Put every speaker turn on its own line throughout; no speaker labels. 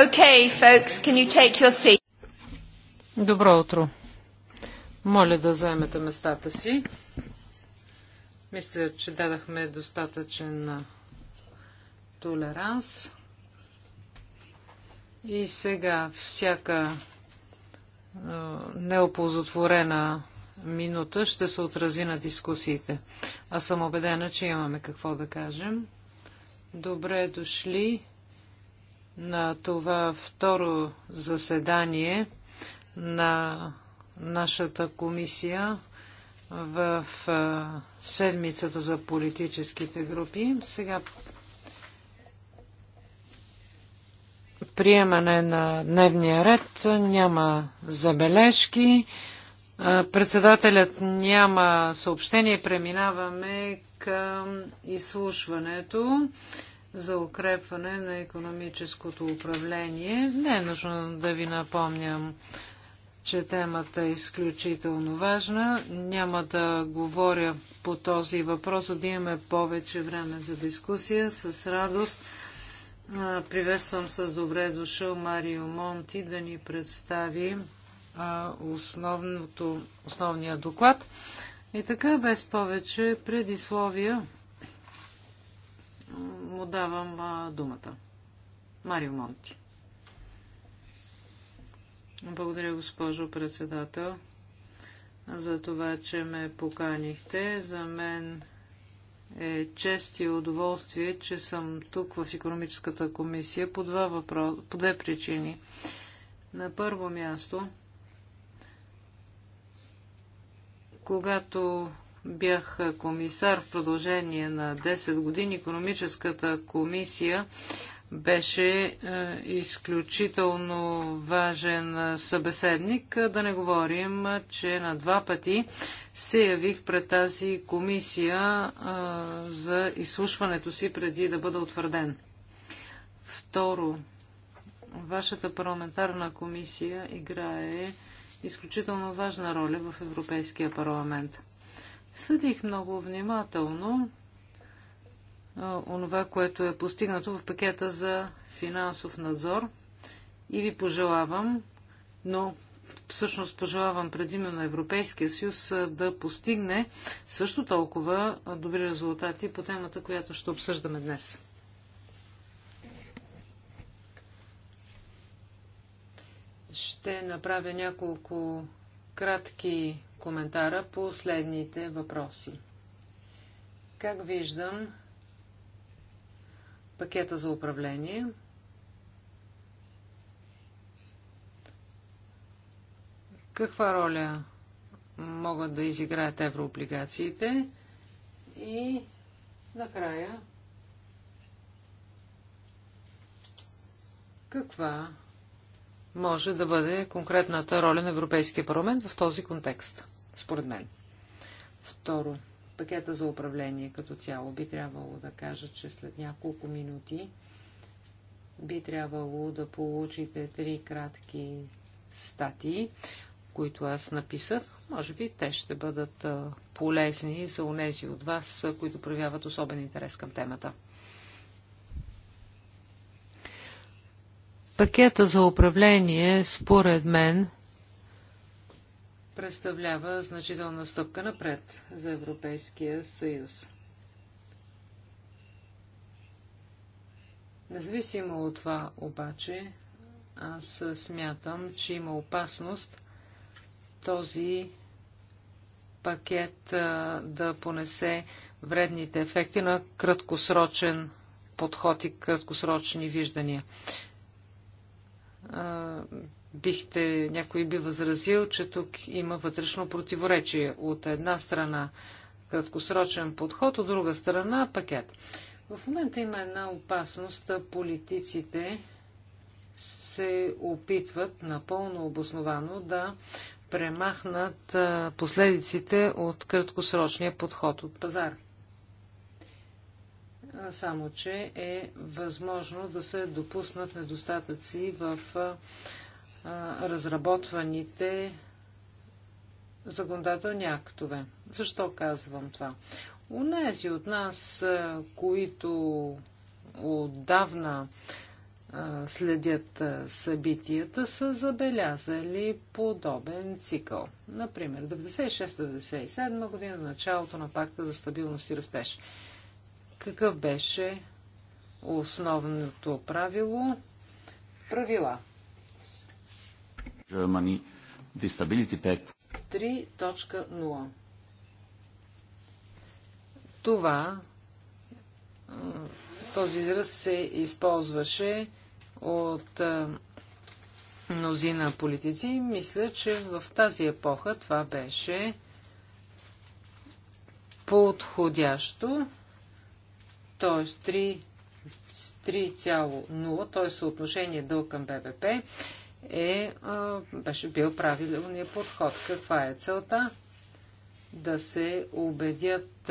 Okay, folks, can you take your seat? Добро утро. Моля да заемете местата си. Мисля, че дадахме достатъчен толеранс. И сега всяка неоползотворена минута ще се отрази на дискусиите. Аз съм убедена, че имаме какво да кажем. Добре дошли на това второ заседание на нашата комисия в седмицата за политическите групи. Сега приемане на дневния ред няма забележки. Председателят няма съобщение. Преминаваме към изслушването за укрепване на економическото управление. Не е нужно да ви напомням, че темата е изключително важна. Няма да говоря по този въпрос, за да имаме повече време за дискусия. С радост приветствам с добре дошъл Марио Монти да ни представи основния доклад. И така, без повече предисловия, му давам а, думата. Марио Монти. Благодаря, госпожо председател, за това, че ме поканихте. За мен е чест и удоволствие, че съм тук в економическата комисия по, два въпрос... по две причини. На първо място, когато бях комисар в продължение на 10 години, економическата комисия беше е, изключително важен събеседник. Да не говорим, че на два пъти се явих пред тази комисия е, за изслушването си преди да бъда утвърден. Второ, вашата парламентарна комисия играе изключително важна роля в Европейския парламент. Съдих много внимателно онова, което е постигнато в пакета за финансов надзор и ви пожелавам, но всъщност пожелавам предимно на Европейския съюз да постигне също толкова добри резултати по темата, която ще обсъждаме днес. Ще направя няколко кратки коментара по следните въпроси. Как виждам пакета за управление? Каква роля могат да изиграят еврооблигациите? И накрая каква може да бъде конкретната роля на Европейския парламент в този контекст според мен. Второ, пакета за управление като цяло би трябвало да кажа, че след няколко минути би трябвало да получите три кратки статии, които аз написах. Може би те ще бъдат полезни за унези от вас, които проявяват особен интерес към темата. Пакета за управление, според мен, представлява значителна стъпка напред за Европейския съюз. Независимо от това обаче, аз смятам, че има опасност този пакет да понесе вредните ефекти на краткосрочен подход и краткосрочни виждания бихте, някой би възразил, че тук има вътрешно противоречие. От една страна краткосрочен подход, от друга страна пакет. В момента има една опасност. Политиците се опитват напълно обосновано да премахнат последиците от краткосрочния подход от пазар. Само, че е възможно да се допуснат недостатъци в разработваните законодателни актове. Защо казвам това? Унези от нас, които отдавна следят събитията, са забелязали подобен цикъл. Например, 96-97 година, началото на пакта за стабилност и растеж. Какъв беше основното правило? Правила. Germany, the Stability Pact. 3.0 Това, този израз се използваше от мнозина политици. Мисля, че в тази епоха това беше подходящо, т.е. 3,0, т.е. съотношение дълг към БВП е, беше бил правилният подход. Каква е целта? Да се убедят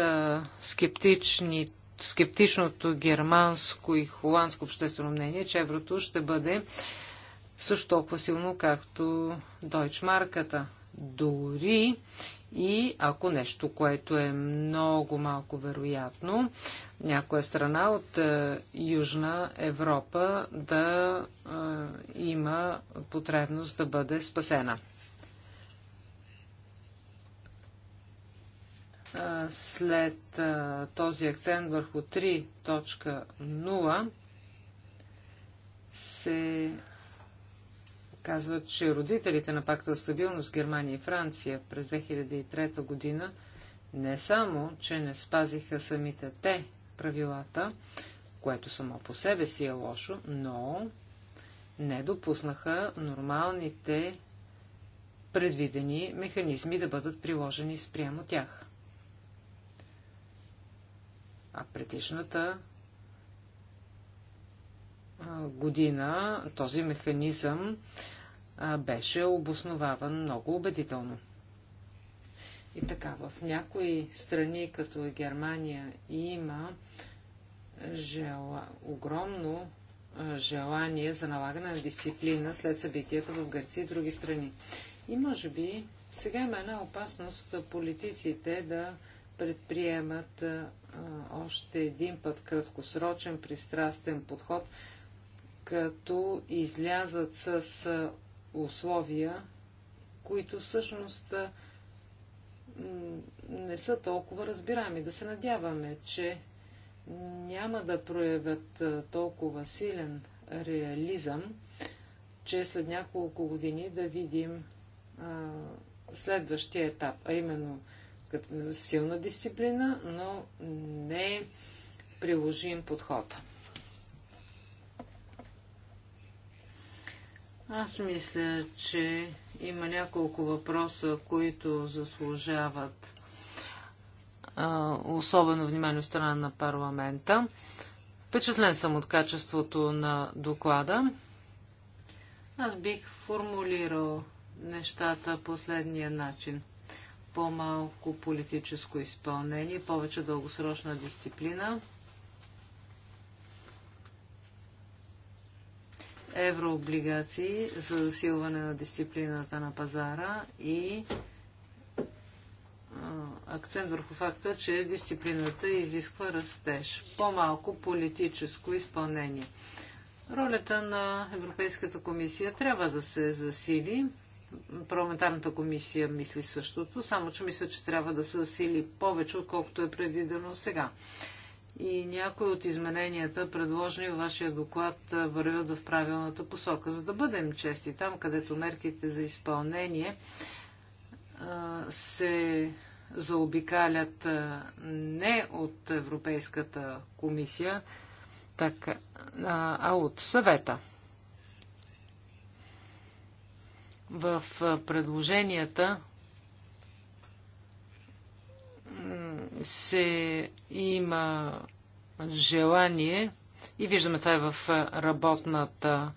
скептични, скептичното германско и холандско обществено мнение, че еврото ще бъде също толкова силно, както дойчмарката. Дори и ако нещо, което е много малко вероятно, някоя страна от е, Южна Европа да е, има потребност да бъде спасена. Е, след този акцент върху 3.0 се казва, че родителите на пакта за стабилност Германия и Франция през 2003 година не само, че не спазиха самите те правилата, което само по себе си е лошо, но не допуснаха нормалните предвидени механизми да бъдат приложени спрямо тях. А предишната година този механизъм беше обосноваван много убедително. И така, в някои страни, като Германия, има жела... огромно желание за налагане на дисциплина след събитията в Гърция и други страни. И може би сега има една опасност политиците да предприемат а, още един път краткосрочен, пристрастен подход, като излязат с условия, които всъщност не са толкова разбираеми. Да се надяваме, че няма да проявят толкова силен реализъм, че след няколко години да видим а, следващия етап, а именно като силна дисциплина, но не приложим подхода. Аз мисля, че има няколко въпроса, които заслужават а, особено внимание от страна на парламента. Впечатлен съм от качеството на доклада. Аз бих формулирал нещата последния начин. По-малко политическо изпълнение, повече дългосрочна дисциплина – еврооблигации за засилване на дисциплината на пазара и акцент върху факта, че дисциплината изисква растеж, по-малко политическо изпълнение. Ролята на Европейската комисия трябва да се засили. Парламентарната комисия мисли същото, само че мисля, че трябва да се засили повече, отколкото е предвидено сега и някои от измененията, предложени в вашия доклад, вървят в правилната посока. За да бъдем чести, там където мерките за изпълнение се заобикалят не от Европейската комисия, так, а от съвета. В предложенията се има желание и виждаме това е в работната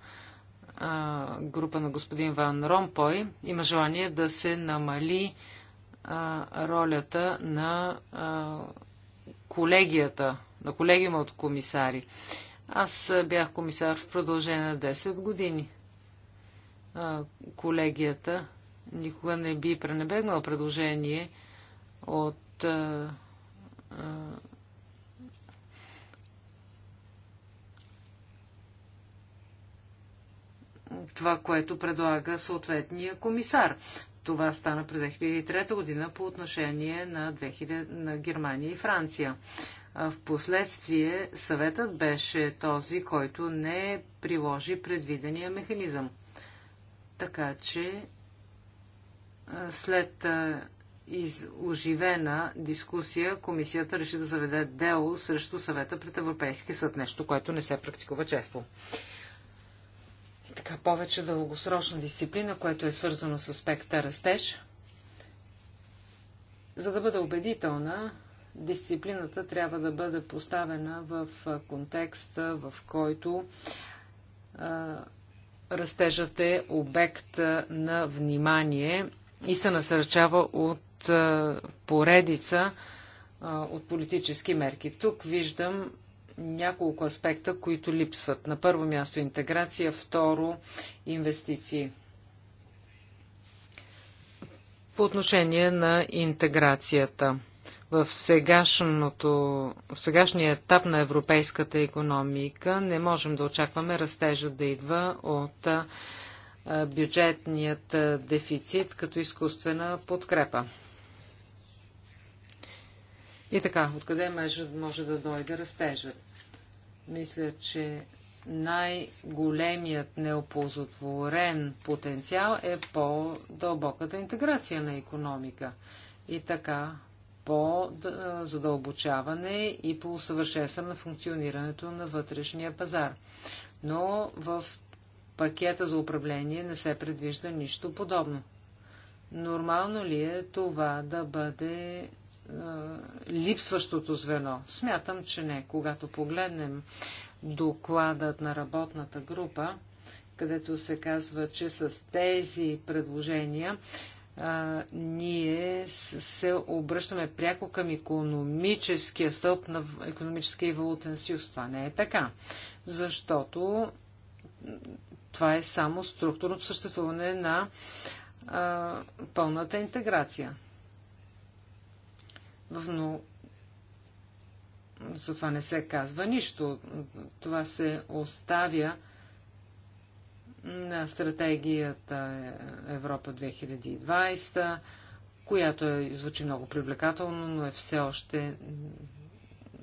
група на господин Ван Ромпой, има желание да се намали ролята на колегията, на колегиума от комисари. Аз бях комисар в продължение на 10 години. колегията никога не би пренебегнала предложение от а, а, това, което предлага съответния комисар. Това стана през 2003 година по отношение на, 2000, на Германия и Франция. В последствие съветът беше този, който не приложи предвидения механизъм. Така че след Изоживена дискусия комисията реши да заведе дело срещу съвета пред Европейски съд, нещо, което не се практикува често. Така, повече дългосрочна дисциплина, което е свързано с аспекта растеж. За да бъде убедителна, дисциплината трябва да бъде поставена в контекста, в който растежът е обект на внимание и се насърчава от от е, поредица е, от политически мерки. Тук виждам няколко аспекта, които липсват. На първо място интеграция, второ инвестиции. По отношение на интеграцията. В, сегашното, в сегашния етап на европейската економика не можем да очакваме растежа да идва от е, бюджетният дефицит като изкуствена подкрепа. И така, откъде може, може да дойде растежът? Мисля, че най-големият неоползотворен потенциал е по-дълбоката интеграция на економика. И така, по-задълбочаване и по усъвършенстване на функционирането на вътрешния пазар. Но в пакета за управление не се предвижда нищо подобно. Нормално ли е това да бъде липсващото звено? Смятам, че не. Когато погледнем докладът на работната група, където се казва, че с тези предложения а, ние се обръщаме пряко към економическия стълб на економическия и валутен съюз. Това не е така, защото това е само структурно съществуване на а, пълната интеграция но за това не се казва нищо. Това се оставя на стратегията Европа 2020, която е, звучи много привлекателно, но е все още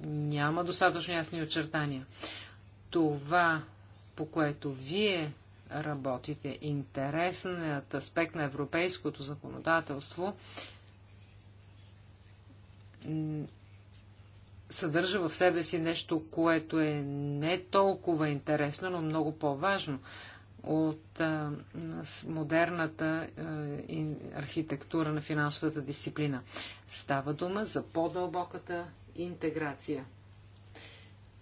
няма достатъчно ясни очертания. Това, по което вие работите, интересният аспект на европейското законодателство съдържа в себе си нещо, което е не толкова интересно, но много по-важно от а, модерната а, архитектура на финансовата дисциплина. Става дума за по-дълбоката интеграция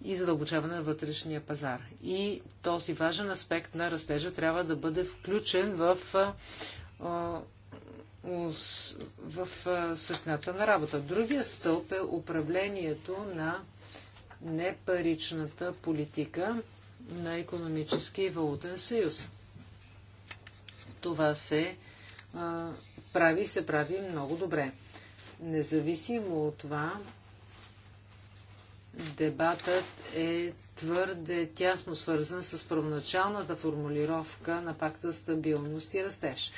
и задълбочаване на вътрешния пазар. И този важен аспект на растежа трябва да бъде включен в а, в същината на работа. Другия стълб е управлението на непаричната политика на економически и валутен съюз. Това се а, прави и се прави много добре. Независимо от това, дебатът е твърде тясно свързан с първоначалната формулировка на пакта стабилност и растеж.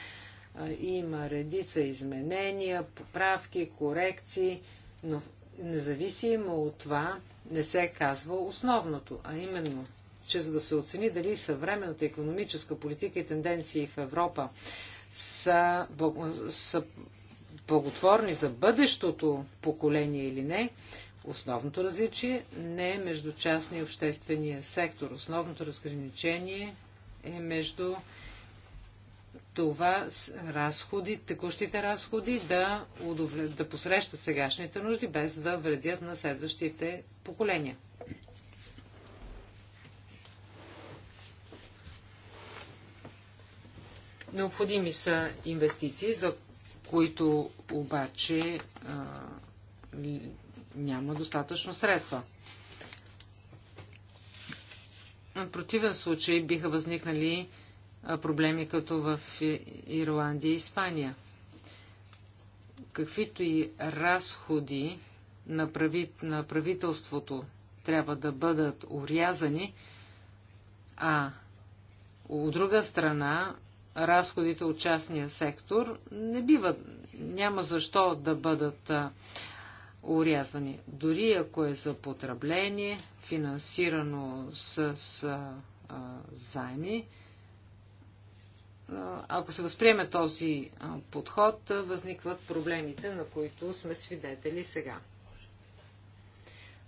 Има редица изменения, поправки, корекции, но независимо от това не се казва основното, а именно, че за да се оцени дали съвременната економическа политика и тенденции в Европа са, са благотворни за бъдещото поколение или не, основното различие не е между частния и обществения сектор. Основното разграничение е между това разходи, текущите разходи да, удовле, да посрещат сегашните нужди, без да вредят на следващите поколения. Необходими са инвестиции, за които обаче а, няма достатъчно средства. В противен случай биха възникнали проблеми като в Ирландия и Испания. Каквито и разходи на, прави, на правителството трябва да бъдат урязани, а от друга страна разходите от частния сектор не биват, няма защо да бъдат а, урязвани. Дори ако е за потребление, финансирано с а, а, займи, ако се възприеме този подход, възникват проблемите, на които сме свидетели сега.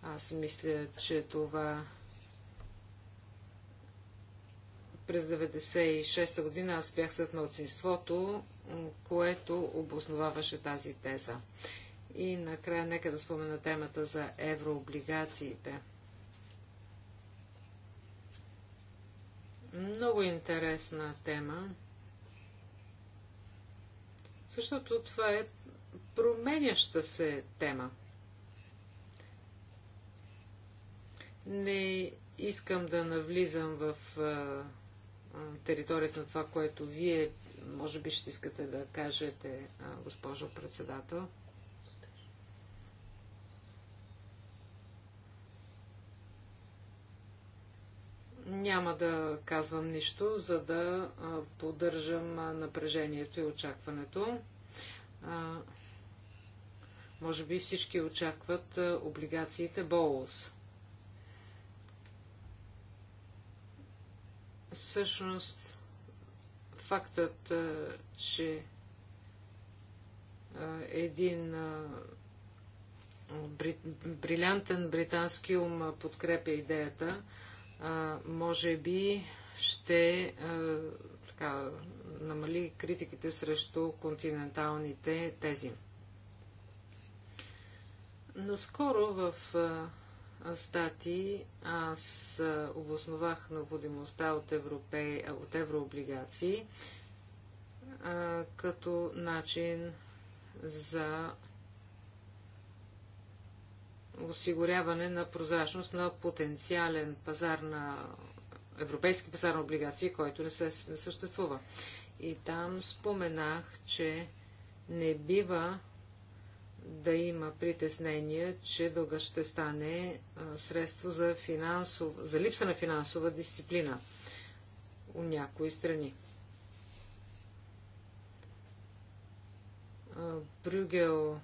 Аз мисля, че това през 96-та година аз бях след мълцинството, което обосноваваше тази теза. И накрая нека да спомена темата за еврооблигациите. Много интересна тема защото това е променяща се тема. Не искам да навлизам в територията на това, което вие може би ще искате да кажете, госпожо председател. Няма да казвам нищо, за да поддържам напрежението и очакването. Може би всички очакват облигациите Боулс. Всъщност, фактът, че един брилянтен британски ум подкрепя идеята може би ще а, така, намали критиките срещу континенталните тези. Наскоро в а, аз а, обосновах необходимостта от, европе, от еврооблигации а, като начин за осигуряване на прозрачност на потенциален пазар на европейски пазар на облигации, който не, се, не съществува. И там споменах, че не бива да има притеснение, че дълга ще стане средство за, финансов, за липса на финансова дисциплина у някои страни. Брюгел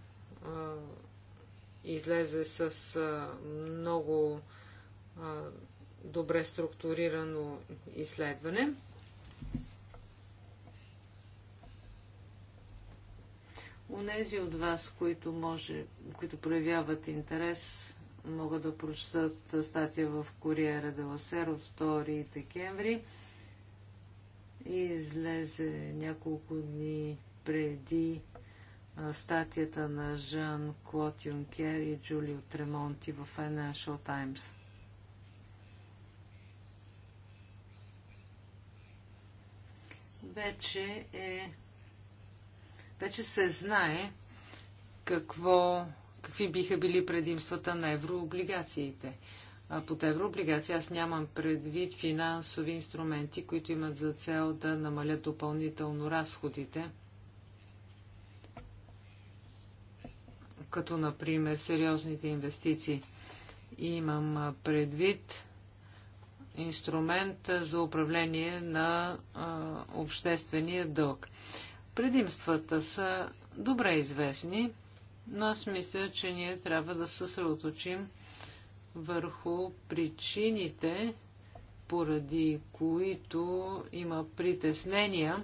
излезе с много добре структурирано изследване. Унези от вас, които, може, които проявяват интерес, могат да прочитат статия в Куриера де Ласер от 2 декември. И излезе няколко дни преди статията на Жан Клод Юнкер и Джулио Тремонти в Financial Times. Вече е вече се знае какво, какви биха били предимствата на еврооблигациите. А под еврооблигации аз нямам предвид финансови инструменти, които имат за цел да намалят допълнително разходите – като например сериозните инвестиции. Имам предвид инструмент за управление на а, обществения дълг. Предимствата са добре известни, но аз мисля, че ние трябва да се съсредоточим върху причините, поради които има притеснения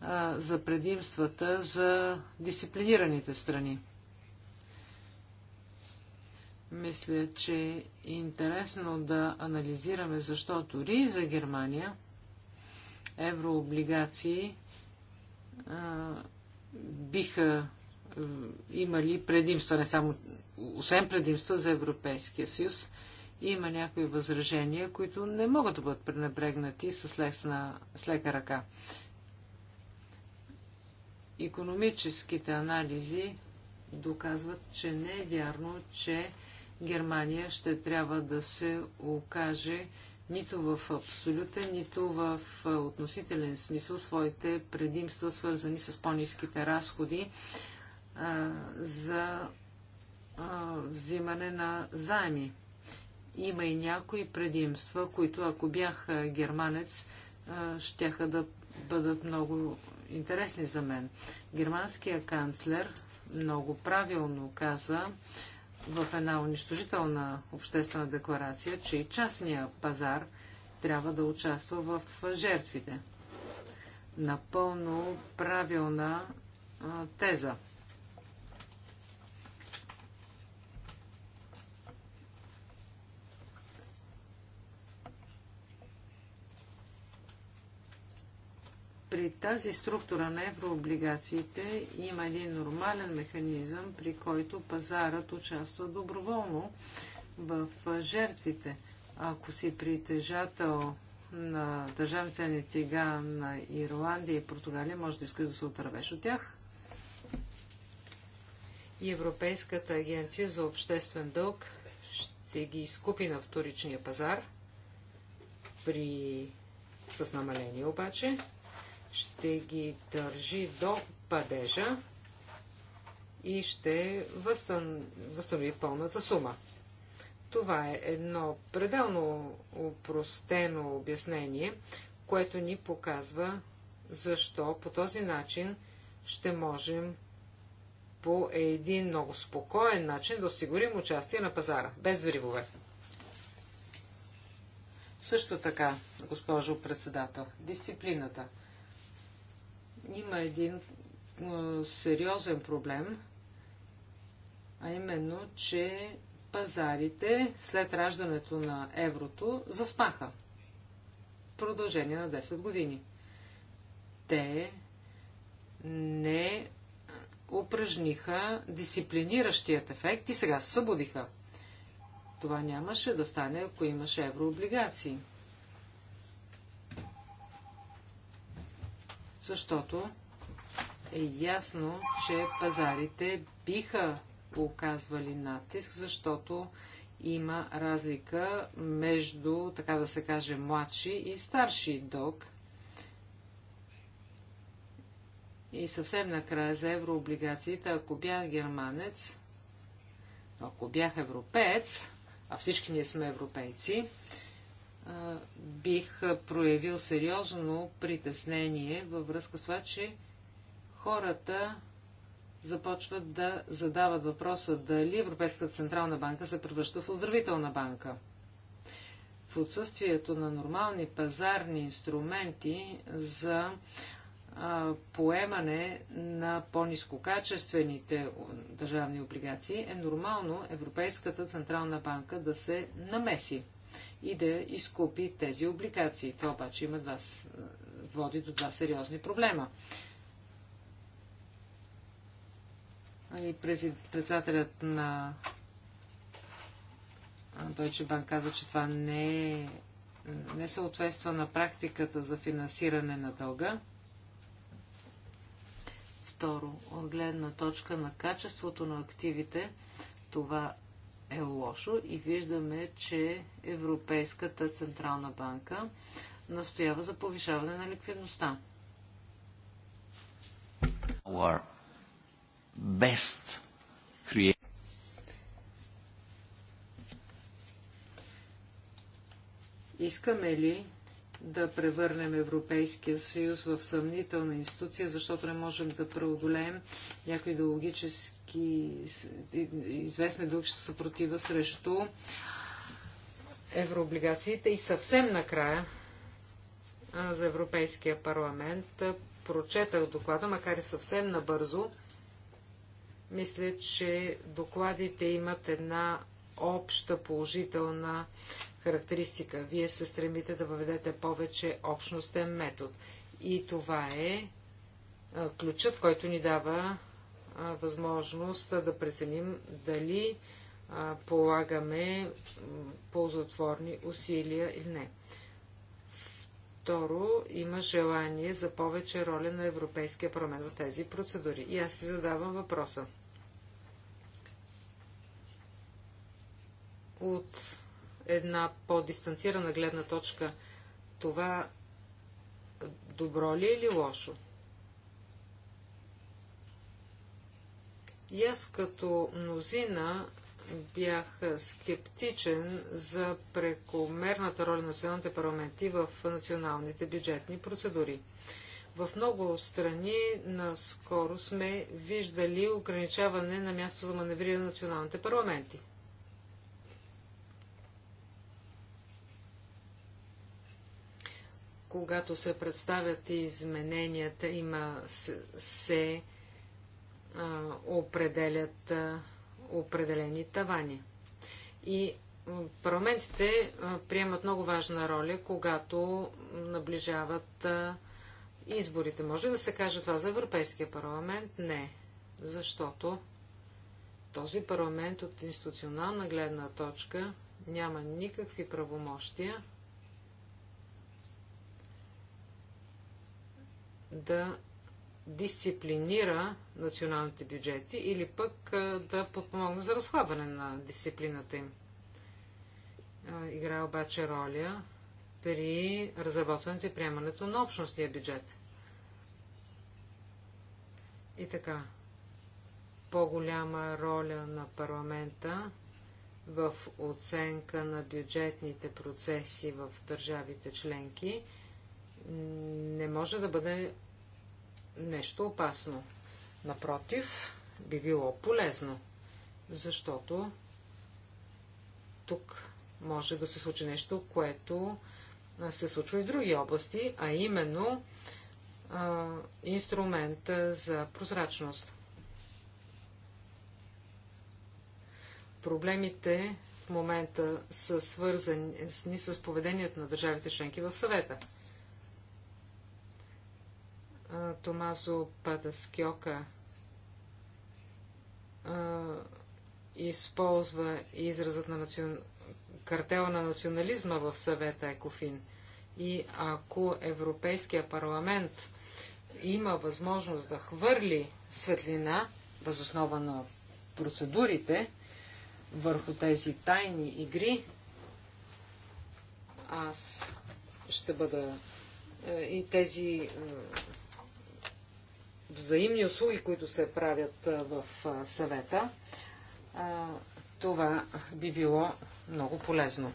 а, за предимствата за дисциплинираните страни. Мисля, че е интересно да анализираме, защо дори за Германия еврооблигации а, биха а, имали предимства, не само, освен предимства за Европейския съюз, има някои възражения, които не могат да бъдат пренебрегнати с, лесна, с лека ръка. Економическите анализи доказват, че не е вярно, че Германия ще трябва да се окаже нито в абсолютен, нито в относителен смисъл своите предимства, свързани с по-низките разходи а, за а, взимане на заеми. Има и някои предимства, които ако бях германец, а, щяха да бъдат много интересни за мен. Германския канцлер много правилно каза, в една унищожителна обществена декларация, че и частния пазар трябва да участва в жертвите. Напълно правилна а, теза. при тази структура на еврооблигациите има един нормален механизъм, при който пазарът участва доброволно в жертвите. Ако си притежател на държавни ценни тига на Ирландия и Португалия, може да искаш да се отървеш от тях. И Европейската агенция за обществен дълг ще ги изкупи на вторичния пазар при с намаление обаче ще ги държи до падежа и ще възстан... възстанови пълната сума. Това е едно пределно упростено обяснение, което ни показва защо по този начин ще можем по един много спокоен начин да осигурим участие на пазара, без взривове. Също така, госпожо председател, дисциплината – има един сериозен проблем, а именно, че пазарите след раждането на еврото заспаха в продължение на 10 години. Те не упражниха дисциплиниращият ефект и сега се събудиха. Това нямаше да стане, ако имаше еврооблигации. защото е ясно, че пазарите биха оказвали натиск, защото има разлика между, така да се каже, младши и старши дълг. И съвсем накрая за еврооблигациите, ако бях германец, ако бях европеец, а всички ние сме европейци, бих проявил сериозно притеснение във връзка с това, че хората започват да задават въпроса дали Европейската Централна банка се превръща в оздравителна банка. В отсъствието на нормални пазарни инструменти за поемане на по-низкокачествените държавни облигации е нормално Европейската Централна банка да се намеси и да изкупи тези обликации. Това обаче има два, води до два сериозни проблема. И председателят на Deutsche Bank каза, че това не, е, не съответства на практиката за финансиране на дълга. Второ, от гледна точка на качеството на активите, това е лошо и виждаме, че Европейската Централна банка настоява за повишаване на ликвидността. Искаме ли да превърнем Европейския съюз в съмнителна институция, защото не можем да преодолеем някои идеологически, известни идеологическа съпротива срещу еврооблигациите. И съвсем накрая за Европейския парламент прочетах доклада, макар и съвсем набързо. Мисля, че докладите имат една обща положителна характеристика. Вие се стремите да въведете повече общностен метод. И това е ключът, който ни дава възможност да преценим дали полагаме ползотворни усилия или не. Второ, има желание за повече роля на Европейския промен в тези процедури. И аз си задавам въпроса. От една по-дистанцирана гледна точка, това добро ли е или лошо? И аз като мнозина бях скептичен за прекомерната роля на националните парламенти в националните бюджетни процедури. В много страни наскоро сме виждали ограничаване на място за маневриране на националните парламенти. когато се представят измененията, има се, се а, определят а, определени тавани. И парламентите а, приемат много важна роля, когато наближават а, изборите. Може ли да се каже това за Европейския парламент? Не. Защото този парламент от институционална гледна точка няма никакви правомощия да дисциплинира националните бюджети или пък да подпомогне за разхлабване на дисциплината им. Играе обаче роля при разработването и приемането на общностния бюджет. И така, по-голяма роля на парламента в оценка на бюджетните процеси в държавите членки не може да бъде нещо опасно. Напротив, би било полезно, защото тук може да се случи нещо, което се случва и в други области, а именно а, инструмента за прозрачност. Проблемите в момента са свързани с поведението на държавите членки в съвета. Томазо Падаскьока използва изразът на национ... картела на национализма в съвета Екофин. И ако Европейския парламент има възможност да хвърли светлина, възоснова на процедурите, върху тези тайни игри, аз ще бъда е, и тези е, взаимни услуги, които се правят в съвета, това би било много полезно.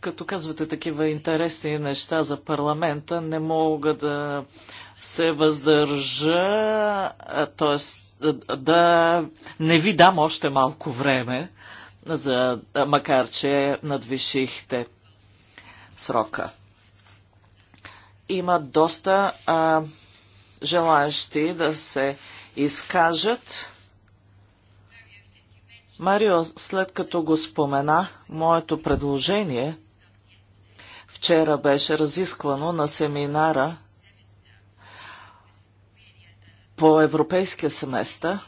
Като казвате такива интересни неща за парламента, не мога да се въздържа, т.е. да не ви дам още малко време за, макар че надвишихте срока. Има доста а, желаящи да се изкажат. Марио, след като го спомена, моето предложение вчера беше разисквано на семинара по европейския семестър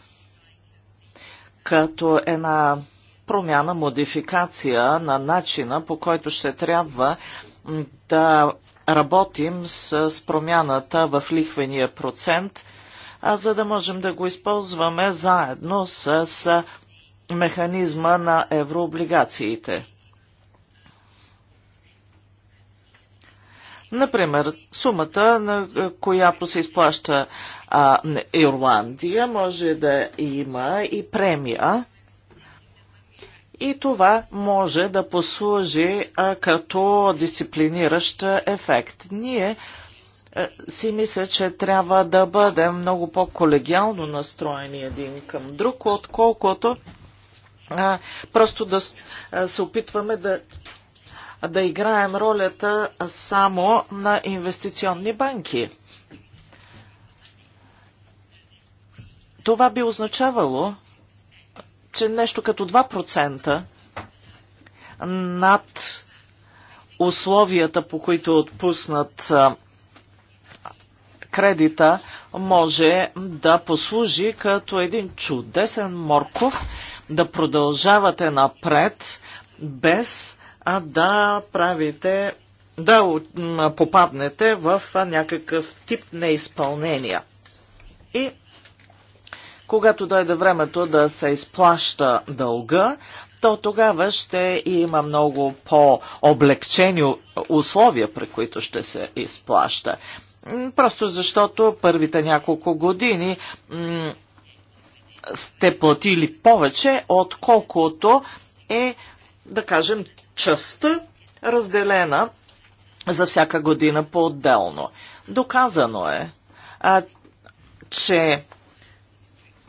като една промяна, модификация на начина, по който ще трябва да работим с промяната в лихвения процент, а за да можем да го използваме заедно с механизма на еврооблигациите. Например, сумата, на която се изплаща а, Ирландия, може да има и премия и това може да послужи а, като дисциплиниращ ефект. Ние а, си мисля, че трябва да бъдем много по-колегиално настроени един към друг, отколкото а, просто да а, се опитваме да да играем ролята само на инвестиционни банки. Това би означавало, че нещо като 2% над условията, по които е отпуснат кредита, може да послужи като един чудесен морков да продължавате напред без да правите, да попаднете в някакъв тип неизпълнения. И когато дойде времето да се изплаща дълга, то тогава ще има много по-облегчени условия, при които ще се изплаща. Просто защото първите няколко години сте платили повече, отколкото е, да кажем, частта разделена за всяка година по-отделно. Доказано е, а, че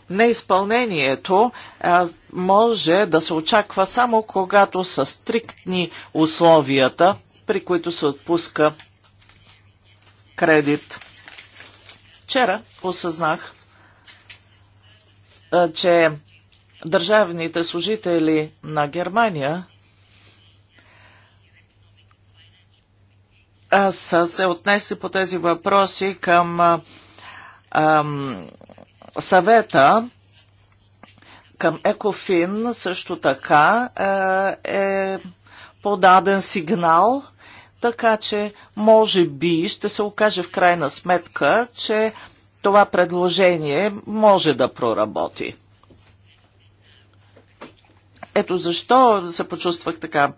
Неизпълнението а, може да се очаква само когато са стриктни условията, при които се отпуска кредит. Вчера осъзнах, а, че държавните служители на Германия са се отнесли по тези въпроси към а, а, съвета към Екофин също така е, е подаден сигнал, така че може би ще се окаже в крайна сметка, че това предложение може да проработи. Ето защо се почувствах така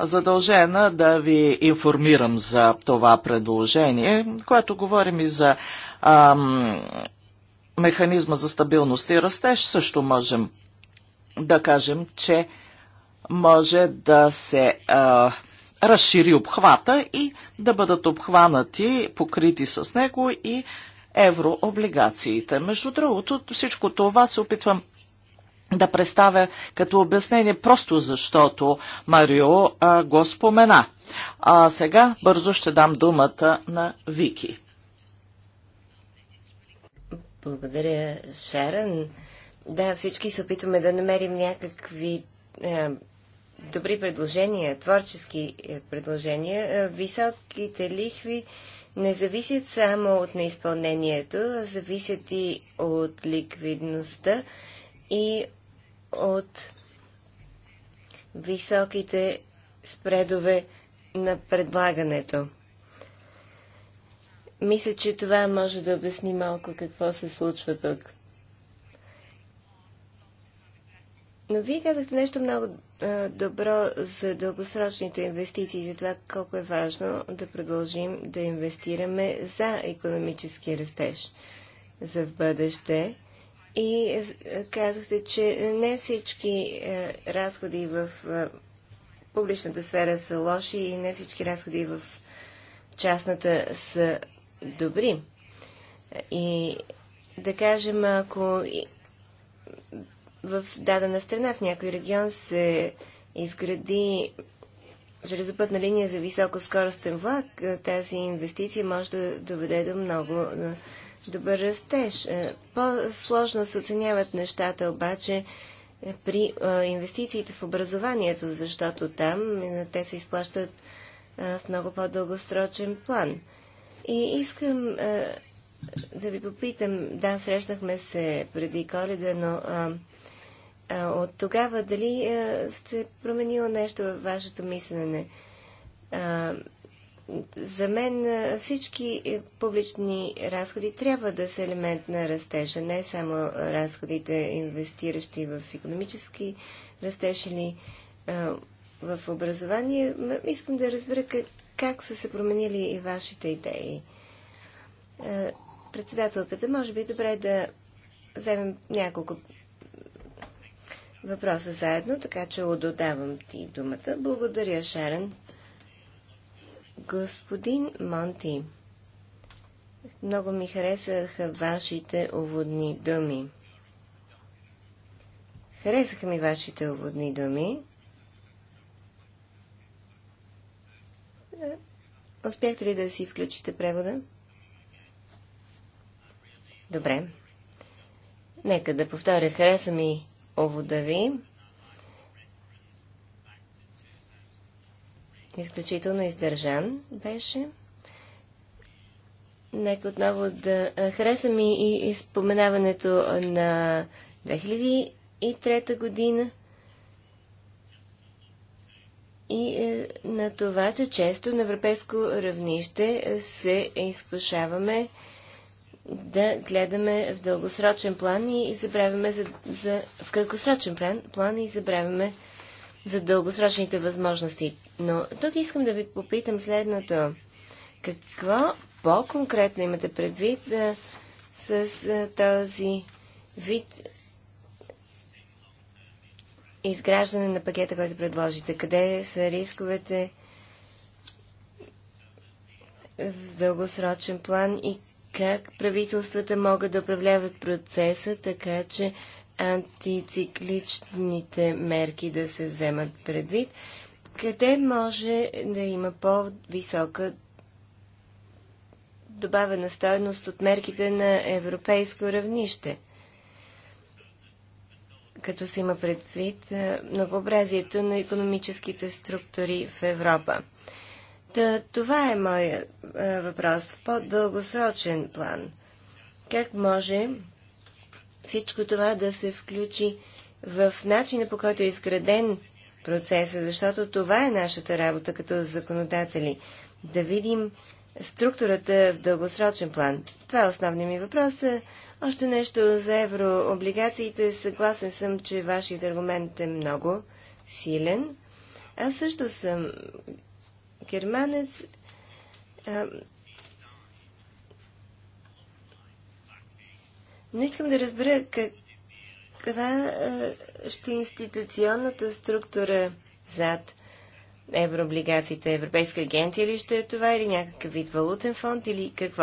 задължена да ви информирам за това предложение, което говорим и за ам, механизма за стабилност и растеж също можем да кажем, че може да се а, разшири обхвата и да бъдат обхванати, покрити с него и еврооблигациите. Между другото, всичко това се опитвам да представя като обяснение, просто защото Марио а, го спомена. А сега бързо ще дам думата на Вики.
Благодаря, Шаран. Да, всички се опитваме да намерим някакви е, добри предложения, творчески е, предложения. Е, високите лихви не зависят само от неизпълнението, а зависят и от ликвидността и от високите спредове на предлагането. Мисля, че това може да обясни малко какво се случва тук. Но вие казахте нещо много а, добро за дългосрочните инвестиции, за това колко е важно да продължим да инвестираме за економически растеж за в бъдеще. И а, казахте, че не всички а, разходи в публичната сфера са лоши и не всички разходи в частната са добри. И да кажем, ако в дадена страна, в някой регион се изгради железопътна линия за високоскоростен влак, е, тази инвестиция може да доведе до много е, добър растеж. Е, по-сложно се оценяват нещата обаче при инвестициите в образованието, защото там те се изплащат в много по-дългосрочен план. И искам а, е, да ви попитам, да, срещнахме се преди коледа, но а, а, от тогава дали а, е, сте променила нещо във вашето мислене? А, за мен а, е, всички публични разходи трябва да са елемент на растежа, не само разходите, инвестиращи в економически растеж или в образование. Искам да разбера как, как са се променили и вашите идеи. Е, председателката, може би е добре да вземем няколко въпроса заедно, така че додавам ти думата. Благодаря, Шарен. Господин Монти, много ми харесаха вашите уводни думи. Харесаха ми вашите уводни думи. Успяхте ли да си включите превода? Добре. Нека да повторя. Хареса ми овода ви. Изключително издържан беше. Нека отново да хареса ми и споменаването на 2003 година и е, на това, че често на европейско равнище е, се изкушаваме да гледаме в дългосрочен план и забравяме за, за в краткосрочен план, план и забравяме за дългосрочните възможности. Но тук искам да ви попитам следното. Какво по-конкретно имате предвид да, е, с а, този вид изграждане на пакета, който предложите? Къде са рисковете в дългосрочен план и как правителствата могат да управляват процеса, така че антицикличните мерки да се вземат предвид? Къде може да има по-висока добавена стоеност от мерките на европейско равнище? като се има предвид е, многообразието на економическите структури в Европа. Та, това е моят е, въпрос в по-дългосрочен план. Как може всичко това да се включи в начина по който е изграден процеса, защото това е нашата работа като законодатели. Да видим структурата в дългосрочен план. Това е основният ми въпрос. Още нещо за еврооблигациите. Съгласен съм, че вашият аргумент е много силен. Аз също съм германец. Но искам да разбера каква ще е институционната структура зад еврооблигациите? Европейска агенция ли ще е това или някакъв вид валутен фонд или какво?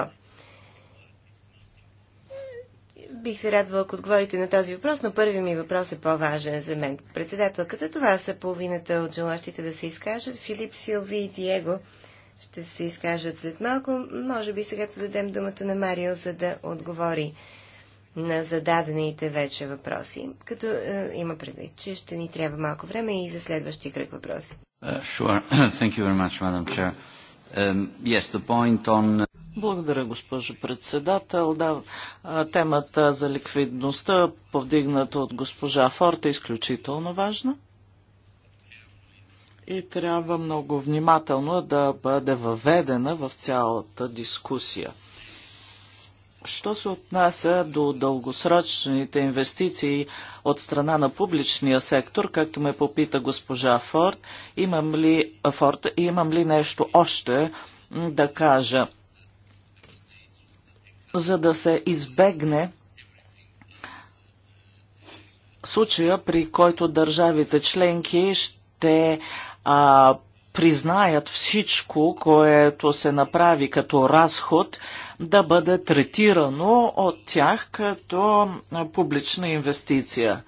бих се радвала, ако отговорите на този въпрос, но първият ми въпрос е по-важен за мен. Председателката, това са половината от желащите да се изкажат. Филип, Силви и Диего ще се изкажат след малко. Може би сега да дадем думата на Марио, за да отговори на зададените вече въпроси, като е, има предвид, че ще ни трябва малко време и за следващия кръг въпроси.
Uh, sure. Thank you very much, Madam Chair. Um, yes, the point on
благодаря,
госпожо председател. Да, темата за ликвидността, повдигната от госпожа Форт, е изключително важна и трябва много внимателно да бъде въведена в цялата дискусия. Що се отнася до дългосрочните инвестиции от страна на публичния сектор, както ме попита госпожа Форд, имам ли, Форд, имам ли нещо още да кажа? за да се избегне случая, при който държавите членки ще а, признаят всичко, което се направи като разход, да бъде третирано от тях като публична инвестиция.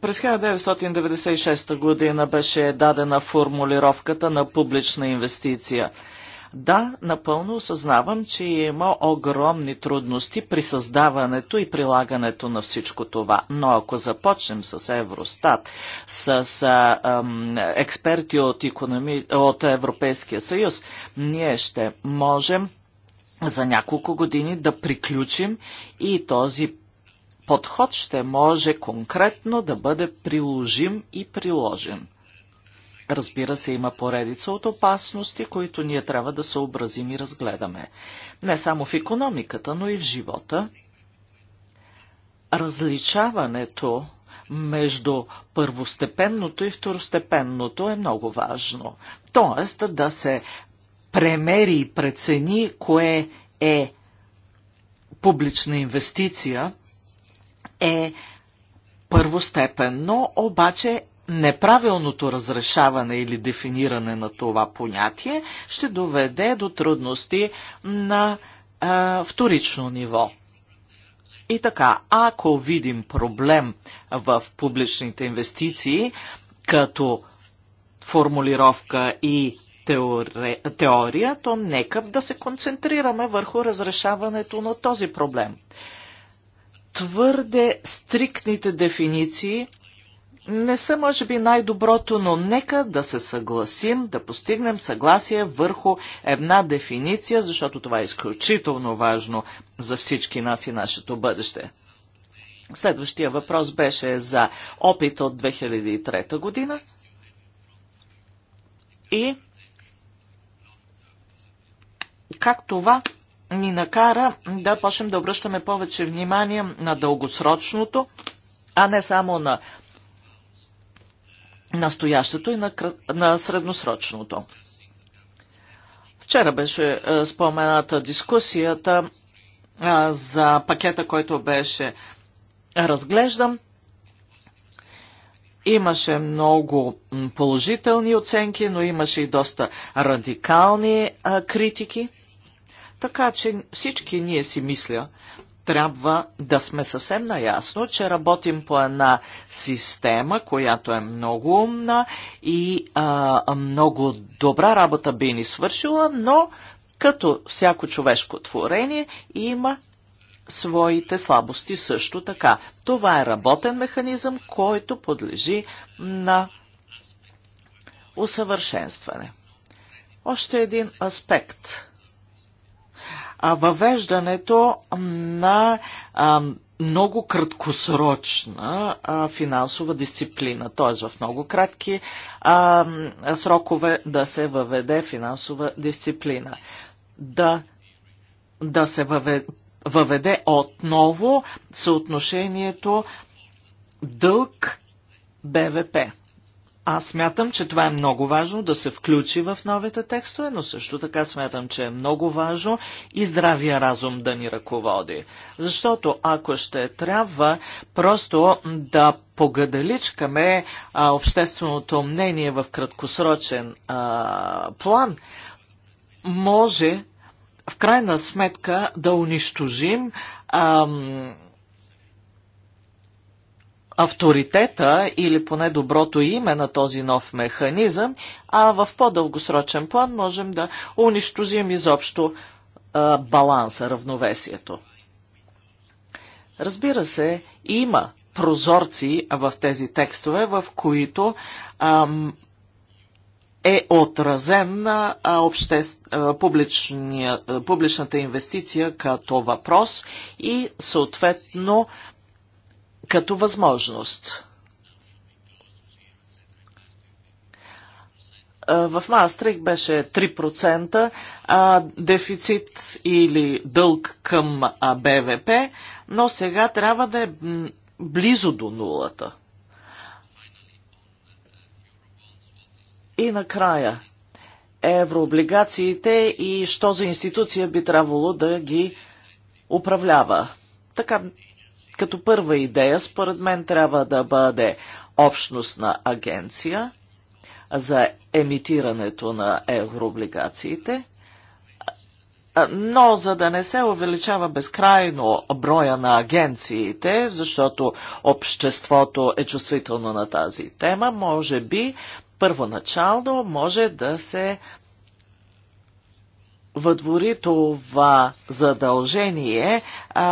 През 1996 година беше дадена формулировката на публична инвестиция – да, напълно осъзнавам, че има огромни трудности при създаването и прилагането на всичко това. Но ако започнем с Евростат, с а, ам, експерти от, економи... от Европейския съюз, ние ще можем за няколко години да приключим и този подход ще може конкретно да бъде приложим и приложен. Разбира се, има поредица от опасности, които ние трябва да съобразим и разгледаме. Не само в економиката, но и в живота. Различаването между първостепенното и второстепенното е много важно. Тоест да се премери и прецени кое е публична инвестиция, е първостепенно, обаче неправилното разрешаване или дефиниране на това понятие ще доведе до трудности на а, вторично ниво. И така, ако видим проблем в публичните инвестиции, като формулировка и теория, то нека да се концентрираме върху разрешаването на този проблем. Твърде стриктните дефиниции не са, може би, най-доброто, но нека да се съгласим, да постигнем съгласие върху една дефиниция, защото това е изключително важно за всички нас и нашето бъдеще. Следващия въпрос беше за опит от 2003 година и как това ни накара да почнем да обръщаме повече внимание на дългосрочното, а не само на настоящето и на, на средносрочното. Вчера беше е, спомената дискусията е, за пакета, който беше разглеждан. Имаше много положителни оценки, но имаше и доста радикални е, критики. Така че всички ние си мисля, трябва да сме съвсем наясно, че работим по една система, която е много умна и а, много добра работа би ни свършила, но като всяко човешко творение има своите слабости също така. Това е работен механизъм, който подлежи на усъвършенстване. Още един аспект – въвеждането на много краткосрочна а, финансова дисциплина, т.е. в много кратки а, срокове да се въведе финансова дисциплина. Да, да се въведе, въведе отново съотношението дълг БВП. Аз смятам, че това е много важно да се включи в новите текстове, но също така смятам, че е много важно и здравия разум да ни ръководи. Защото ако ще трябва просто да погадаличкаме а, общественото мнение в краткосрочен а, план, може в крайна сметка да унищожим А, авторитета или поне доброто име на този нов механизъм, а в по-дългосрочен план можем да унищожим изобщо а, баланса, равновесието. Разбира се, има прозорци в тези текстове, в които ам, е отразен а, а, публичния, а, публичната инвестиция като въпрос и съответно като възможност. в Маастрих беше 3% а, дефицит или дълг към БВП, но сега трябва да е близо до нулата. И накрая, еврооблигациите и що за институция би трябвало да ги управлява. Така като първа идея, според мен, трябва да бъде общностна агенция за емитирането на еврооблигациите, но за да не се увеличава безкрайно броя на агенциите, защото обществото е чувствително на тази тема, може би първоначално може да се въдвори това задължение а,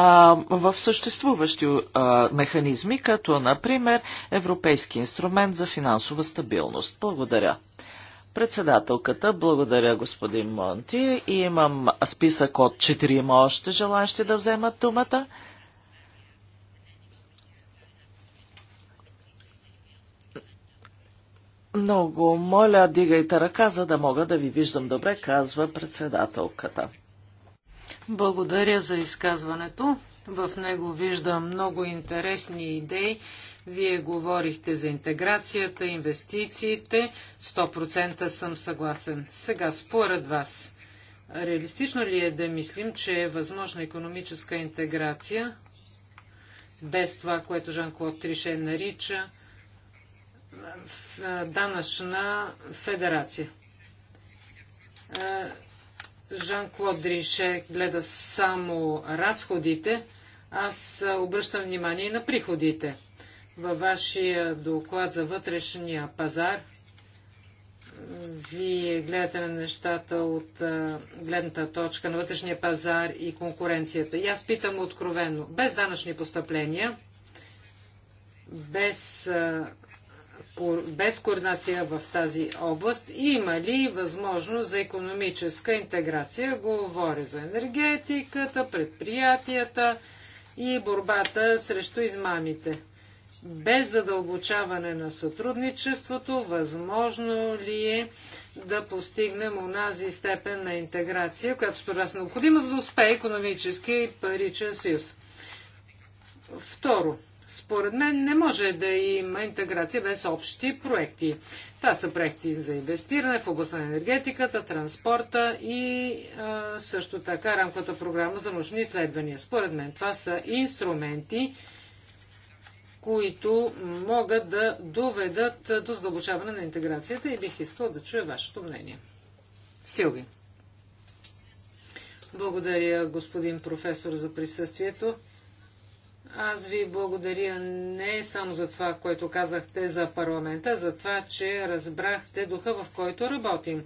в съществуващи а, механизми, като например Европейски инструмент за финансова стабилност. Благодаря. Председателката, благодаря господин Монти. И имам списък от четирима още желащи да вземат думата. Много моля, дигайте ръка, за да мога да ви виждам добре, казва председателката.
Благодаря за изказването. В него виждам много интересни идеи. Вие говорихте за интеграцията, инвестициите. 100% съм съгласен. Сега, според вас, реалистично ли е да мислим, че е възможна економическа интеграция без това, което Жан-Клод Трише нарича данъчна федерация. Жан-Клод Рише гледа само разходите, аз обръщам внимание и на приходите. Във вашия доклад за вътрешния пазар вие гледате на нещата от гледната точка на вътрешния пазар и конкуренцията. И аз питам откровенно, без данъчни постъпления, без без координация в тази област, има ли възможност за економическа интеграция? Говоря за енергетиката, предприятията и борбата срещу измамите. Без задълбочаване на сътрудничеството, възможно ли е да постигнем унази степен на интеграция, която според нас е необходима, за да успее економически и паричен съюз? Второ, според мен не може да има интеграция без общи проекти. Това са проекти за инвестиране в областта на енергетиката, транспорта и а, също така рамката програма за научни изследвания. Според мен това са инструменти, които могат да доведат до задълбочаване на интеграцията и бих искал да чуя вашето мнение. Силви. Благодаря, господин професор, за присъствието. Аз ви благодаря не само за това, което казахте за парламента, за това, че разбрахте духа, в който работим.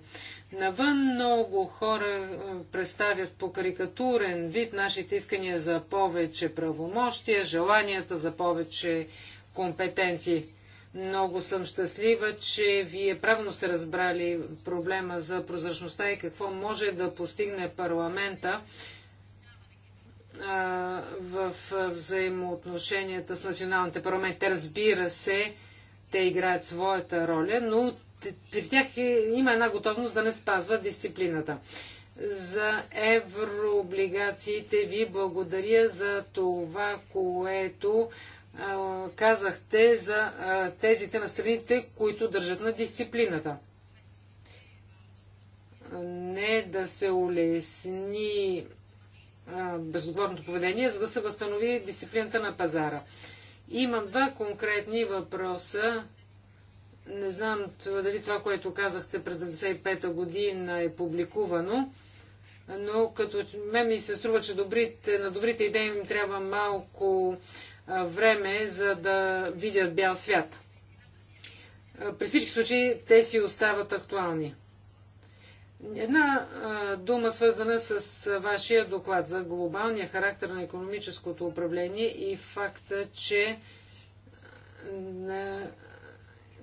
Навън много хора е, представят по карикатурен вид нашите искания за повече правомощия, желанията за повече компетенции. Много съм щастлива, че вие правилно сте разбрали проблема за прозрачността и какво може да постигне парламента в взаимоотношенията с националните парламенти. Разбира се, те играят своята роля, но при тях е, има една готовност да не спазват дисциплината. За еврооблигациите ви благодаря за това, което казахте за тезите на страните, които държат на дисциплината. Не да се улесни безотговорното поведение, за да се възстанови дисциплината на пазара. Имам два конкретни въпроса. Не знам дали това, което казахте през 95-та година е публикувано, но като мен ми се струва, че добрите, на добрите идеи им трябва малко а, време, за да видят бял свят. А, при всички случаи те си остават актуални. Една а, дума свързана с вашия доклад за глобалния характер на економическото управление и факта, че на,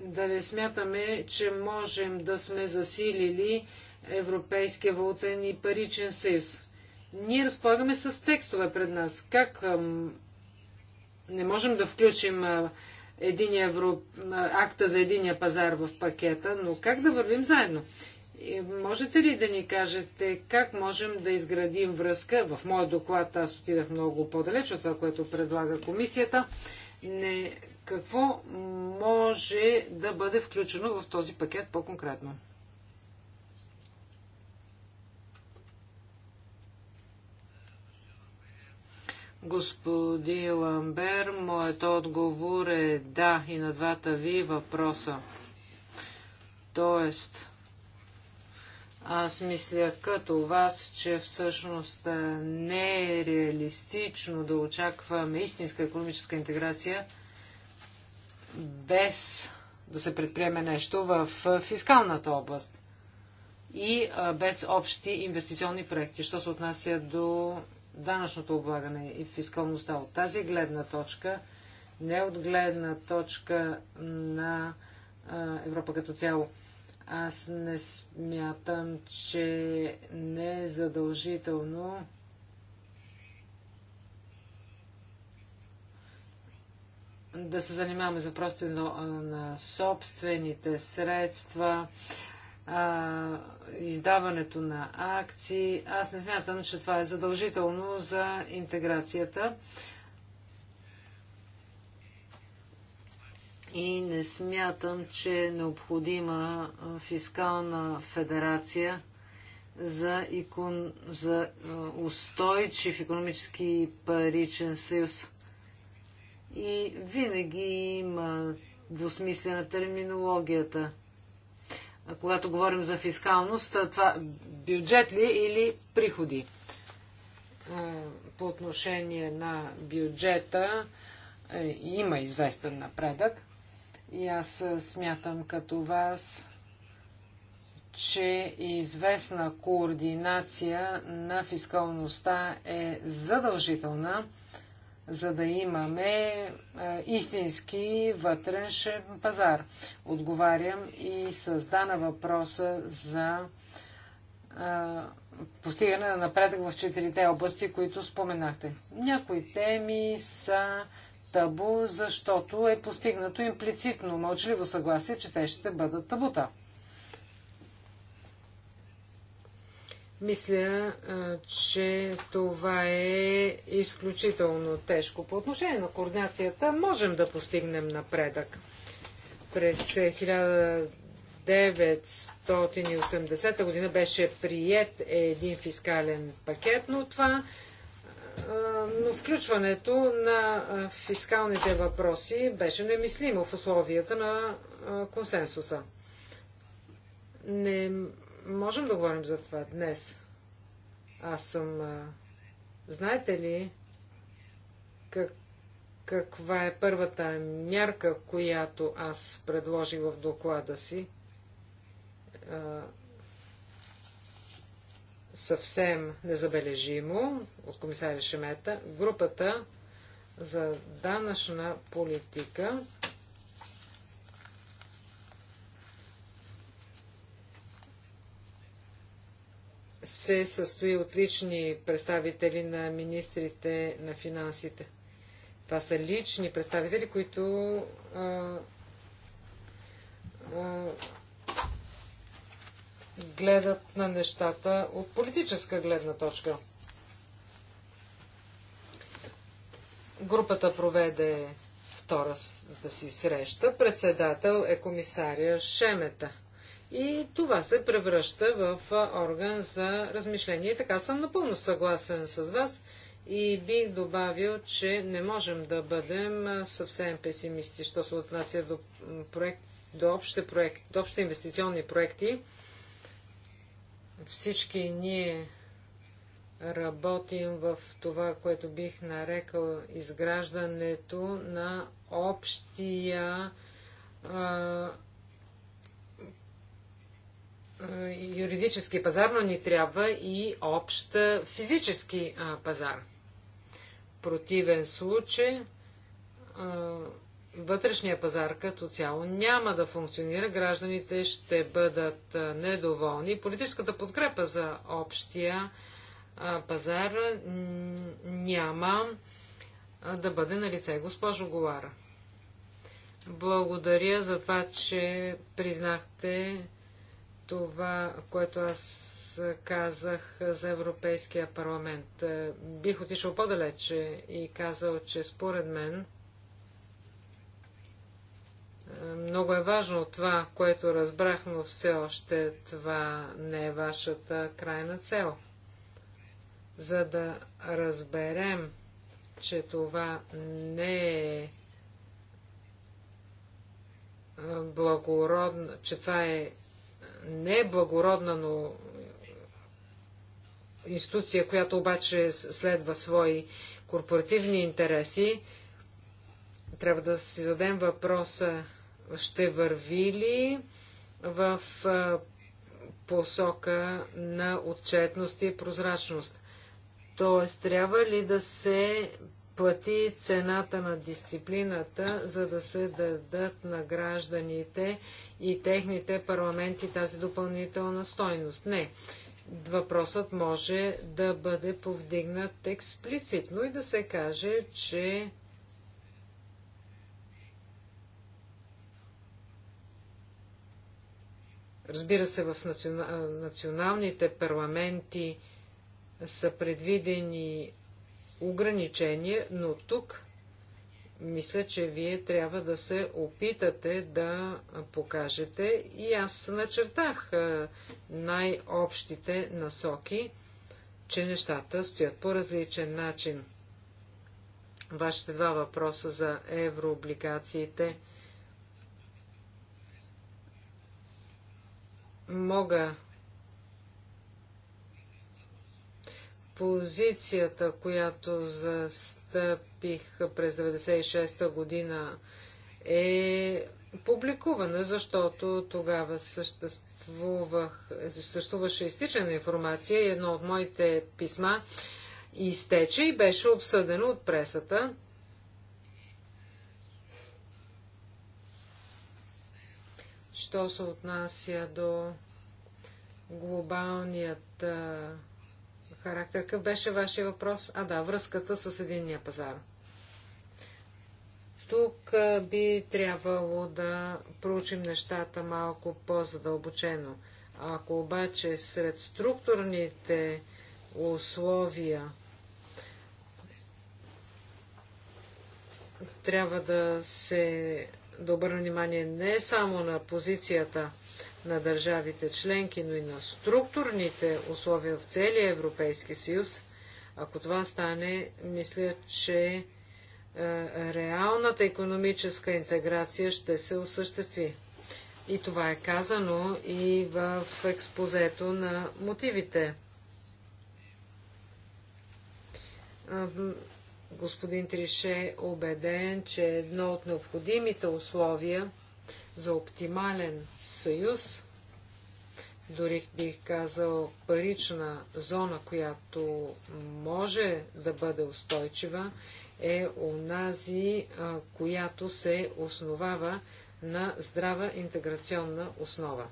да не смятаме, че можем да сме засилили Европейския валутен и паричен съюз. Ние разполагаме с текстове пред нас. Как ам, не можем да включим а, един евро, акта за единия пазар в пакета, но как да вървим заедно? Можете ли да ни кажете как можем да изградим връзка? В моя доклад аз отидах много по-далеч от това, което предлага комисията. Не, какво може да бъде включено в този пакет по-конкретно? Господин Ламбер, моят отговор е да и на двата ви въпроса. Тоест, аз мисля като вас, че всъщност не е реалистично да очакваме истинска економическа интеграция без да се предприеме нещо в фискалната област и без общи инвестиционни проекти, що се отнася до данъчното облагане и фискалността. От тази гледна точка, не от гледна точка на Европа като цяло. Аз не смятам, че не е задължително да се занимаваме с въпросите на собствените средства, а, издаването на акции. Аз не смятам, че това е задължително за интеграцията. и не смятам, че е необходима фискална федерация за, икон... за устойчив економически паричен съюз. И винаги има двусмислена терминологията. А когато говорим за фискалност, това бюджет ли или приходи? По отношение на бюджета е, има известен напредък. И аз смятам като вас, че известна координация на фискалността е задължителна, за да имаме е, истински вътрешен пазар. Отговарям и създана въпроса за е, постигане на напредък в четирите области, които споменахте. Някои теми са табу, защото е постигнато имплицитно мълчаливо съгласие, че те ще бъдат табута. Мисля, че това е изключително тежко. По отношение на координацията можем да постигнем напредък. През 1980 е, година беше прият един фискален пакет, но това но включването на фискалните въпроси беше немислимо в условията на консенсуса. Не можем да говорим за това днес. Аз съм. Знаете ли как, каква е първата мярка, която аз предложих в доклада си? съвсем незабележимо от комисаря Шемета, групата за данъчна политика се състои от лични представители на министрите на финансите. Това са лични представители, които а, а, гледат на нещата от политическа гледна точка. Групата проведе втората си среща. Председател е комисария Шемета. И това се превръща в орган за размишление. И така съм напълно съгласен с вас и бих добавил, че не можем да бъдем съвсем песимисти, що се отнася до, проект, до, общи проект, до общите инвестиционни проекти всички ние работим в това, което бих нарекал изграждането на общия а, юридически пазар, но ни трябва и общ физически а, пазар. В противен случай а, вътрешния пазар като цяло няма да функционира, гражданите ще бъдат недоволни. Политическата подкрепа за общия пазар няма да бъде на лице. Госпожо Голара, благодаря за това, че признахте това, което аз казах за Европейския парламент. Бих отишъл по-далече и казал, че според мен много е важно това, което разбрах, но все още това не е вашата крайна цел. За да разберем, че това не е благородна, че това е не е благородна, но институция, която обаче следва свои корпоративни интереси, трябва да си зададем въпроса ще върви ли в посока на отчетност и прозрачност. Тоест, трябва ли да се плати цената на дисциплината, за да се дадат на гражданите и техните парламенти тази допълнителна стойност? Не. Въпросът може да бъде повдигнат експлицитно и да се каже, че Разбира се, в национа... националните парламенти са предвидени ограничения, но тук мисля, че вие трябва да се опитате да покажете и аз начертах най-общите насоки, че нещата стоят по различен начин. Вашите два въпроса за еврооблигациите мога позицията, която застъпих през 96-та година е публикувана, защото тогава съществувах, съществуваше изтичана информация и едно от моите писма изтече и беше обсъдено от пресата. Що се отнася до глобалният а, характер, какъв беше вашия въпрос? А да, връзката с единния пазар. Тук а, би трябвало да проучим нещата малко по-задълбочено. Ако обаче сред структурните условия трябва да се да обърна внимание не само на позицията на държавите членки, но и на структурните условия в целия Европейски съюз, ако това стане, мисля, че е, реалната економическа интеграция ще се осъществи. И това е казано и в експозето на мотивите Господин Трише е убеден, че едно от необходимите условия за оптимален съюз, дори бих казал парична зона, която може да бъде устойчива, е онази, която се основава на здрава интеграционна основа.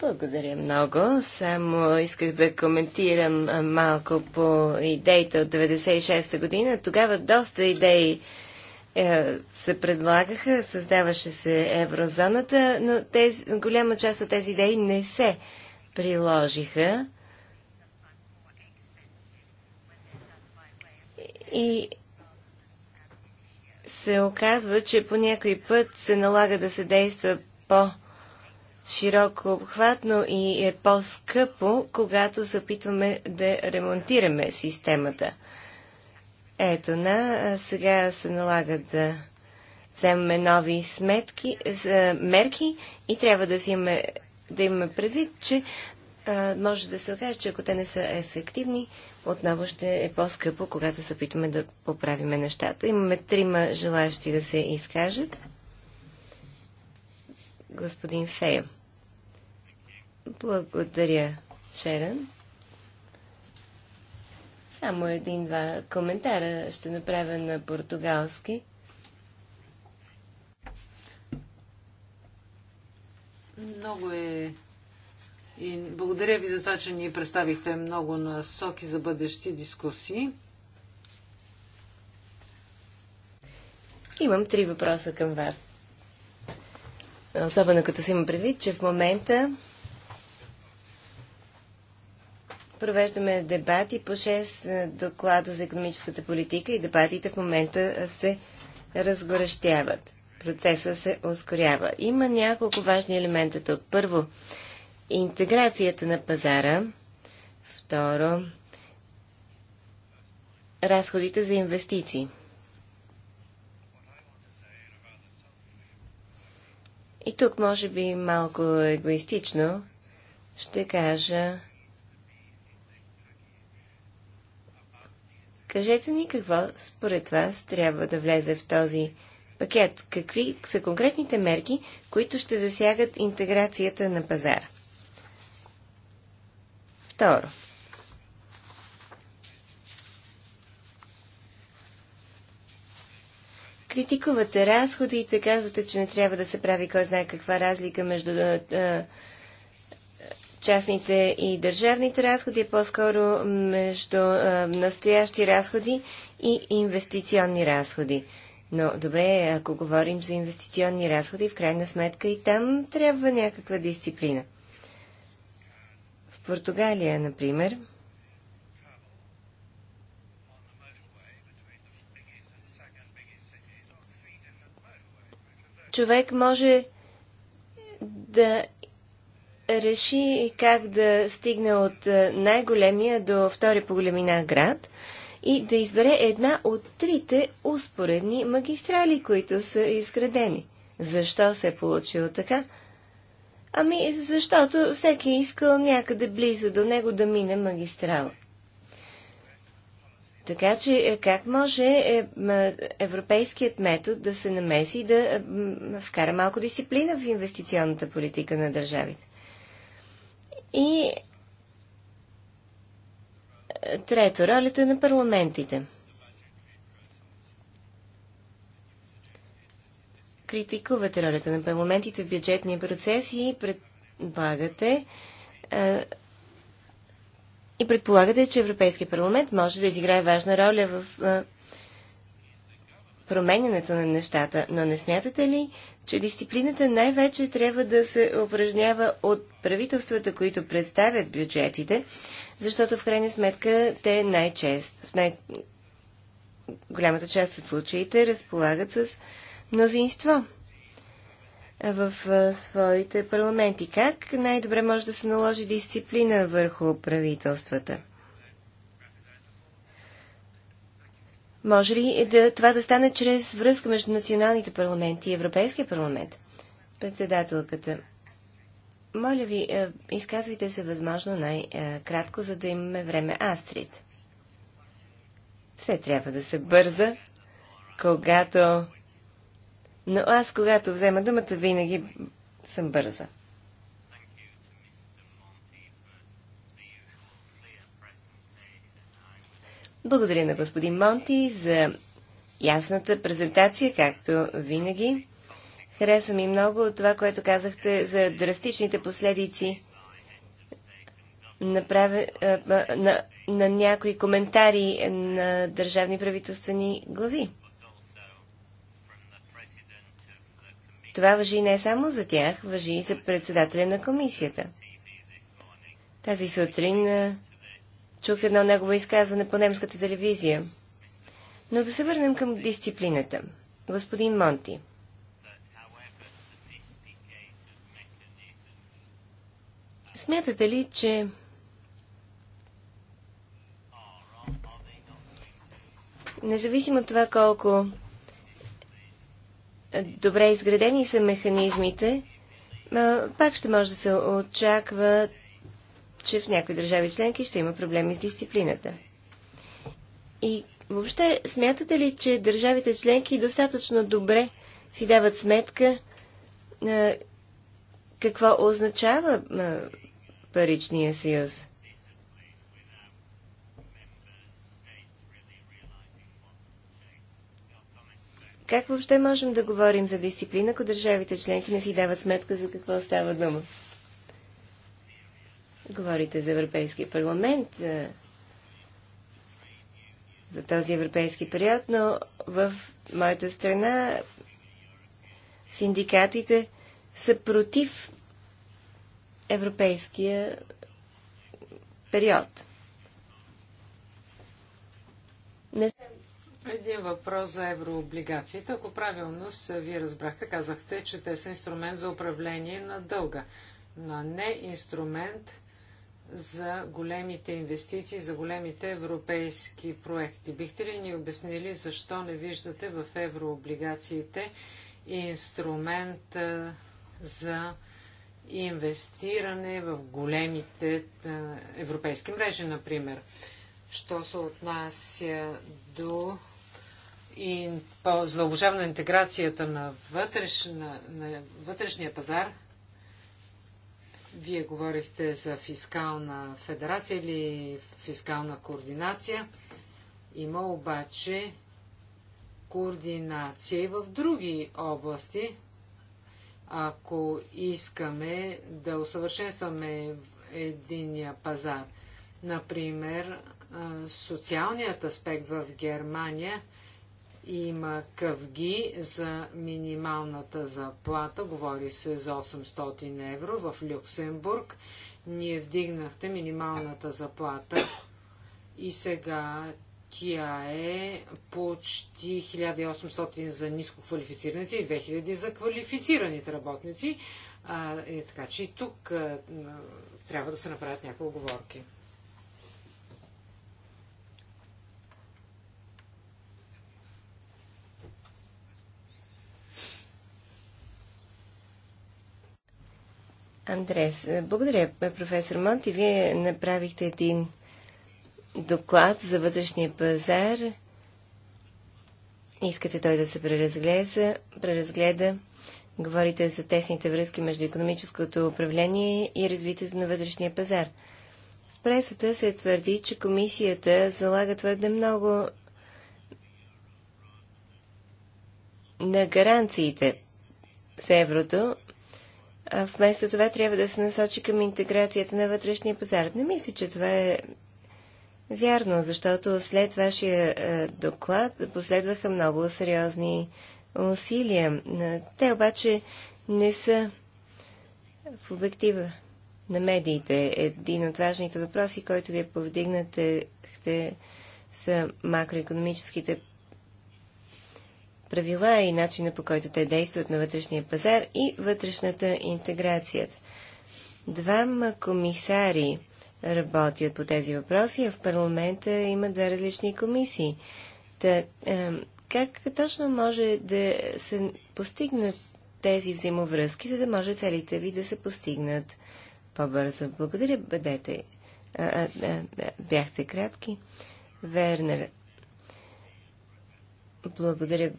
Благодаря много. Само исках да коментирам малко по идеите от 96-та година. Тогава доста идеи е, се предлагаха, създаваше се еврозоната, но тези, голяма част от тези идеи не се приложиха. И се оказва, че по някой път се налага да се действа по- широко обхватно и е по-скъпо, когато се опитваме да ремонтираме системата. Ето на, сега се налага да вземаме нови сметки, мерки и трябва да, си имаме, да имаме предвид, че а, може да се окаже, че ако те не са ефективни, отново ще е по-скъпо, когато се опитваме да поправиме нещата. Имаме трима желаящи да се изкажат. Господин Фея. Благодаря, Шерен. Само един-два коментара ще направя на португалски.
Много е. И благодаря ви за това, че ни представихте много насоки за бъдещи дискусии.
Имам три въпроса към вас. Особено като си има предвид, че в момента провеждаме дебати по 6 е, доклада за економическата политика и дебатите в момента е, се разгорещяват. Процесът се ускорява. Има няколко важни елемента тук. Първо, интеграцията на пазара. Второ, разходите за инвестиции. И тук, може би малко егоистично, ще кажа, Кажете ни какво според вас трябва да влезе в този пакет. Какви са конкретните мерки, които ще засягат интеграцията на пазара? Второ. Критикувате разходите, казвате, че не трябва да се прави кой знае каква разлика между е, е, частните и държавните разходи, а по-скоро между а, настоящи разходи и инвестиционни разходи. Но добре, ако говорим за инвестиционни разходи, в крайна сметка и там трябва някаква дисциплина. В Португалия, например, човек може да реши как да стигне от е, най-големия до втори по големина град и да избере една от трите успоредни магистрали, които са изградени. Защо се е получило така? Ами, защото всеки е искал някъде близо до него да мине магистрала. Така че е, как може европейският метод да се намеси и да вкара малко дисциплина в инвестиционната политика на държавите? И е, трето, ролята на парламентите. Критикувате ролята на парламентите в бюджетния процес и предлагате е, и предполагате, че Европейския парламент може да изиграе важна роля в е, променянето на нещата, но не смятате ли, че дисциплината най-вече трябва да се упражнява от правителствата, които представят бюджетите, защото в крайна сметка те най-често, в най-голямата част от случаите разполагат с мнозинство в своите парламенти. Как най-добре може да се наложи дисциплина върху правителствата? Може ли да, това да стане чрез връзка между националните парламенти и Европейския парламент? Председателката. Моля ви, е, изказвайте се възможно най-кратко, за да имаме време. Астрид. Все трябва да се бърза, когато... Но аз, когато взема думата, винаги съм бърза. Благодаря на господин Монти за ясната презентация, както винаги. Хареса ми много от това, което казахте за драстичните последици на, на, на някои коментари на държавни правителствени глави. Това въжи не само за тях, въжи и за председателя на комисията. Тази сутрин Чух едно негово изказване по немската телевизия. Но да се върнем към дисциплината. Господин Монти. Смятате ли, че независимо от това колко добре изградени са механизмите, пак ще може да се очакват че в някои държави членки ще има проблеми с дисциплината. И въобще, смятате ли, че държавите членки достатъчно добре си дават сметка а, какво означава а, паричния съюз? Как въобще можем да говорим за дисциплина, ако държавите членки не си дават сметка за какво става дума? Говорите за Европейския парламент, за този европейски период, но в моята страна синдикатите са против европейския период. Не
един въпрос за еврооблигациите. Ако правилно вие разбрахте, казахте, че те са инструмент за управление на дълга, но не инструмент за големите инвестиции, за големите европейски проекти. Бихте ли ни обяснили защо не виждате в еврооблигациите инструмент за инвестиране в големите европейски мрежи, например? Що се отнася до и по задължаване на интеграцията на, вътреш, на, на вътрешния пазар, вие говорихте за фискална федерация или фискална координация. Има обаче координация и в други области. Ако искаме да усъвършенстваме единия пазар, например, социалният аспект в Германия – има къвги за минималната заплата, говори се за 800 евро в Люксембург. Ние вдигнахте минималната заплата и сега тя е почти 1800 за нискоквалифицираните и 2000 за квалифицираните работници. А, е, така че и тук а, трябва да се направят някои оговорки.
Андрес. Е, благодаря, е, професор Монти. Вие направихте един доклад за вътрешния пазар. Искате той да се преразгледа. преразгледа. Говорите за тесните връзки между економическото управление и развитието на вътрешния пазар. В пресата се твърди, че комисията залага твърде много на гаранциите с еврото вместо това трябва да се насочи към интеграцията на вътрешния пазар. Не мисля, че това е вярно, защото след вашия доклад последваха много сериозни усилия. Те обаче не са в обектива на медиите. Един от важните въпроси, който вие повдигнате, са макроекономическите правила и начина по който те действат на вътрешния пазар и вътрешната интеграция. Двама комисари работят по тези въпроси, а в парламента има две различни комисии. Та, е, как точно може да се постигнат тези взаимовръзки, за да може целите ви да се постигнат по-бързо? Благодаря, бъдете. А, а, а, бяхте кратки. Вернер, благодаря,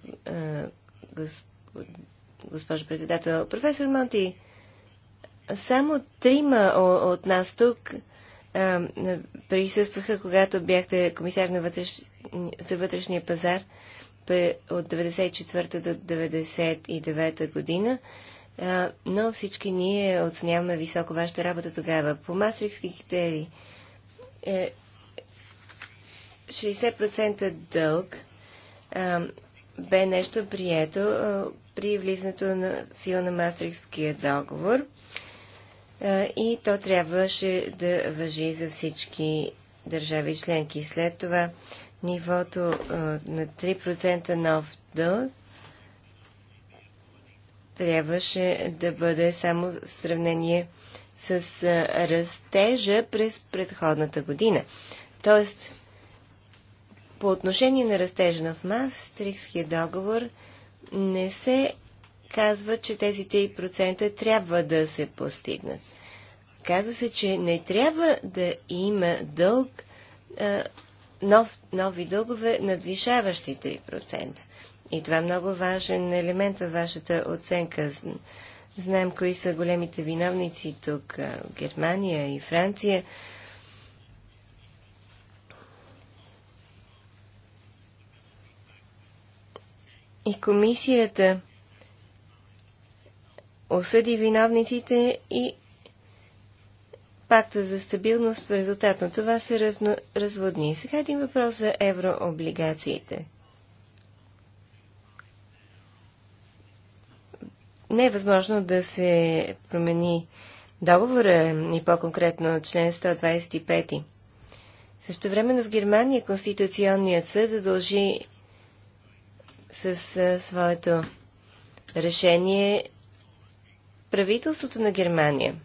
госпожа госпожо председател. Професор Монти, само трима от нас тук присъстваха, когато бяхте комисар на вътреш... за вътрешния пазар от 1994 до 1999 година, но всички ние оценяваме високо вашата работа тогава. По мастрикски критерии 60% е, дълг – бе нещо прието при влизането на сила на Мастрихския договор и то трябваше да въжи за всички държави членки. След това нивото на 3% нов дълг трябваше да бъде само в сравнение с растежа през предходната година. Тоест, по отношение на растежа на в Мастрихския договор не се казва, че тези 3% трябва да се постигнат. Казва се, че не трябва да има дълг, нов, нови дългове, надвишаващи 3%. И това е много важен елемент във вашата оценка. Знаем кои са големите виновници тук, Германия и Франция. и комисията осъди виновниците и пакта за стабилност в резултат на това се ръвно разводни. Сега един въпрос за еврооблигациите. Не е възможно да се промени договора и по-конкретно член 125. Също времено в Германия Конституционният съд задължи с своето решение правителството на Германия.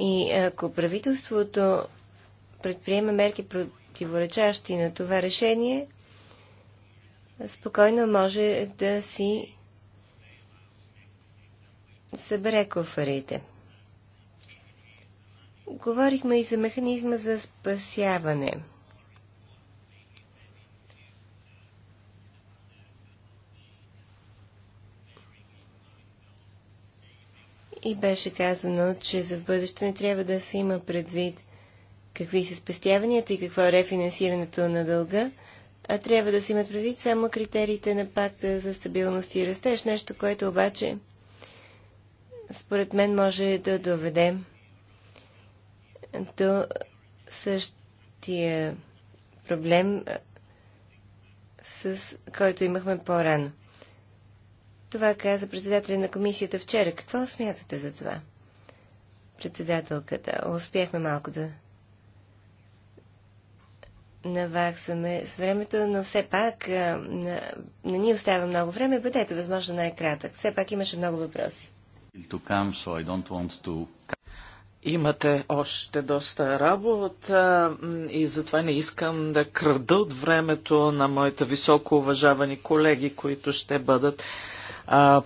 И ако правителството предприеме мерки противоречащи на това решение, спокойно може да си събере кофарите. Говорихме и за механизма за спасяване – и беше казано, че за в бъдеще не трябва да се има предвид какви са спестяванията и какво е рефинансирането на дълга, а трябва да се имат предвид само критериите на пакта за стабилност и растеж, нещо, което обаче според мен може да доведе до същия проблем, с който имахме по-рано. Това каза председателя на комисията вчера. Какво смятате за това? Председателката, успяхме малко да наваксаме с времето, но все пак не ни остава много време. Бъдете възможно най-кратък. Все пак имаше много въпроси.
Имате още доста работа и затова не искам да крада от времето на моите високо уважавани колеги, които ще бъдат а,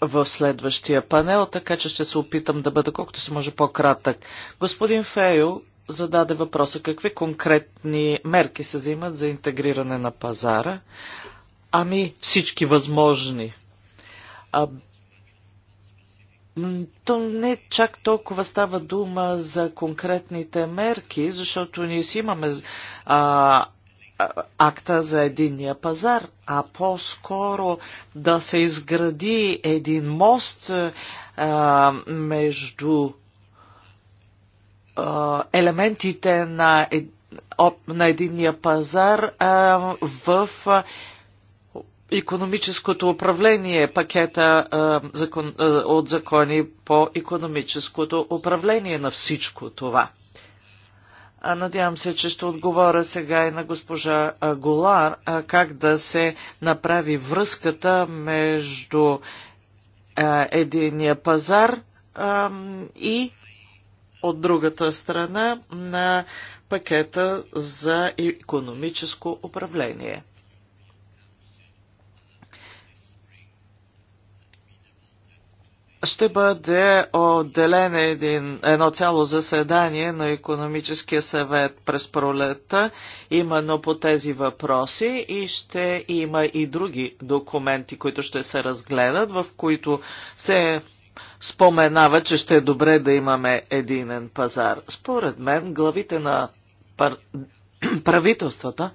в следващия панел, така че ще се опитам да бъда колкото се може по-кратък. Господин Фейо зададе въпроса какви конкретни мерки се взимат за интегриране на пазара. Ами всички възможни. А, то не чак толкова става дума за конкретните мерки, защото ние си имаме а, акта за единния пазар, а по-скоро да се изгради един мост а, между а, елементите на, е, на единния пазар а, в а, економическото управление, пакета а, закон, а, от закони по економическото управление на всичко това. Надявам се, че ще отговоря сега и на госпожа Голар как да се направи връзката между единия пазар и от другата страна на пакета за економическо управление. ще бъде отделен един, едно цяло заседание на економическия съвет през пролета, именно по тези въпроси и ще има и други документи, които ще се разгледат, в които се споменава, че ще е добре да имаме единен пазар. Според мен главите на пар... правителствата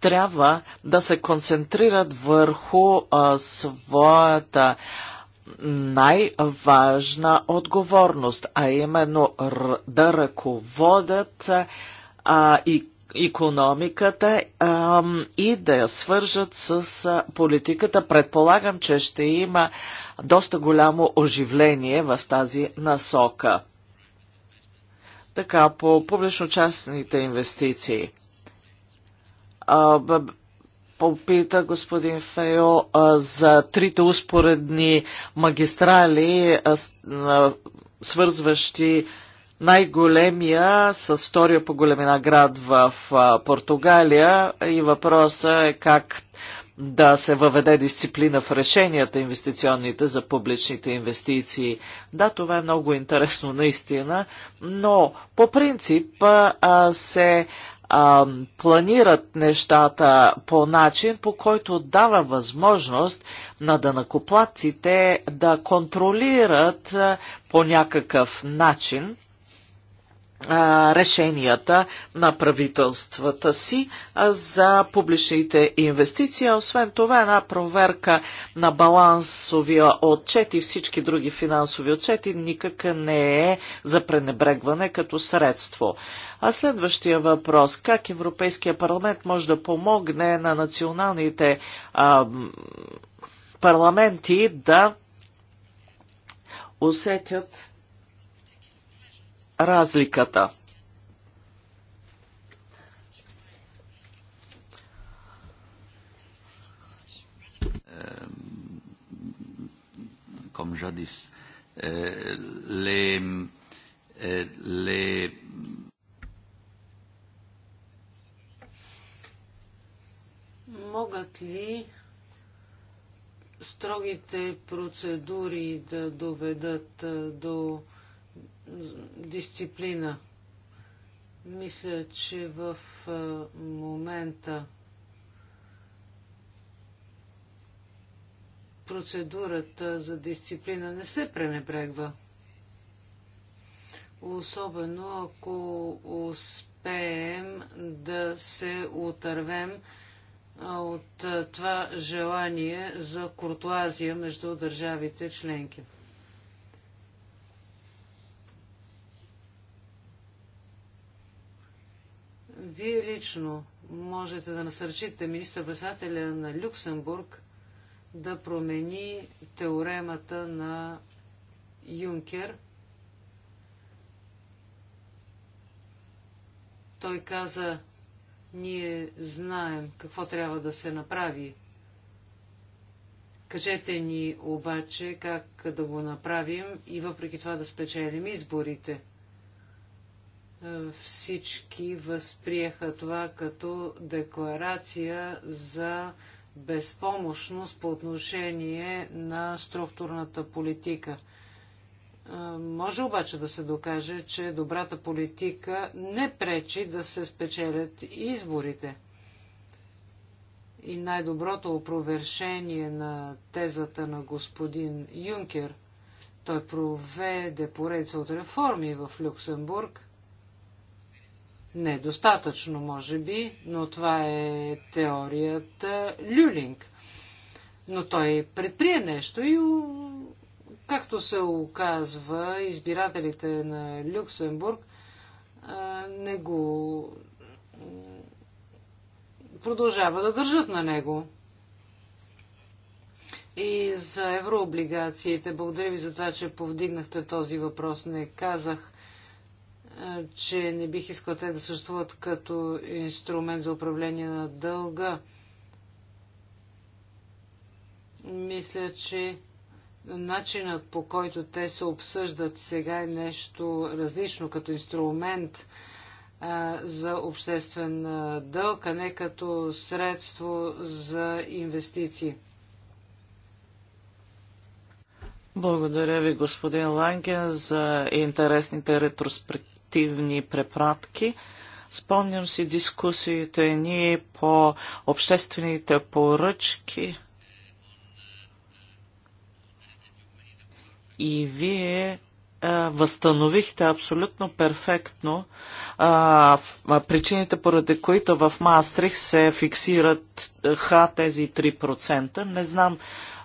трябва да се концентрират върху а, своята най-важна отговорност, а именно да ръководят а, и економиката а, и да я свържат с а, политиката. Предполагам, че ще има доста голямо оживление в тази насока. Така, по публично-частните инвестиции попита господин Фео за трите успоредни магистрали, свързващи най-големия с втория по големина град в Португалия и въпросът е как да се въведе дисциплина в решенията инвестиционните за публичните инвестиции. Да, това е много интересно наистина, но по принцип се а, планират нещата по начин, по който дава възможност на данакоплатците да контролират а, по някакъв начин решенията на правителствата си за публичните инвестиции. Освен това, една проверка на балансовия отчет и всички други финансови отчети никак не е за пренебрегване като средство. А следващия въпрос, как Европейския парламент може да помогне на националните а, парламенти да усетят разликата.
comme jadis. Les, les... Могат ли строгите процедури да доведат е, до дисциплина. Мисля, че в момента процедурата за дисциплина не се пренебрегва. Особено ако успеем да се отървем от това желание за куртуазия между държавите членки. Вие лично можете да насърчите министър-председателя на Люксембург да промени теоремата на Юнкер. Той каза, ние знаем какво трябва да се направи. Кажете ни обаче как да го направим и въпреки това да спечелим изборите. Е, всички възприеха това като декларация за безпомощност по отношение на структурната политика. Е, може обаче да се докаже, че добрата политика не пречи да се спечелят изборите. И най-доброто опровершение на тезата на господин Юнкер, той проведе поредица от реформи в Люксембург – Недостатъчно, може би, но това е теорията Люлинг. Но той предприе нещо и, както се оказва, избирателите на Люксембург не го продължава да държат на него. И за еврооблигациите, благодаря ви за това, че повдигнахте този въпрос. Не казах че не бих искал те да съществуват като инструмент за управление на дълга. Мисля, че начинът по който те се обсъждат сега е нещо различно като инструмент а, за обществен дълг, а не като средство за инвестиции.
Благодаря ви, господин Ланген, за интересните ретроспективи административни препратки. Спомням си дискусиите ни по обществените поръчки. И вие възстановихте абсолютно перфектно а, в, причините, поради които в Мастрих се фиксират ха тези 3%. Не знам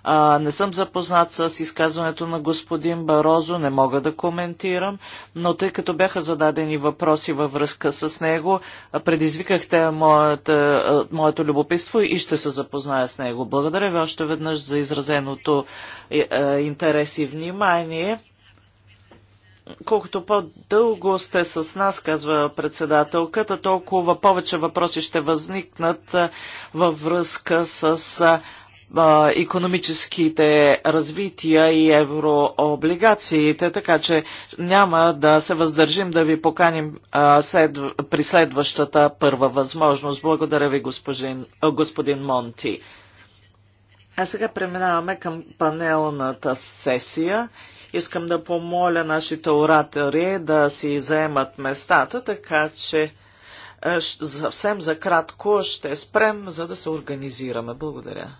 а, не съм запознат с изказването на господин Барозо, не мога да коментирам, но тъй като бяха зададени въпроси във връзка с него, предизвикахте моята, моето любопитство и ще се запозная с него. Благодаря ви още веднъж за изразеното е, е, интерес и внимание. Колкото по-дълго сте с нас, казва председателката, толкова повече въпроси ще възникнат във връзка с економическите развития и еврооблигациите, така че няма да се въздържим да ви поканим след, при следващата първа възможност. Благодаря ви, господин, господин Монти. А сега преминаваме към панелната сесия. Искам да помоля нашите оратори да си заемат местата, така че съвсем за кратко ще спрем, за да се организираме. Благодаря.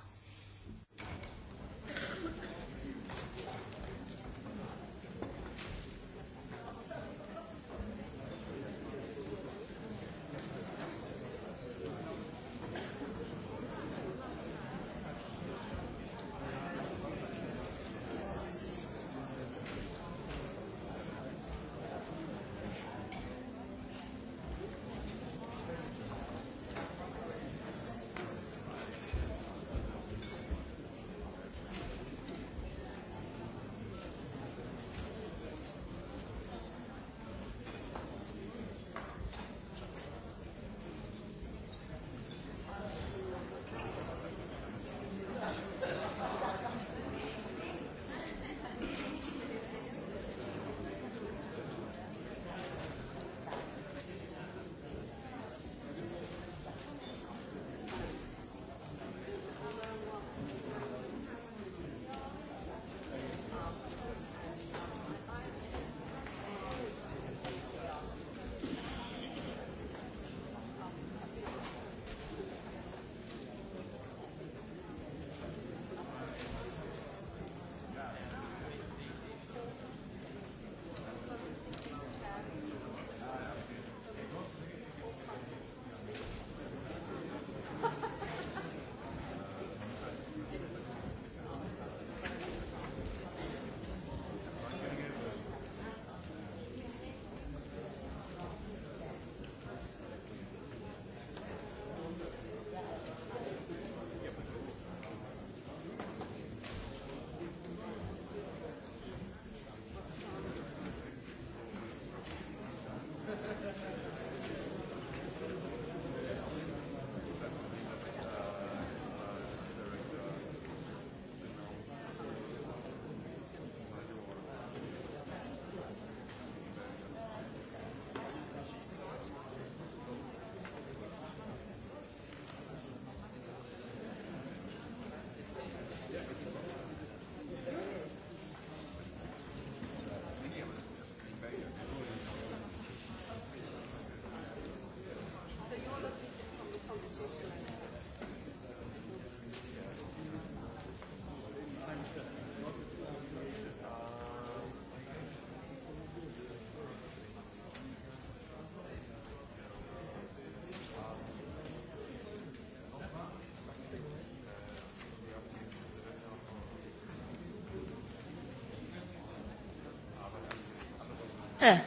Uh,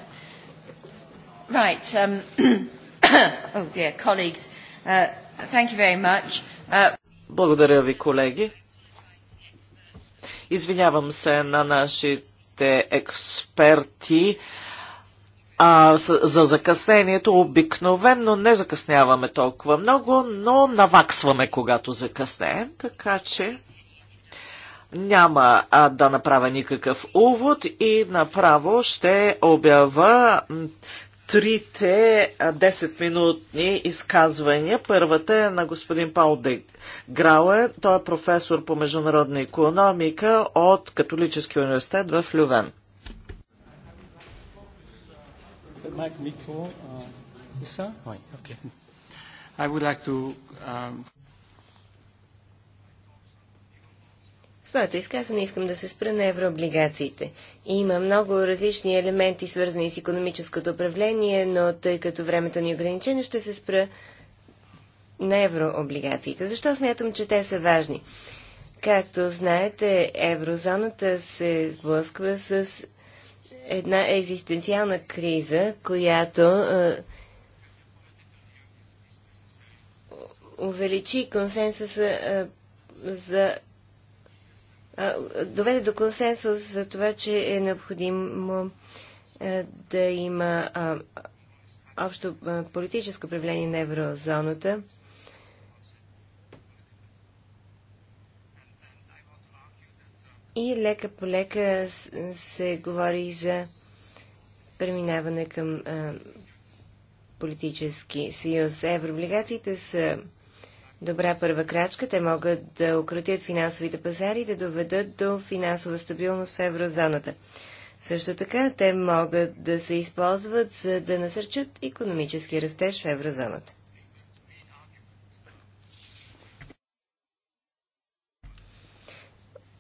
right. Um, oh dear, colleagues. Uh, thank you very much. Uh,
Благодаря ви, колеги. Извинявам се на нашите експерти а, с, за закъснението. Обикновенно не закъсняваме толкова много, но наваксваме, когато закъснеем. Така че няма а, да направя никакъв увод и направо ще обява трите 10-минутни изказвания. Първата е на господин Паул Де Грауе. Той е професор по международна економика от Католически университет в Лювен.
I would like to um, своето изказване искам да се спра на еврооблигациите. Има много различни елементи, свързани с економическото управление, но тъй като времето ни е ограничено, ще се спра на еврооблигациите. Защо смятам, че те са важни? Както знаете, еврозоната се сблъсква с една екзистенциална криза, която е, увеличи консенсуса е, за доведе до консенсус за това, че е необходимо да има общо политическо проявление на еврозоната. И лека по лека се говори за преминаване към политически съюз. Еврооблигациите са добра първа крачка. Те могат да укротят финансовите пазари и да доведат до финансова стабилност в еврозоната. Също така, те могат да се използват за да насърчат економически растеж в еврозоната.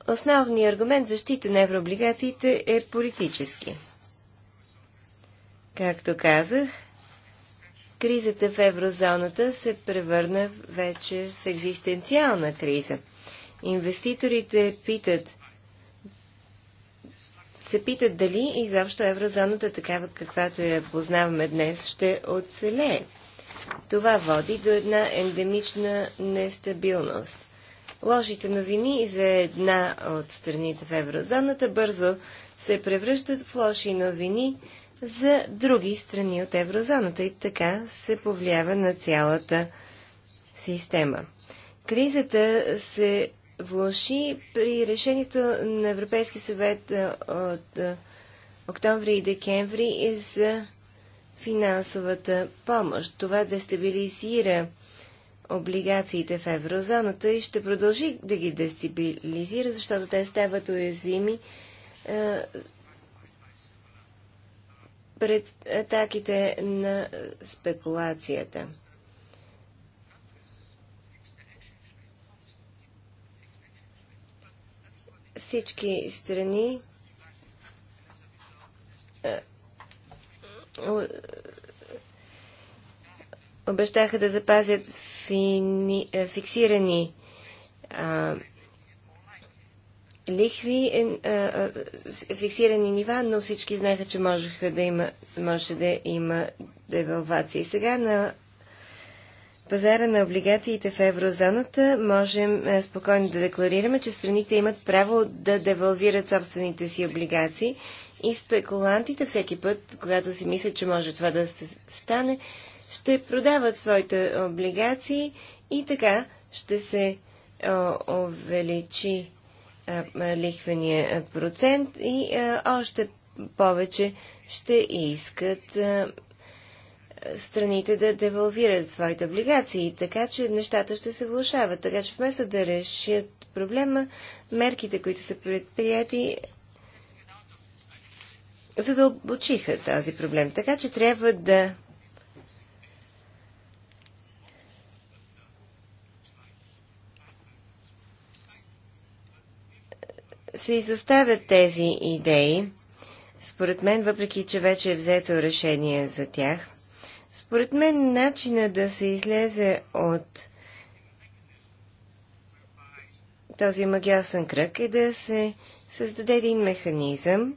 Основният аргумент защита на еврооблигациите е политически. Както казах, кризата в еврозоната се превърна вече в екзистенциална криза. Инвеститорите питат, се питат дали изобщо еврозоната, такава каквато я познаваме днес, ще оцелее. Това води до една ендемична нестабилност. Лошите новини за една от страните в еврозоната бързо се превръщат в лоши новини за други страни от еврозоната и така се повлиява на цялата система. Кризата се влоши при решението на Европейски съвет от октомври и декември за финансовата помощ. Това дестабилизира облигациите в еврозоната и ще продължи да ги дестабилизира, защото те стават уязвими пред атаките на спекулацията. Всички страни обещаха да запазят фини, фиксирани а, лихви, е, фиксирани нива, но всички знаеха, че можеха да има, може да има девалвация. И сега на пазара на облигациите в еврозоната можем е, спокойно да декларираме, че страните имат право да девалвират собствените си облигации и спекулантите всеки път, когато си мислят, че може това да се стане, ще продават своите облигации и така ще се увеличи е, е, лихвения е, процент и още повече ще искат страните да девалвират своите облигации, така че нещата ще се влушават. Така че вместо да решат проблема, мерките, които са предприяти, задълбочиха този проблем. Така че трябва да се изоставят тези идеи, според мен, въпреки че вече е взето решение за тях, според мен начина да се излезе от този магиосен кръг е да се създаде един механизъм,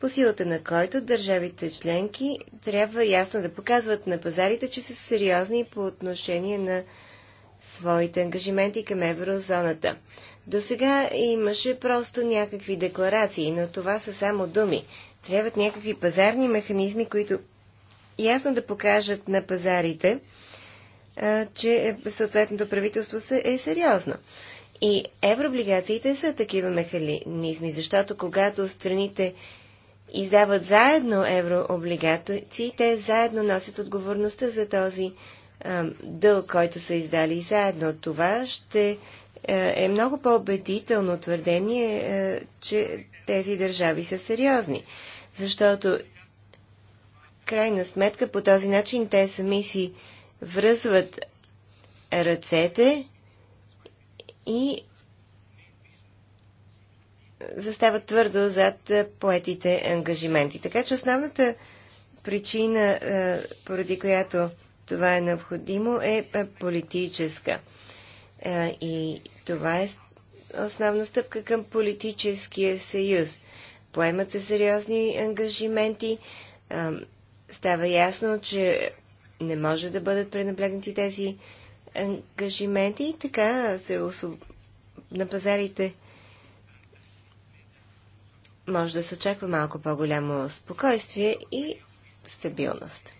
по силата на който държавите членки трябва ясно да показват на пазарите, че са сериозни по отношение на своите ангажименти към еврозоната. До сега имаше просто някакви декларации, но това са само думи. Трябват някакви пазарни механизми, които ясно да покажат на пазарите, че съответното правителство е сериозно. И еврооблигациите са такива механизми, защото когато страните издават заедно еврооблигации, те заедно носят отговорността за този дъл, дълг, който са издали заедно. Това ще е, е много по-убедително твърдение, е, че тези държави са сериозни. Защото в крайна сметка по този начин те сами си връзват ръцете и застават твърдо зад поетите ангажименти. Така че основната причина, е, поради която това е необходимо, е политическа и това е основна стъпка към политическия съюз. Поемат се сериозни ангажименти. Става ясно, че не може да бъдат пренаблегнати тези ангажименти и така се особ... на пазарите може да се очаква малко по-голямо спокойствие и стабилност.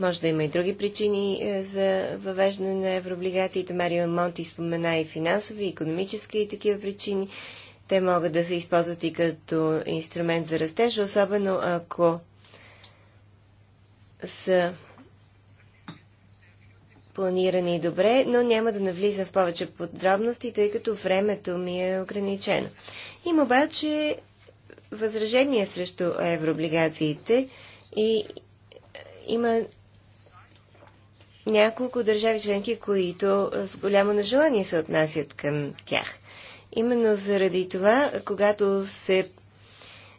Може да има и други причини е, за въвеждане на еврооблигациите. Марио Монти спомена и финансови, и економически и такива причини. Те могат да се използват и като инструмент за растеж, особено ако са планирани добре, но няма да навлиза в повече подробности, тъй като времето ми е ограничено. Има обаче възражения срещу еврооблигациите и има няколко държави членки, които е, с голямо нежелание се отнасят към тях. Именно заради това, когато се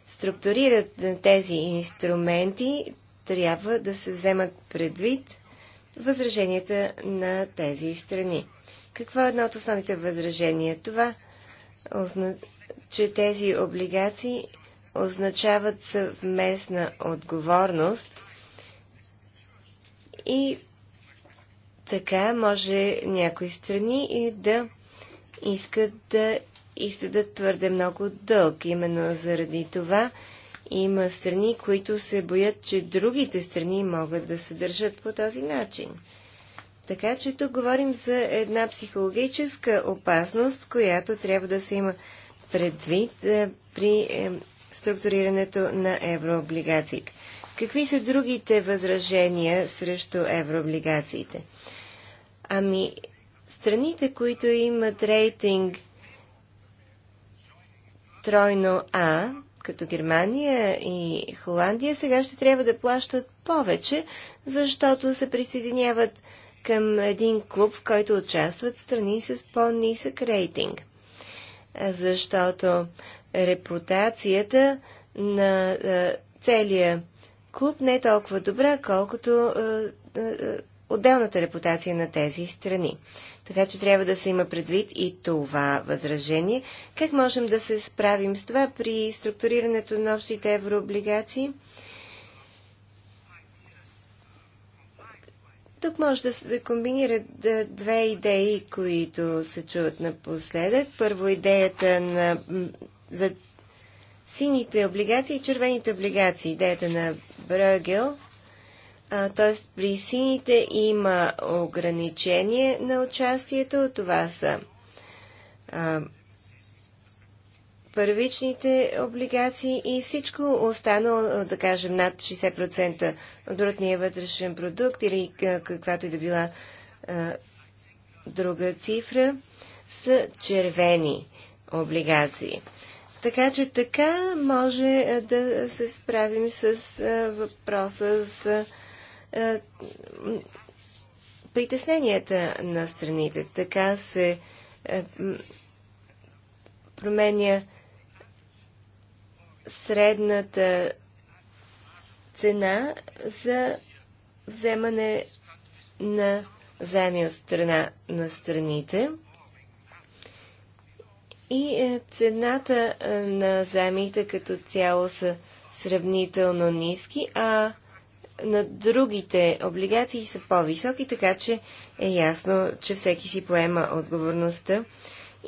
структурират е, тези инструменти, трябва да се вземат предвид възраженията на тези страни. Какво е едно от основните възражения? Това, че тези облигации означават съвместна отговорност и така може някои страни и да искат да издадат твърде много дълг. Именно заради това има страни, които се боят, че другите страни могат да се държат по този начин. Така че тук говорим за една психологическа опасност, която трябва да се има предвид е, при е, структурирането на еврооблигациите. Какви са другите възражения срещу еврооблигациите? Ами, страните, които имат рейтинг тройно А, като Германия и Холандия, сега ще трябва да плащат повече, защото се присъединяват към един клуб, в който участват страни с по-нисък рейтинг. Защото репутацията на целия клуб не е толкова добра, колкото отделната репутация на тези страни. Така че трябва да се има предвид и това възражение. Как можем да се справим с това при структурирането на общите еврооблигации? Тук може да се комбинират две идеи, които се чуват напоследък. Първо идеята на, за сините облигации и червените облигации. Идеята на Бръгел – т.е. при сините има ограничение на участието. Това са а, първичните облигации и всичко останало, да кажем, над 60% от брутния вътрешен продукт или каквато и да била а, друга цифра, са червени облигации. Така че така може да се справим с въпроса за е, притесненията на страните. Така се е, променя средната цена за вземане на заеми от страна на страните. И е, цената на заемите като цяло са сравнително ниски, а на другите облигации са по-високи, така че е ясно, че всеки си поема отговорността.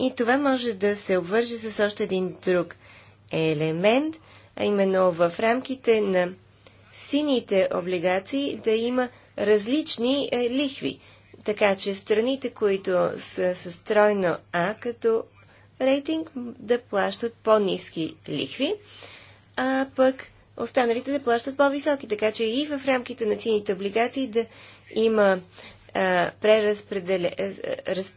И това може да се обвърже с още един друг елемент, а именно в рамките на сините облигации да има различни е, лихви. Така че страните, които са с тройно А като рейтинг, да плащат по-низки лихви, а пък останалите да плащат по-високи. Така че и в рамките на сините облигации да има а, преразпределе, а, раз,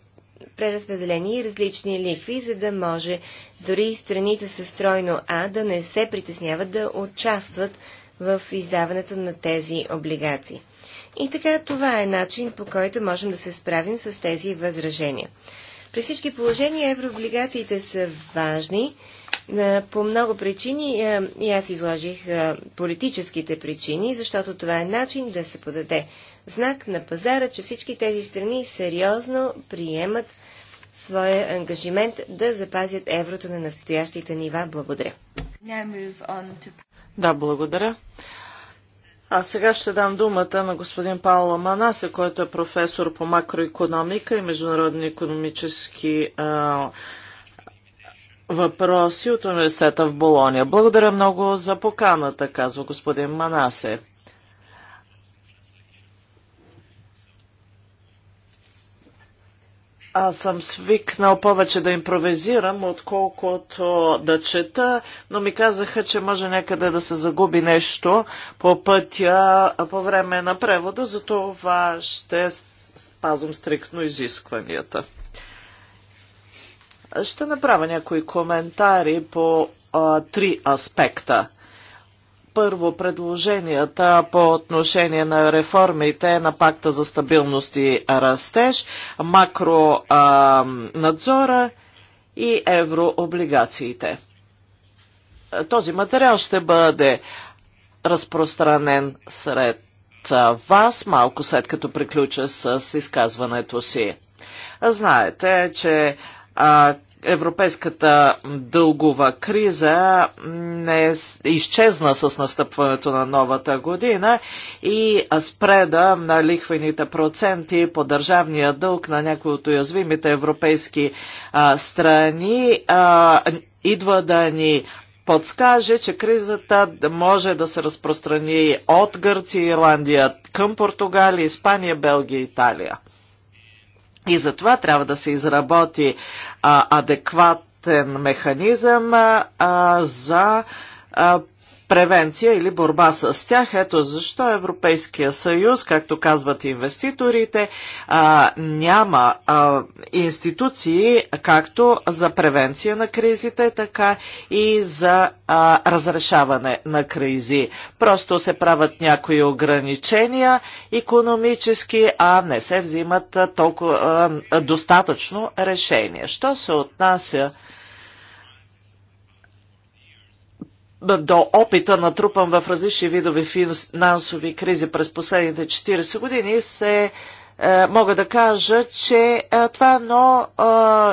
преразпределени и различни ликви, за да може дори и страните с тройно А да не се притесняват да участват в издаването на тези облигации. И така това е начин по който можем да се справим с тези възражения. При всички положения еврооблигациите са важни е, по много причини е, и аз изложих е, политическите причини, защото това е начин да се подаде знак на пазара, че всички тези страни сериозно приемат своя ангажимент да запазят еврото на настоящите нива. Благодаря. Да, благодаря.
А сега ще дам думата на господин Паула Манасе, който е професор по макроекономика и международни економически а, въпроси от университета в Болония. Благодаря много за поканата, казва господин Манасе. Аз съм свикнал повече да импровизирам, отколкото да чета, но ми казаха, че може някъде да се загуби нещо по пътя по време на превода, затова ще спазвам стриктно изискванията. Ще направя някои коментари по а, три аспекта. Първо, предложенията по отношение на реформите на пакта за стабилност и растеж, макронадзора и еврооблигациите. Този материал ще бъде разпространен сред вас малко след като приключа с изказването си. Знаете, че а, европейската дългова криза не е изчезна с настъпването на новата година и спреда на лихвените проценти по държавния дълг на някои от уязвимите европейски а, страни а, идва да ни подскаже, че кризата може да се разпространи от Гърция и Ирландия към Португалия, Испания, Белгия и Италия. И затова трябва да се изработи а, адекватен механизъм а, за а, превенция или борба с тях. Ето защо Европейския съюз, както казват инвеститорите, а, няма а, институции както за превенция на кризите, така и за а, разрешаване на кризи. Просто се правят някои ограничения економически, а не се взимат толкова а, достатъчно решения. Що се отнася до опита натрупан в различни видови финансови кризи през последните 40 години, се е, мога да кажа, че е, това е едно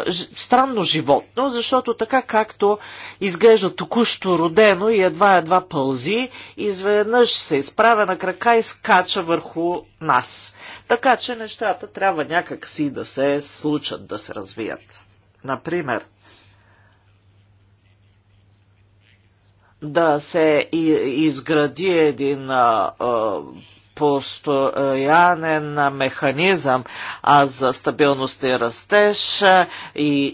е, странно животно, защото така както изглежда току-що родено и едва-едва пълзи, изведнъж се изправя на крака и скача върху нас. Така че нещата трябва някак си да се случат, да се развият. Например, да се изгради един постоянен механизъм а за стабилност и растеж и,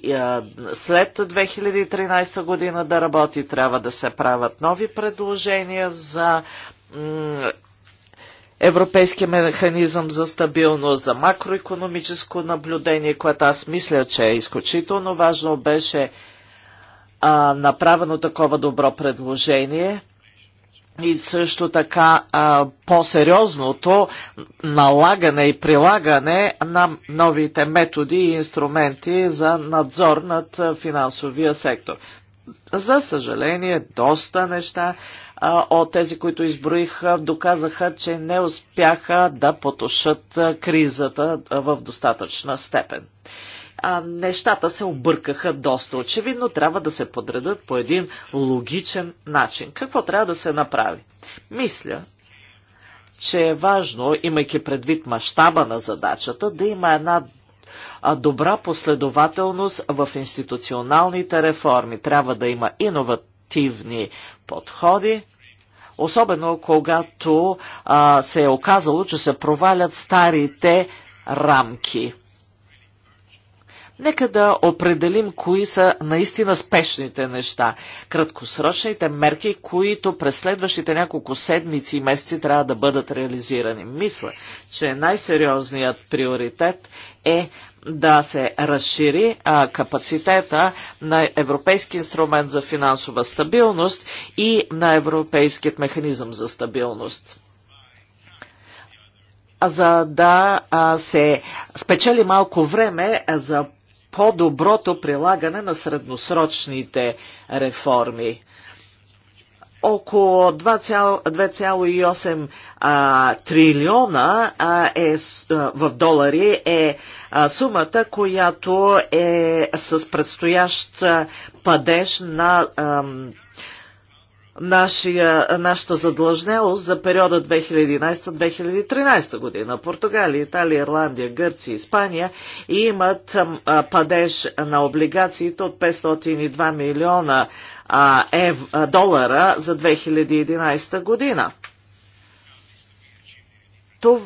и а, след 2013 година да работи. Трябва да се правят нови предложения за Европейския механизъм за стабилност, за макроекономическо наблюдение, което аз мисля, че е изключително важно, беше а, направено такова добро предложение и също така по-сериозното налагане и прилагане на новите методи и инструменти за надзор над финансовия сектор. За съжаление, доста неща а, от тези, които изброих, доказаха, че не успяха да потушат кризата в достатъчна степен а, нещата се объркаха доста. Очевидно трябва да се подредат по един логичен начин. Какво трябва да се направи? Мисля, че е важно, имайки предвид мащаба на задачата, да има една добра последователност в институционалните реформи. Трябва да има иновативни подходи, особено когато а, се е оказало, че се провалят старите рамки. Нека да определим кои са наистина спешните неща, краткосрочните мерки, които през следващите няколко седмици и месеци трябва да бъдат реализирани. Мисля, че най-сериозният приоритет е да се разшири а, капацитета на Европейски инструмент за финансова стабилност и на Европейският механизъм за стабилност за да се спечели малко време за по-доброто прилагане на средносрочните реформи. Около 2,8 трилиона а, е, в долари е а, сумата, която е с предстоящ падеж на А, нашия, нашата задлъжнялост за периода 2011-2013 година. Португалия, Италия, Ирландия, Гърция, Испания имат падеж на облигациите от 502 милиона ев, долара за 2011 година. Това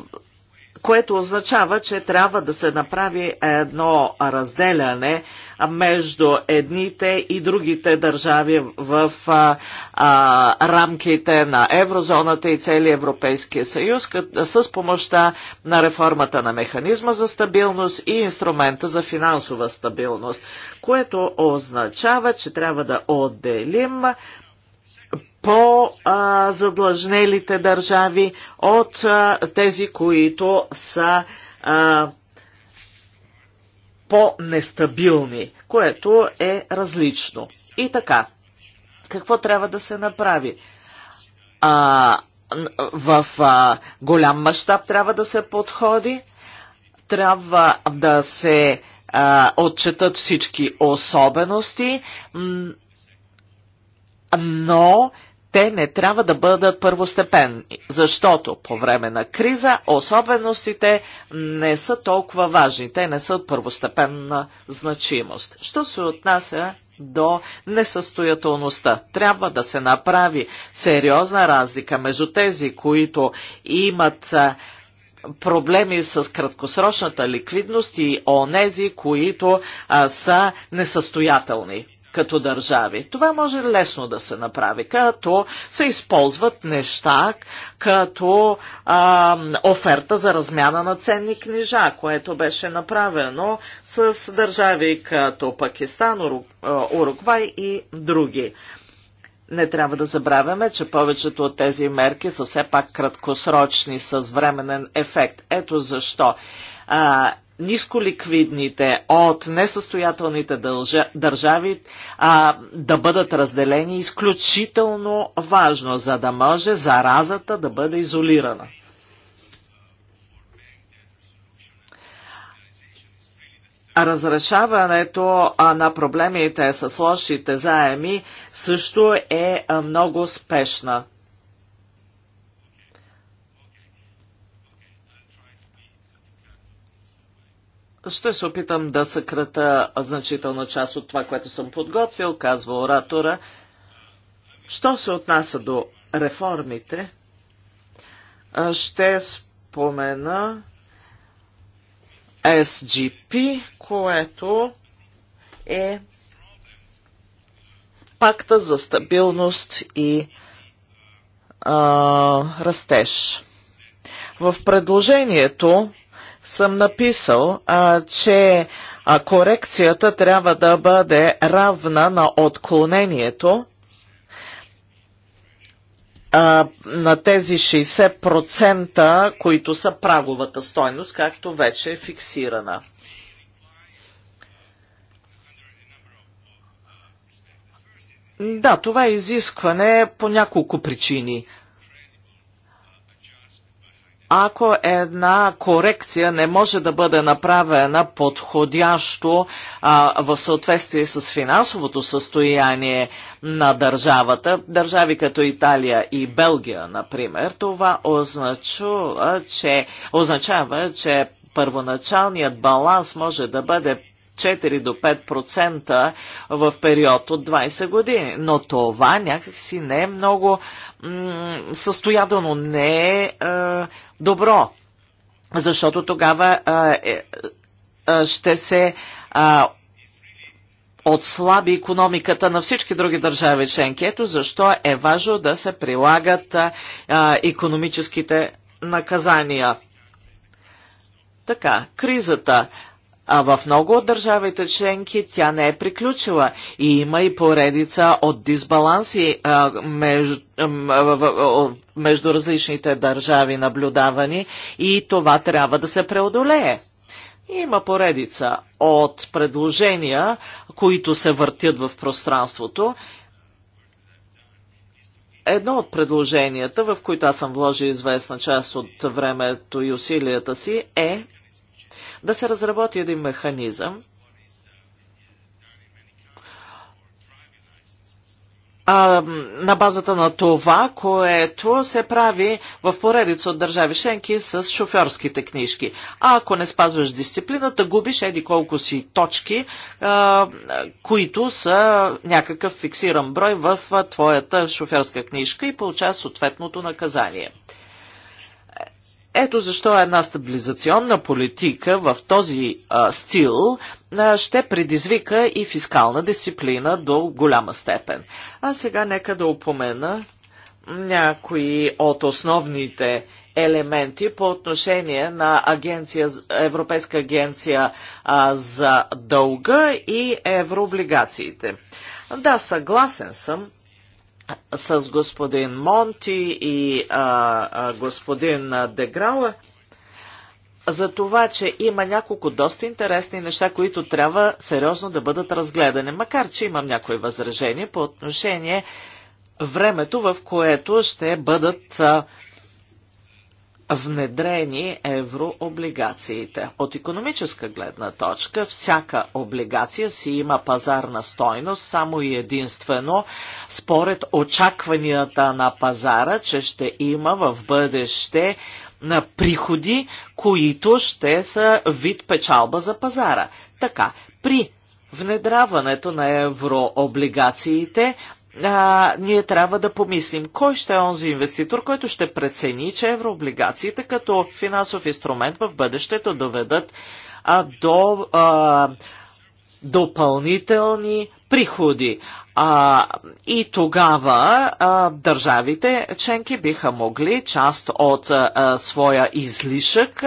което означава, че трябва да се направи едно разделяне между едните и другите държави в а, а, рамките на еврозоната и целия Европейския съюз кът, с помощта на реформата на механизма за стабилност и инструмента за финансова стабилност, което означава, че трябва да отделим по-задлъжнелите държави от а, тези, които са по-нестабилни, което е различно. И така, какво трябва да се направи? А, в а, голям мащаб трябва да се подходи, трябва да се а, отчетат всички особености но те не трябва да бъдат първостепенни, защото по време на криза особеностите не са толкова важни, те не са първостепенна значимост. Що се отнася до несъстоятелността. Трябва да се направи сериозна разлика между тези, които имат проблеми с краткосрочната ликвидност и онези, които а, са несъстоятелни като държави. Това може лесно да се направи, като се използват неща като а, оферта за размяна на ценни книжа, което беше направено с държави като Пакистан, Уругвай и други. Не трябва да забравяме, че повечето от тези мерки са все пак краткосрочни с временен ефект. Ето защо а, нисколиквидните от несъстоятелните дължа, държави а, да бъдат разделени изключително важно, за да може заразата да бъде изолирана. Разрешаването на проблемите с лошите заеми също е много спешна Ще се опитам да съкрата значителна част от това, което съм подготвил, казва оратора. Що се отнася до реформите, ще спомена SGP, което е пакта за стабилност и а, растеж. В предложението съм написал, а, че а, корекцията трябва да бъде равна на отклонението а, на тези 60%, които са праговата стойност, както вече е фиксирана. Да, това е изискване по няколко причини – ако една корекция не може да бъде направена подходящо а, в съответствие с финансовото състояние на държавата, държави като Италия и Белгия, например, това означава, че, означава, че първоначалният баланс може да бъде 4 до 5% в период от 20 години. Но това някакси не е много състоятелно, не е, е добро, защото тогава а, е, а, ще се а, отслаби економиката на всички други държави членки. Ето защо е важно да се прилагат а, економическите наказания. Така, кризата а в много от държавите членки тя не е приключила и има и поредица от дисбаланси а, между, а, между различните държави наблюдавани и това трябва да се преодолее. Има поредица от предложения, които се въртят в пространството едно от предложенията, в които аз съм вложил известна част от времето и усилията си, е да се разработи един механизъм, а, на базата на това, което се прави в поредица от държави шенки с шофьорските книжки. А ако не спазваш дисциплината, губиш еди колко си точки, а, които са някакъв фиксиран брой в твоята шофьорска книжка и получаваш съответното наказание. Ето защо една стабилизационна политика в този а, стил а, ще предизвика и фискална дисциплина до голяма степен. А сега нека да упомена някои от основните елементи по отношение на агенция, Европейска агенция а, за дълга и еврооблигациите. Да, съгласен съм, с господин Монти и а, а, господин Деграла за това, че има няколко доста интересни неща, които трябва сериозно да бъдат разгледани, макар че имам някои възражения по отношение времето, в което ще бъдат а, внедрени еврооблигациите. От економическа гледна точка, всяка облигация си има пазарна стойност само и единствено според очакванията на пазара, че ще има в бъдеще на приходи, които ще са вид печалба за пазара. Така, при внедраването на еврооблигациите а, ние трябва да помислим кой ще е онзи инвеститор, който ще прецени, че еврооблигациите като финансов инструмент в бъдещето доведат а, до а, допълнителни приходи. А, и тогава а, държавите членки биха могли част от а, своя излишък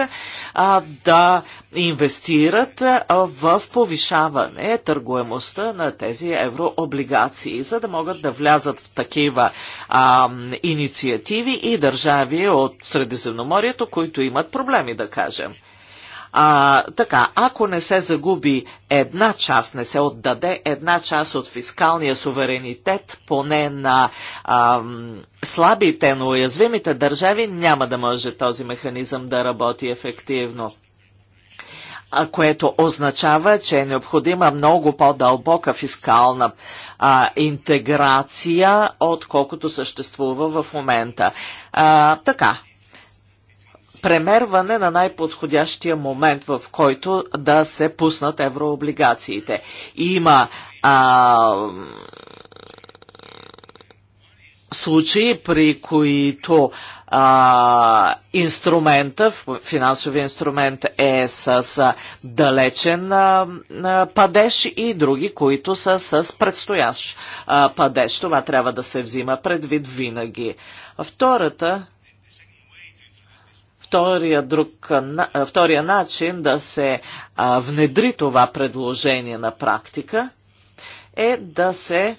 а, да инвестират в повишаване търгуемостта на тези еврооблигации, за да могат да влязат в такива а, инициативи и държави от Средиземноморието, които имат проблеми, да кажем. А, така, ако не се загуби една част, не се отдаде една част от фискалния суверенитет, поне на а, слабите, но уязвимите държави, няма да може този механизъм да работи ефективно което означава, че е необходима много по-дълбока фискална а, интеграция, отколкото съществува в момента. А, така, премерване на най-подходящия момент, в който да се пуснат еврооблигациите. Има а, случаи, при които а, инструмента, финансови инструмент е с, с далечен а, а, падеж и други, които са с предстоящ а, падеж. Това трябва да се взима предвид винаги. Втората втория, друг, втория начин да се внедри това предложение на практика е да се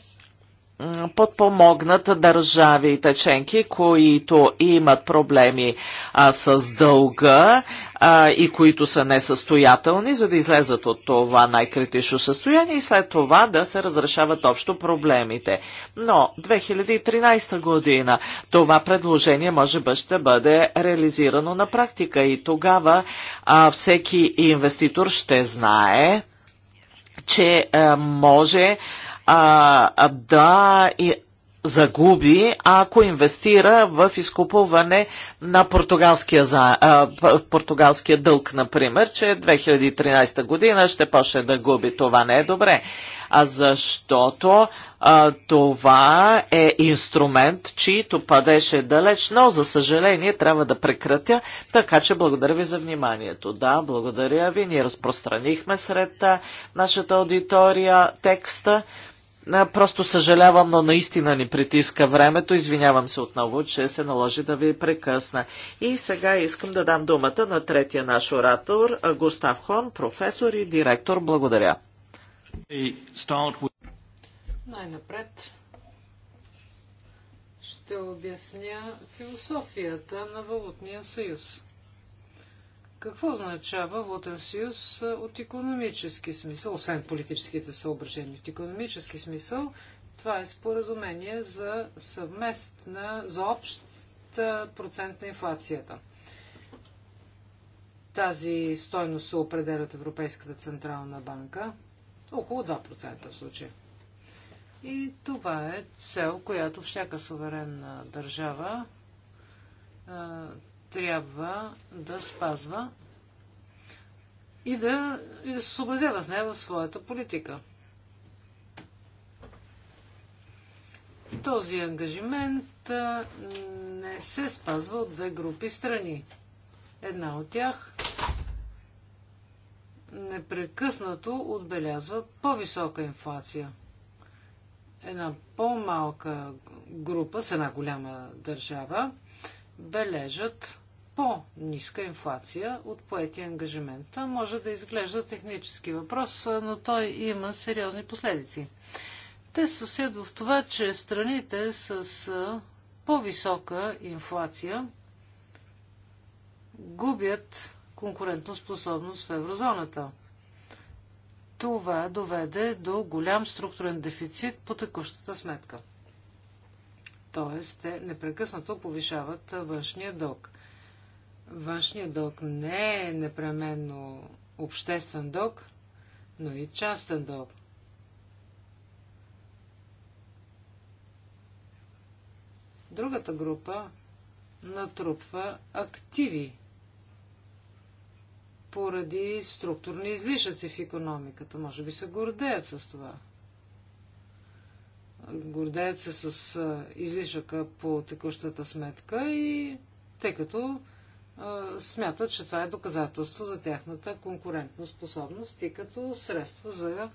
подпомогнат държавите членки, които имат проблеми а, с дълга а, и които са несъстоятелни, за да излезат от това най-критично състояние и след това да се разрешават общо проблемите. Но 2013 година това предложение може би ще бъде реализирано на практика и тогава а, всеки инвеститор ще знае, че а, може а, да и загуби, ако инвестира в изкупуване на португалския, за, а, португалския дълг, например, че 2013 година ще почне да губи. Това не е добре. А защото а, това е инструмент, чието падеше е далеч, но за съжаление трябва да прекратя, така че благодаря ви за вниманието. Да, благодаря ви. Ние разпространихме сред а, нашата аудитория текста. Просто съжалявам, но наистина ни притиска времето. Извинявам се отново, че се наложи да ви прекъсна. И сега искам да дам думата на третия наш оратор, Густав Хон, професор и директор. Благодаря.
Най-напред ще обясня философията на Валутния съюз. Какво означава Вотен съюз от економически смисъл, освен политическите съображения? От економически смисъл това е споразумение за съвместна, за общ процент на инфлацията. Тази стойност се определя от Европейската централна банка, около 2% в случая. И това е цел, която всяка суверенна държава трябва да спазва и да, и да се съобразява с нея в своята политика. Този ангажимент не се спазва от две групи страни. Една от тях непрекъснато отбелязва по-висока инфлация. Една по-малка група с една голяма държава бележат по-ниска инфлация от поети ангажимент. Това може да изглежда технически въпрос, но той има сериозни последици. Те са след в това, че страните с по-висока инфлация губят конкурентоспособност в еврозоната. Това доведе до голям структурен дефицит по текущата сметка. Тоест, те непрекъснато повишават външния дълг. Външният дълг не е непременно обществен дълг, но и частен дълг. Другата група натрупва активи поради структурни излишъци в економиката. Може би се гордеят с това. Гордеят се с излишъка по текущата сметка и тъй като смятат, че това е доказателство за тяхната конкурентна способност и като средство за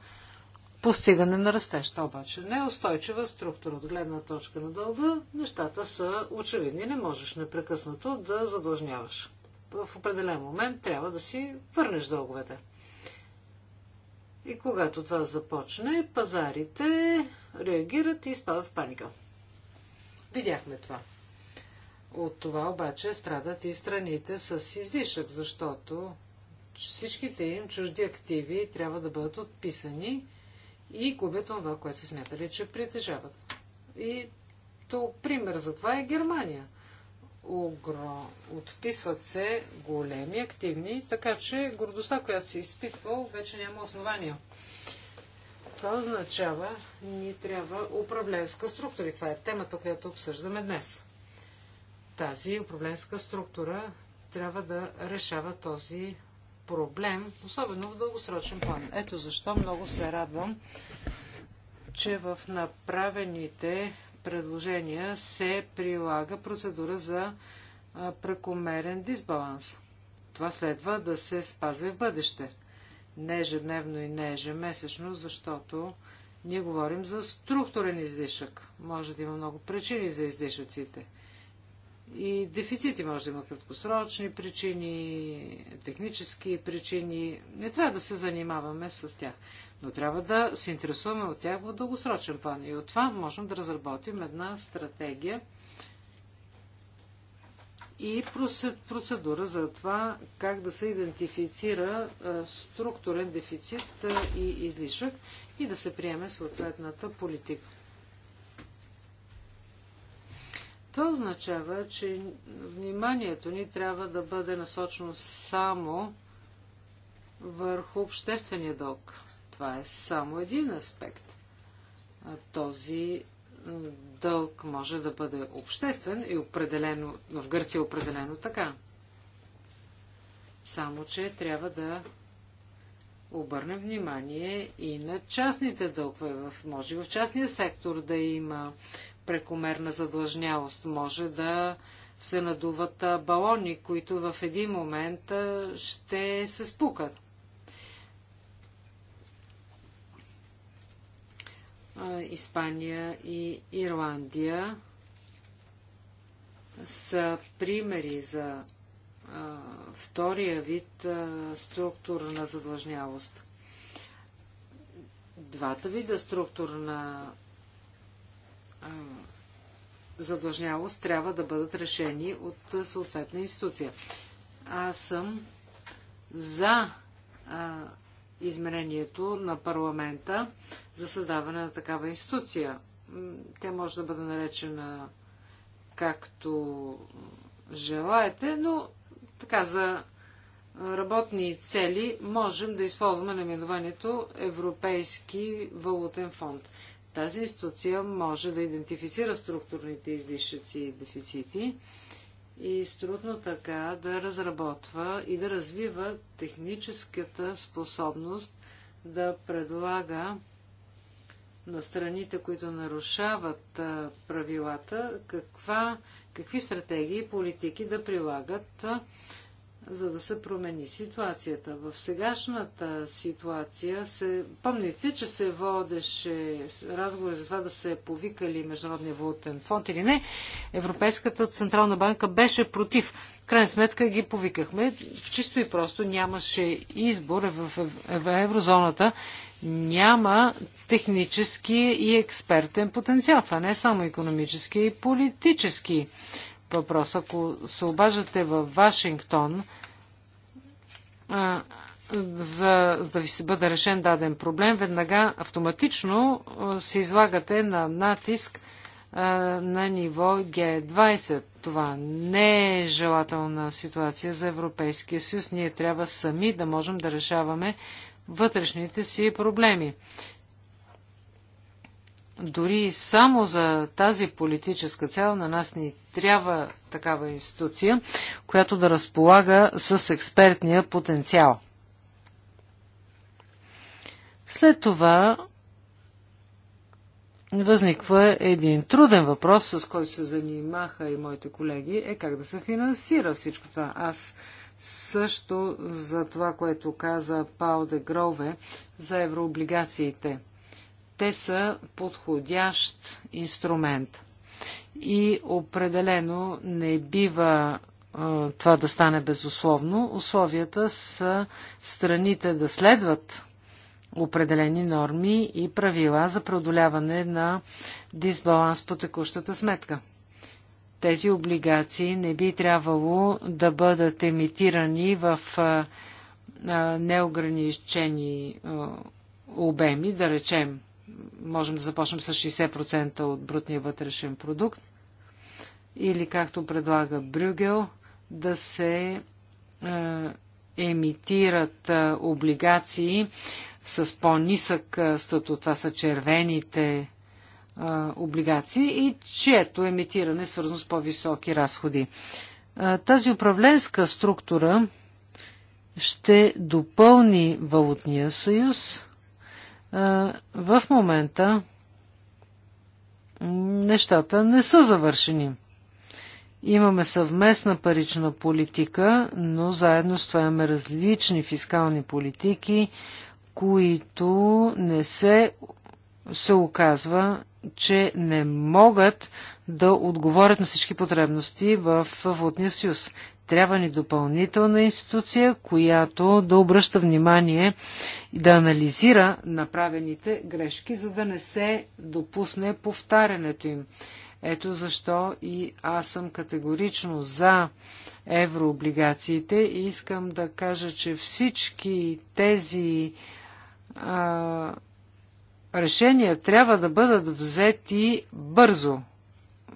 постигане на растеща. обаче не е устойчива структура от гледна точка на дълга. Нещата са очевидни. Не можеш непрекъснато да задължняваш. В определен момент трябва да си върнеш дълговете. И когато това започне, пазарите реагират и изпадат в паника. Видяхме това. От това обаче страдат и страните с излишък, защото всичките им чужди активи трябва да бъдат отписани и губят това, което са смятали, че притежават. И то пример за това е Германия. Огро... Отписват се големи, активни, така че гордостта, която се изпитва, вече няма основания. Това означава, ни трябва управленска структура. И това е темата, която обсъждаме днес. Тази управленска структура трябва да решава този проблем, особено в дългосрочен план. Ето защо много се радвам, че в направените предложения се прилага процедура за прекомерен дисбаланс. Това следва да се спази в бъдеще. Не ежедневно и не ежемесечно, защото ние говорим за структурен излишък. Може да има много причини за излишъците – и дефицити може да има краткосрочни причини, технически причини. Не трябва да се занимаваме с тях, но трябва да се интересуваме от тях в дългосрочен план. И от това можем да разработим една стратегия и процедура за това как да се идентифицира структурен дефицит и излишък и да се приеме съответната политика. Това означава, че вниманието ни трябва да бъде насочено само върху обществения дълг. Това е само един аспект. Този дълг може да бъде обществен и определено, в Гърция е определено така. Само, че трябва да обърнем внимание и на частните дългове. Може в частния сектор да има прекомерна задлъжнялост. Може да се надуват балони, които в един момент ще се спукат. Испания и Ирландия са примери за втория вид структура на задлъжнялост. Двата вида на задължнявост трябва да бъдат решени от съответна институция. Аз съм за а, изменението на парламента за създаване на такава институция. Тя може да бъде наречена както желаете, но така за работни цели можем да използваме наименованието Европейски валутен фонд. Тази институция може да идентифицира структурните излишъци и дефицити и струдно така да разработва и да развива техническата способност да предлага на страните, които нарушават правилата, каква, какви стратегии и политики да прилагат за да се промени ситуацията. В сегашната ситуация се... Помните, че се водеше разговор за това да се повикали Международния валутен фонд или не. Европейската Централна банка беше против. В крайна сметка ги повикахме. Чисто и просто нямаше избор в еврозоната. Няма технически и експертен потенциал. Това не е само економически и политически въпрос. Ако се обаждате във Вашингтон, за, за да ви се бъде решен даден проблем, веднага автоматично се излагате на натиск на ниво Г20. Това не е желателна ситуация за Европейския съюз. Ние трябва сами да можем да решаваме вътрешните си проблеми. Дори само за тази политическа цел на нас ни трябва такава институция, която да разполага с експертния потенциал. След това възниква един труден въпрос, с който се занимаха и моите колеги, е как да се финансира всичко това. Аз също за това, което каза Пао де Грове за еврооблигациите – те са подходящ инструмент. И определено не бива а, това да стане безусловно. Условията са страните да следват определени норми и правила за преодоляване на дисбаланс по текущата сметка. Тези облигации не би трябвало да бъдат емитирани в а, а, неограничени обеми, да речем можем да започнем с 60% от брутния вътрешен продукт или както предлага Брюгел, да се е, емитират е, облигации с по-нисък е, статут. Това са червените облигации и чието емитиране е свързано с по-високи разходи. тази управленска структура ще допълни валутния съюз е, в момента нещата не са завършени. Имаме съвместна парична политика, но заедно с това имаме различни фискални политики, които не се, се оказва, че не могат да отговорят на всички потребности в Валутния съюз. Трябва ни допълнителна институция, която да обръща внимание и да анализира направените грешки, за да не се допусне повтарянето им. Ето защо и аз съм категорично за еврооблигациите и искам да кажа, че всички тези а, решения трябва да бъдат взети бързо.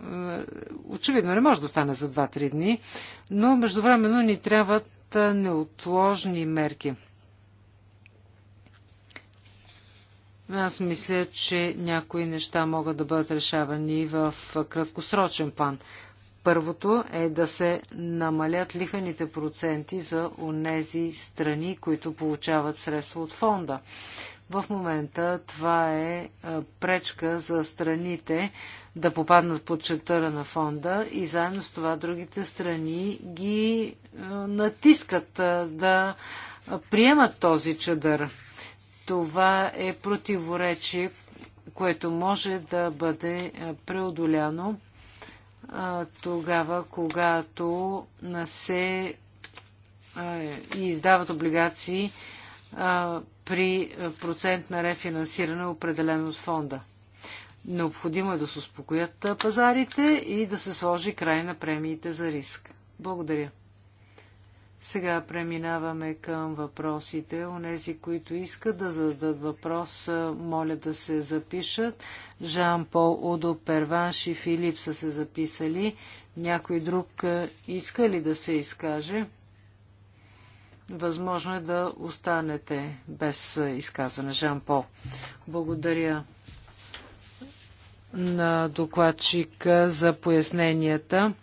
Е, очевидно не може да стане за 2-3 дни, но междувременно ни трябват е, неотложни мерки. Аз мисля, че някои неща могат да бъдат решавани в краткосрочен план. Първото е да се намалят лихвените проценти за онези страни, които получават средства от фонда. В момента това е, е пречка за страните да попаднат под четъра на фонда и заедно с това другите страни ги е, натискат е, да приемат този чадър. Това е противоречие, което може да бъде преодоляно тогава, когато се издават облигации при е, процент на рефинансиране, определен от фонда. Необходимо е да се успокоят е, пазарите и да се сложи край на премиите за риск. Благодаря. Сега преминаваме към въпросите. Онези, които искат да зададат въпрос, е, моля да се запишат. Жан Пол Удо Перванш и Филип са се записали. Някой друг иска ли да се изкаже? Възможно е да останете без изказване. Жан Пол. Благодаря на докладчика за поясненията.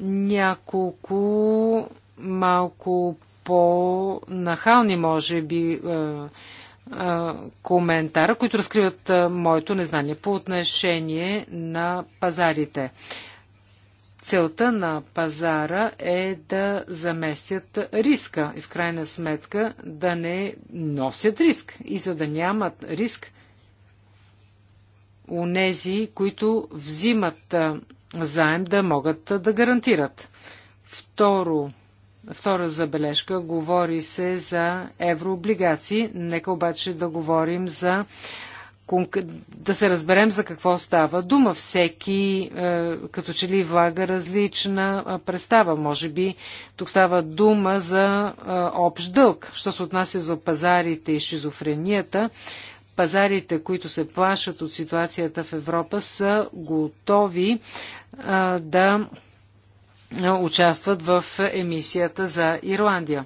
Няколко малко по-нахални, може би, коментара, които разкриват моето незнание по отношение на пазарите. Целта на пазара е да заместят риска и в крайна сметка да не носят риск. И за да нямат риск, унези, които взимат заем, да могат да гарантират. Второ, втора забележка, говори се за еврооблигации. Нека обаче да говорим за да се разберем за какво става дума. Всеки е, като че ли влага различна е, представа. Може би тук става дума за е, общ дълг. Що се отнася за пазарите и шизофренията, пазарите, които се плашат от ситуацията в Европа, са готови да участват в емисията за Ирландия.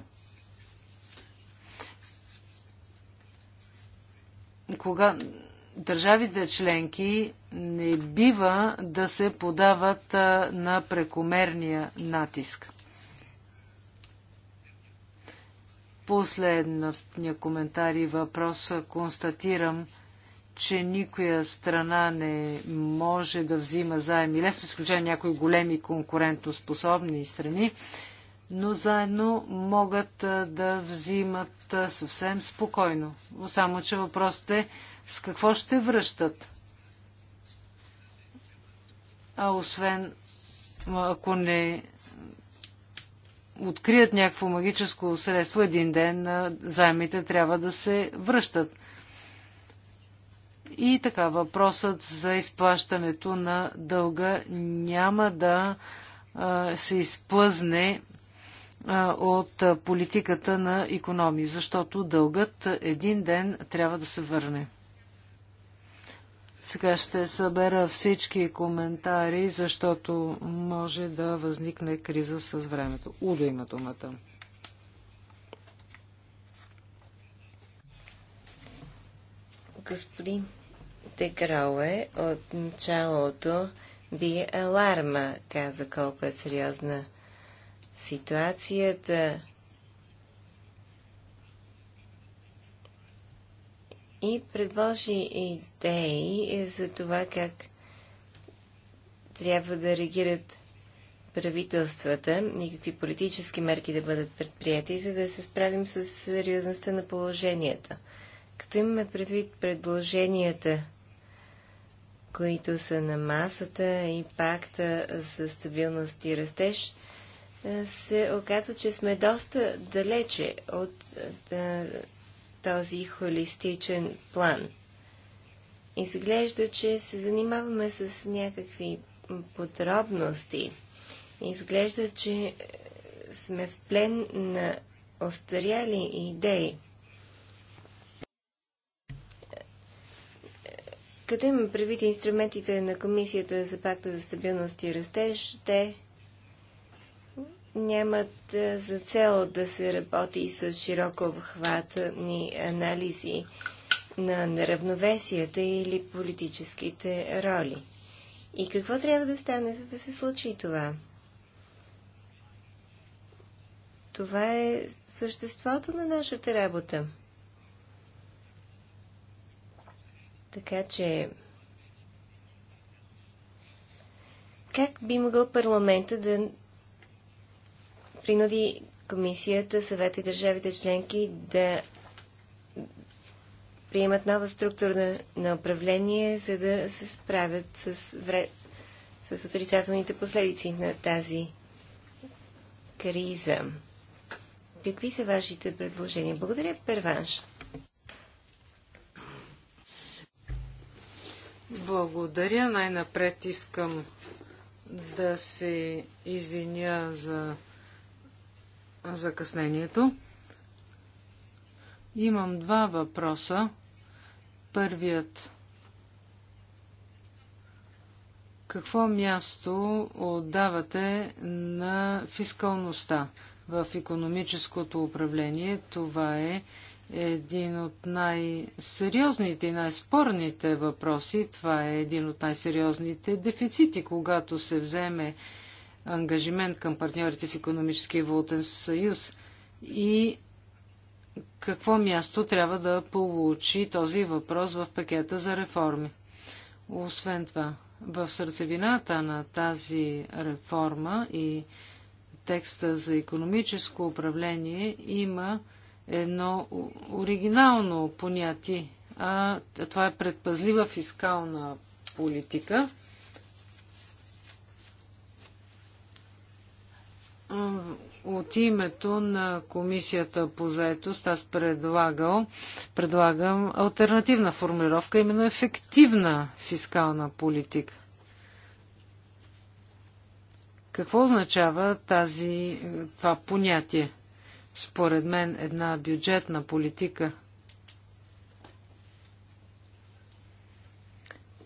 кога държавите членки не бива да се подават на прекомерния натиск. Последният коментар и въпрос констатирам, че никоя страна не може да взима заеми, лесно изключение някои големи конкурентоспособни страни, но заедно могат да взимат съвсем спокойно. Само, че въпросът е с какво ще връщат? А освен, ако не открият някакво магическо средство, един ден заемите трябва да се връщат. И така, въпросът за изплащането на дълга няма да а, се изплъзне а, от политиката на економи, защото дългът един ден трябва да се върне. Сега ще събера всички коментари, защото може да възникне криза с времето. Удо има думата.
Господин Теграуе, от началото би е аларма, каза колко е сериозна ситуацията. И предложи и идеи за това как трябва да реагират правителствата и какви политически мерки да бъдат предприяти, за да се справим с сериозността на положението. Като имаме предвид предложенията, които са на масата и пакта за стабилност и растеж, е, се оказва, че сме доста далече от е, този холистичен план – Изглежда, че се занимаваме с някакви подробности. Изглежда, че е, сме в плен на остаряли идеи. Като имаме предвид инструментите на Комисията за пакта за стабилност и растеж, те нямат е, за цел да се работи с широко обхватни анализи на неравновесията или политическите роли. И какво трябва да стане, за да се случи това? Това е съществото на нашата работа. Така че, как би могъл парламента да принуди комисията, съвета и държавите членки да приемат нова структура на управление, за да се справят с, вред, с отрицателните последици на тази криза. Какви са вашите предложения? Благодаря, Перванш. Благодаря.
Най-напред искам да се извиня за закъснението. Имам два въпроса. Първият. Какво място отдавате на фискалността в економическото управление? Това е един от най-сериозните и най-спорните въпроси. Това е един от най-сериозните дефицити, когато се вземе ангажимент към партньорите в економическия валутен съюз и какво място трябва да получи този въпрос в пакета за реформи. Освен това, в сърцевината на тази реформа и текста за економическо управление има едно оригинално понятие. А, това е предпазлива фискална политика. От името на Комисията по заетост аз предлагал, предлагам альтернативна формулировка, именно ефективна фискална политика. Какво означава тази, това понятие? Според мен една бюджетна политика.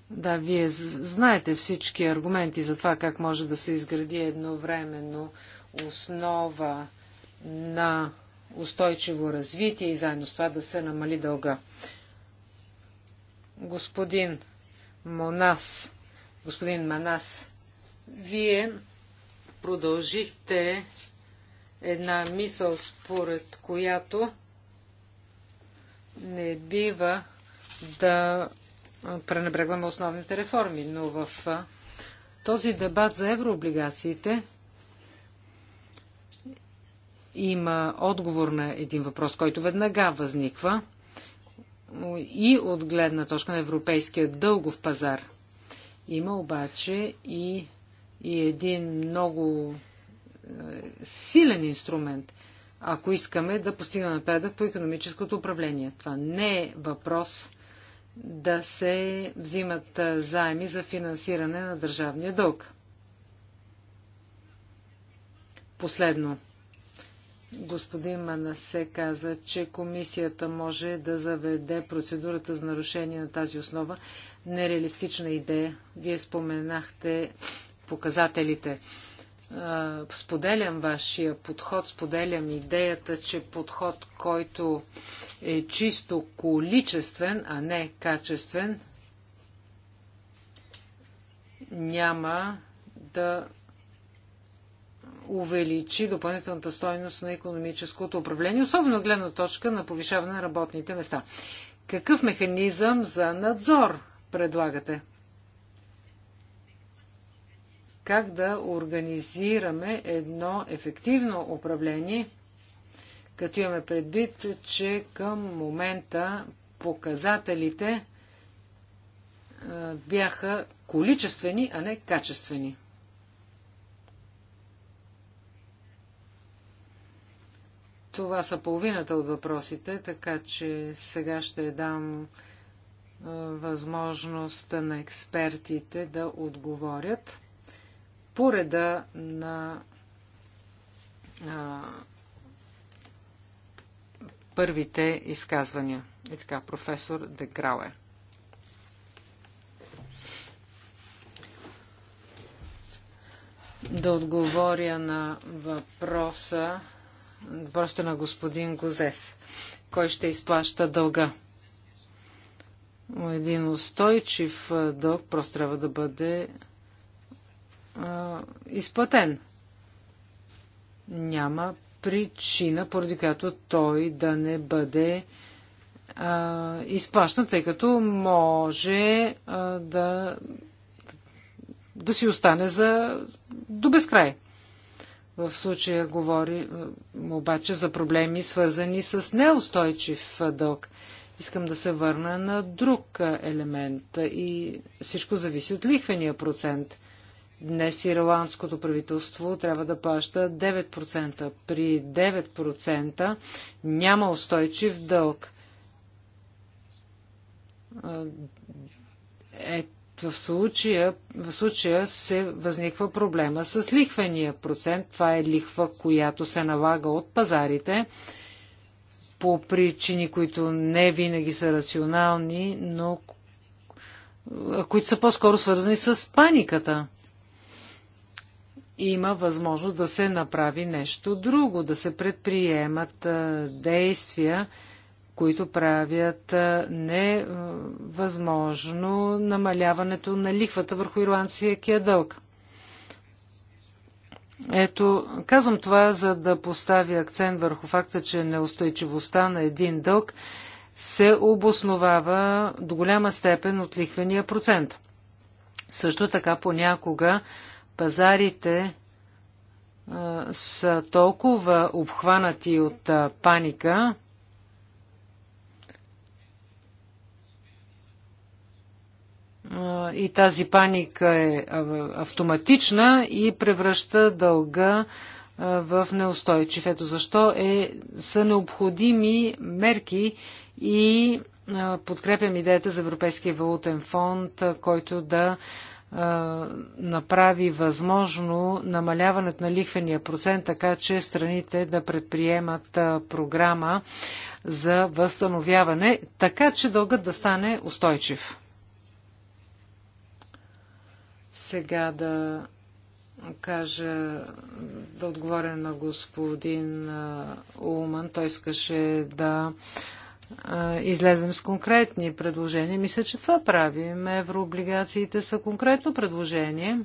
Да, вие знаете всички аргументи за това как може да се изгради едновременно основа на устойчиво развитие и заедно с това да се намали дълга. Господин Монас, господин Манас, вие продължихте една мисъл, според която не бива да пренебрегваме основните реформи, но в този дебат за еврооблигациите има отговор на един въпрос, който веднага възниква и от гледна точка на европейския дългов пазар. Има обаче и, и един много е, силен инструмент, ако искаме да постигнем напредък по економическото управление. Това не е въпрос да се взимат е, заеми за финансиране на държавния дълг. Последно, господин Манасе каза, че комисията може да заведе процедурата за нарушение на тази основа. Нереалистична идея. Вие споменахте показателите. Споделям вашия подход, споделям идеята, че подход, който е чисто количествен, а не качествен, няма да увеличи допълнителната стойност на економическото управление, особено гледна точка на повишаване на работните места. Какъв механизъм за надзор предлагате? Как да организираме едно ефективно управление, като имаме предвид, че към момента показателите бяха количествени, а не качествени? Това са половината от въпросите, така че сега ще дам възможност на експертите да отговорят по реда на а, първите изказвания. И така, професор Деграуе. Да отговоря на въпроса Въпросът на господин Гозев. Кой ще изплаща дълга? Един устойчив дълг просто трябва да бъде а, изплатен. Няма причина, поради която той да не бъде а, изплащан, тъй като може а, да, да си остане за до безкрай. В случая говори е, обаче за проблеми, свързани с неустойчив е, дълг. Искам да се върна на друг е, елемент и всичко зависи от лихвения процент. Днес ирландското правителство трябва да плаща 9%. При 9% няма устойчив дълг. Е, в случая, в случая се възниква проблема с лихвения процент. Това е лихва, която се налага от пазарите по причини, които не винаги са рационални, но които са по-скоро свързани с паниката. Има възможност да се направи нещо друго, да се предприемат действия които правят невъзможно намаляването на лихвата върху ирландския дълг. Ето, казвам това, за да поставя акцент върху факта, че неустойчивостта на един дълг се обосновава до голяма степен от лихвения процент. Също така понякога пазарите а, са толкова обхванати от а, паника, и тази паника е автоматична и превръща дълга в неустойчив. Ето защо е, са необходими мерки и подкрепям идеята за Европейския валутен фонд, който да направи възможно намаляването на лихвения процент, така че страните да предприемат програма за възстановяване, така че дългът да стане устойчив сега да кажа, да отговоря на господин Улман. Той искаше да излезем с конкретни предложения. Мисля, че това правим. Еврооблигациите са конкретно предложение.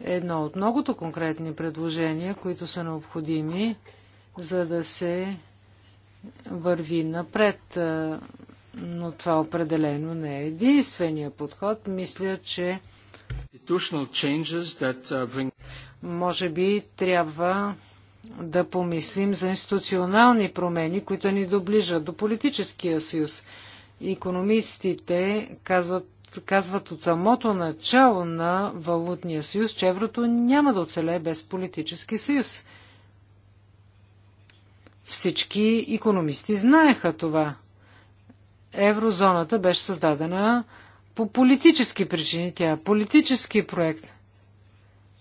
Едно от многото конкретни предложения, които са необходими, за да се върви напред. Но това определено не е единствения подход. Мисля, че Uh, Може би трябва да помислим за институционални промени, които ни доближат до политическия съюз. Економистите казват, казват от самото начало на валутния съюз, че еврото няма да оцеле без политически съюз. Всички економисти знаеха това. Еврозоната беше създадена по политически причини. Тя е политически проект.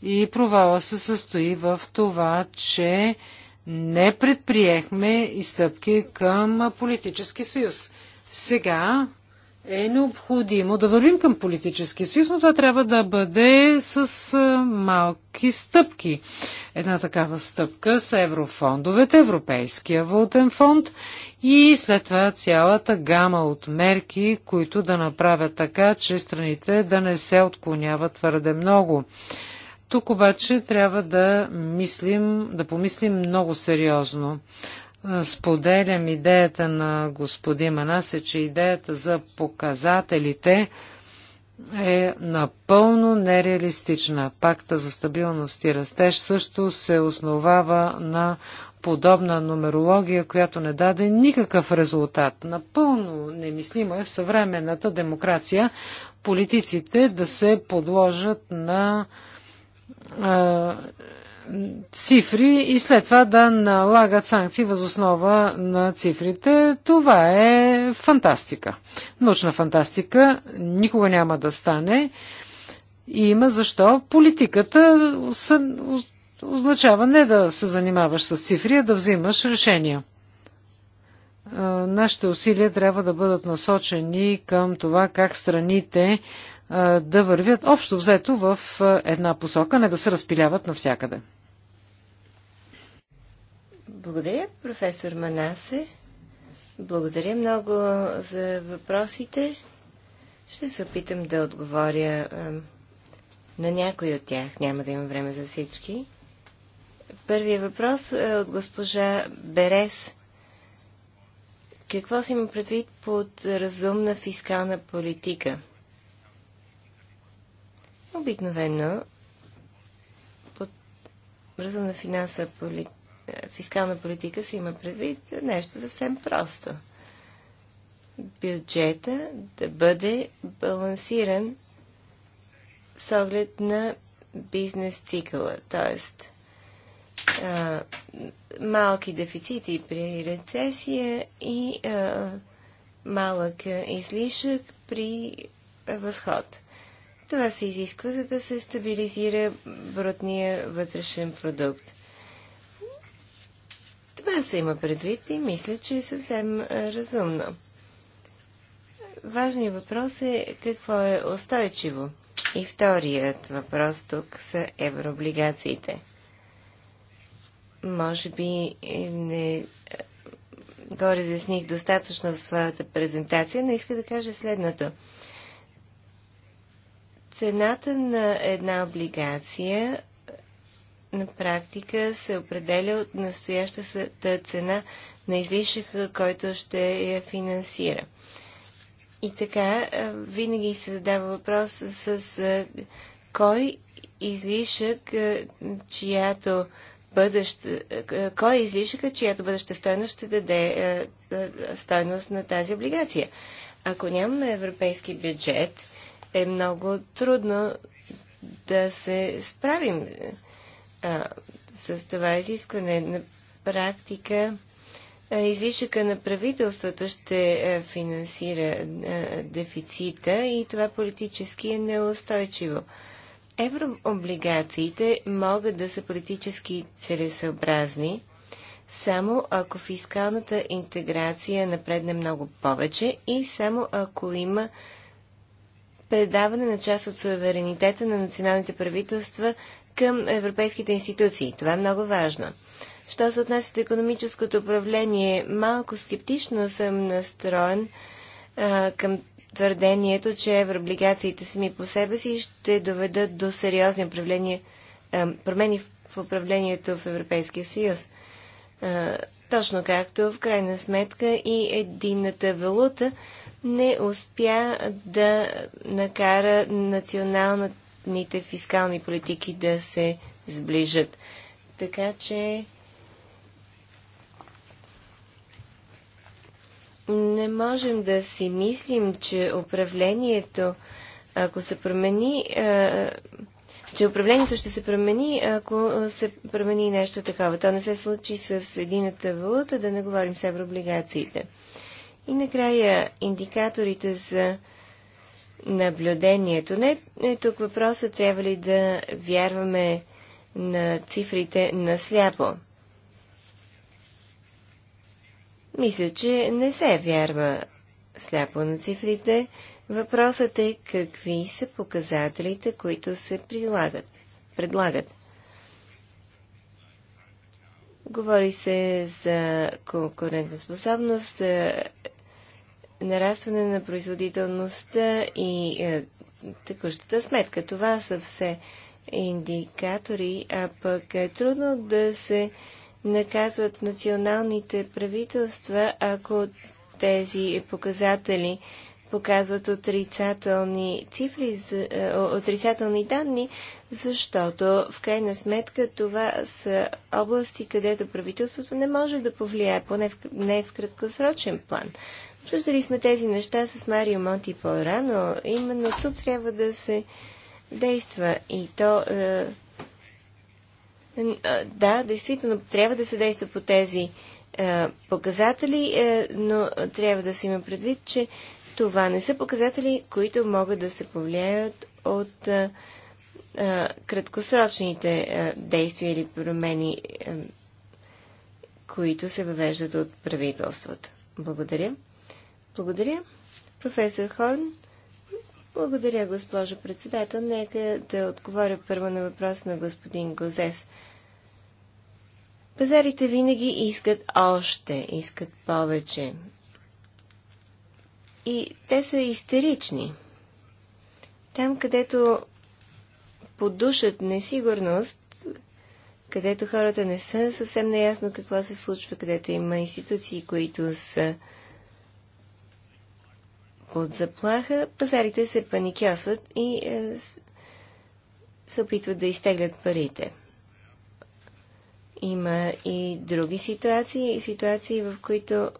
И провала се състои в това, че не предприехме изтъпки към политически съюз. Сега е необходимо да вървим към политически съюз, но това трябва да бъде с малки стъпки. Една такава стъпка са еврофондовете, Европейския валутен фонд и след това цялата гама от мерки, които да направят така, че страните да не се отклоняват твърде много. Тук обаче трябва да мислим, да помислим много сериозно. Споделям идеята на господин Манасе, че идеята за показателите е напълно нереалистична. Пакта за стабилност и растеж също се основава на подобна нумерология, която не даде никакъв резултат. Напълно немислимо е в съвременната демокрация политиците да се подложат на цифри и след това да налагат санкции възоснова на цифрите. Това е фантастика. Научна фантастика никога няма да стане. И има защо политиката означава не да се занимаваш с цифри, а да взимаш решения. Нашите усилия трябва да бъдат насочени към това как страните да вървят общо взето в една посока, не да се разпиляват навсякъде.
Благодаря, професор Манасе. Благодаря много за въпросите. Ще се опитам да отговоря а, на някои от тях. Няма да имам време за всички. Първият въпрос е от госпожа Берес. Какво си има предвид под разумна фискална политика? Обикновено под разумна финансова политика фискална политика се има предвид нещо съвсем просто. Бюджета да бъде балансиран с оглед на бизнес цикъла, т.е. малки дефицити при рецесия и а, малък излишък при възход. Това се изисква, за да се стабилизира брутния вътрешен продукт. Това се има предвид и мисля, че е съвсем разумно. Важният въпрос е какво е устойчиво. И вторият въпрос тук са еврооблигациите. Може би е, не е, го разясних достатъчно в своята презентация, но иска да кажа следното. Цената на една облигация на практика се определя от настоящата цена на излишъка, който ще я финансира. И така, винаги се задава въпрос с кой излишък, чиято бъдеща, кой излишък, е излишъка, чиято бъдеща стойност ще даде стойност на тази облигация. Ако нямаме европейски бюджет, е много трудно да се справим а, с това изискване. На практика а, излишъка на правителствата ще а, финансира а, дефицита и това политически е неустойчиво. Еврооблигациите могат да са политически целесъобразни, само ако фискалната интеграция напредне много повече и само ако има предаване на част от суверенитета на националните правителства към европейските институции. Това е много важно. Що се отнася до економическото управление, малко скептично съм настроен а, към твърдението, че еврооблигациите сами по себе си ще доведат до сериозни управления, а, промени в управлението в Европейския съюз. А, точно както в крайна сметка и единната валута не успя да накара националната техните фискални политики да се сближат. Така че не можем да си мислим, че управлението, ако се промени, че управлението ще се промени, ако се промени нещо такова. То не се случи с едината валута, да не говорим с еврооблигациите. И накрая индикаторите за наблюдението. Не не тук въпросът трябва ли да вярваме на цифрите на сляпо. Мисля, че не се вярва сляпо на цифрите. Въпросът е какви са показателите, които се прилагат, предлагат. Говори се за конкурентоспособност, нарастване на производителността и е, текущата сметка. Това са все индикатори, а пък е трудно да се наказват националните правителства, ако тези показатели показват отрицателни цифри, е, отрицателни данни, защото в крайна сметка това са области, където правителството не може да повлияе, поне в, не в краткосрочен план. Обсъждали сме тези неща с Марио Монти по-рано. Именно тук трябва да се действа. И то. Е, е, да, действително трябва да се действа по тези е, показатели, е, но трябва да се има предвид, че това не са показатели, които могат да се повлияят от е, е, краткосрочните е, действия или промени, е, които се въвеждат от правителството. Благодаря. Благодаря. Професор Хорн, благодаря, госпожо председател. Нека да отговоря първо на въпрос на господин Гозес. Пазарите винаги искат още, искат повече. И те са истерични. Там, където подушат несигурност, където хората не са съвсем наясно какво се случва, където има институции, които са от заплаха, пазарите се паникясват и е, се опитват да изтеглят парите. Има и други ситуации, ситуации в които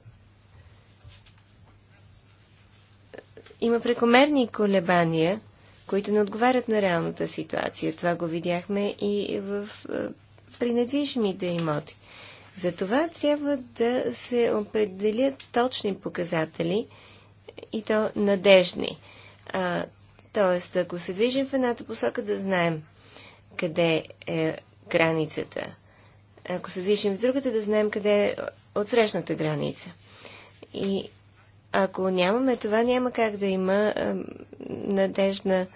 има прекомерни колебания, които не отговарят на реалната ситуация. Това го видяхме и в, е, при недвижимите имоти. Затова трябва да се определят точни показатели – и то надежни. А, тоест, ако се движим в едната посока, да знаем къде е границата. Ако се движим в другата, да знаем къде е отсрещната граница. И ако нямаме това, няма как да има а, надежна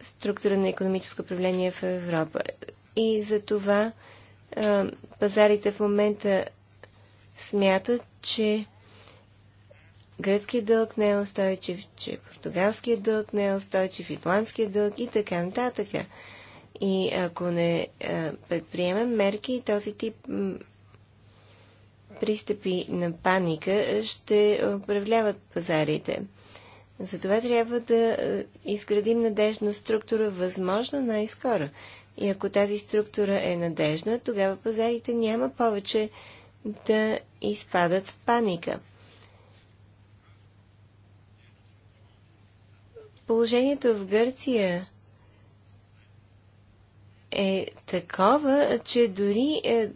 структура на економическо управление в Европа. И за това а, пазарите в момента смятат, че гръцкият дълг не е устойчив, че португалският дълг не е устойчив, ирландският дълг и така нататък. И ако не е, предприемем мерки, този тип пристъпи на паника ще управляват пазарите. Затова трябва да е, изградим надежна структура възможно най-скоро. И ако тази структура е надежна, тогава пазарите няма повече да изпадат в паника. Положението в Гърция е такова, че дори е,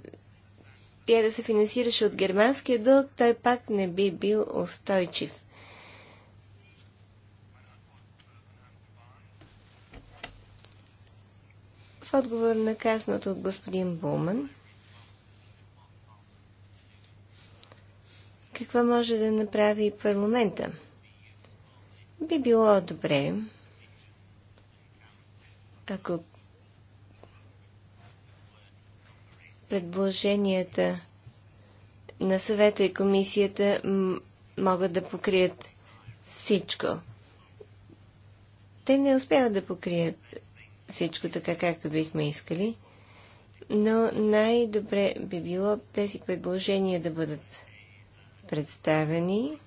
тя да се финансираше от германския дълг, той пак не би бил устойчив. В отговор на казаното от господин Булман, какво може да направи парламента? Би било добре, ако предложенията на съвета и комисията могат да покрият всичко. Те не успяват да покрият всичко така, както бихме искали, но най-добре би било тези предложения да бъдат представени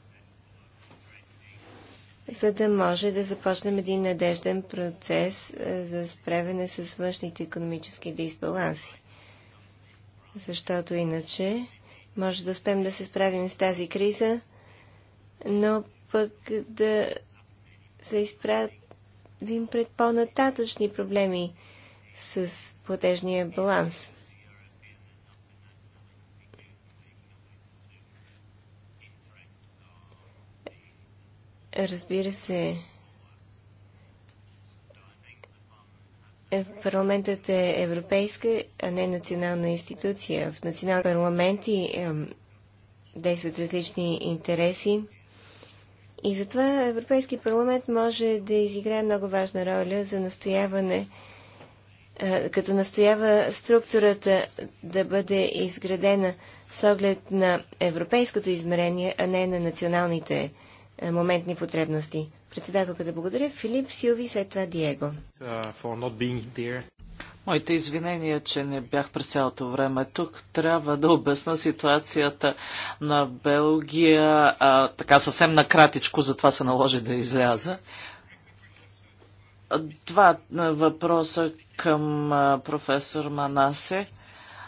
за да може да започнем един надежден процес е, за справяне с външните економически дисбаланси. Защото иначе може да успеем да се справим с тази криза, но пък да се изправим пред по-нататъчни проблеми с платежния баланс. Разбира се, парламентът е европейска, а не национална институция. В национални парламенти действат различни интереси. И затова Европейски парламент може да изиграе много важна роля за настояване, е, като настоява структурата да бъде изградена с оглед на европейското измерение, а не на националните е, моментни потребности. Председателката благодаря. Филип, Силви, след това Диего. Uh,
Моите извинения, че не бях през цялото време тук. Трябва да обясна ситуацията на Белгия. А, така съвсем накратичко, затова се наложи да изляза. Два въпроса към професор Манасе. А,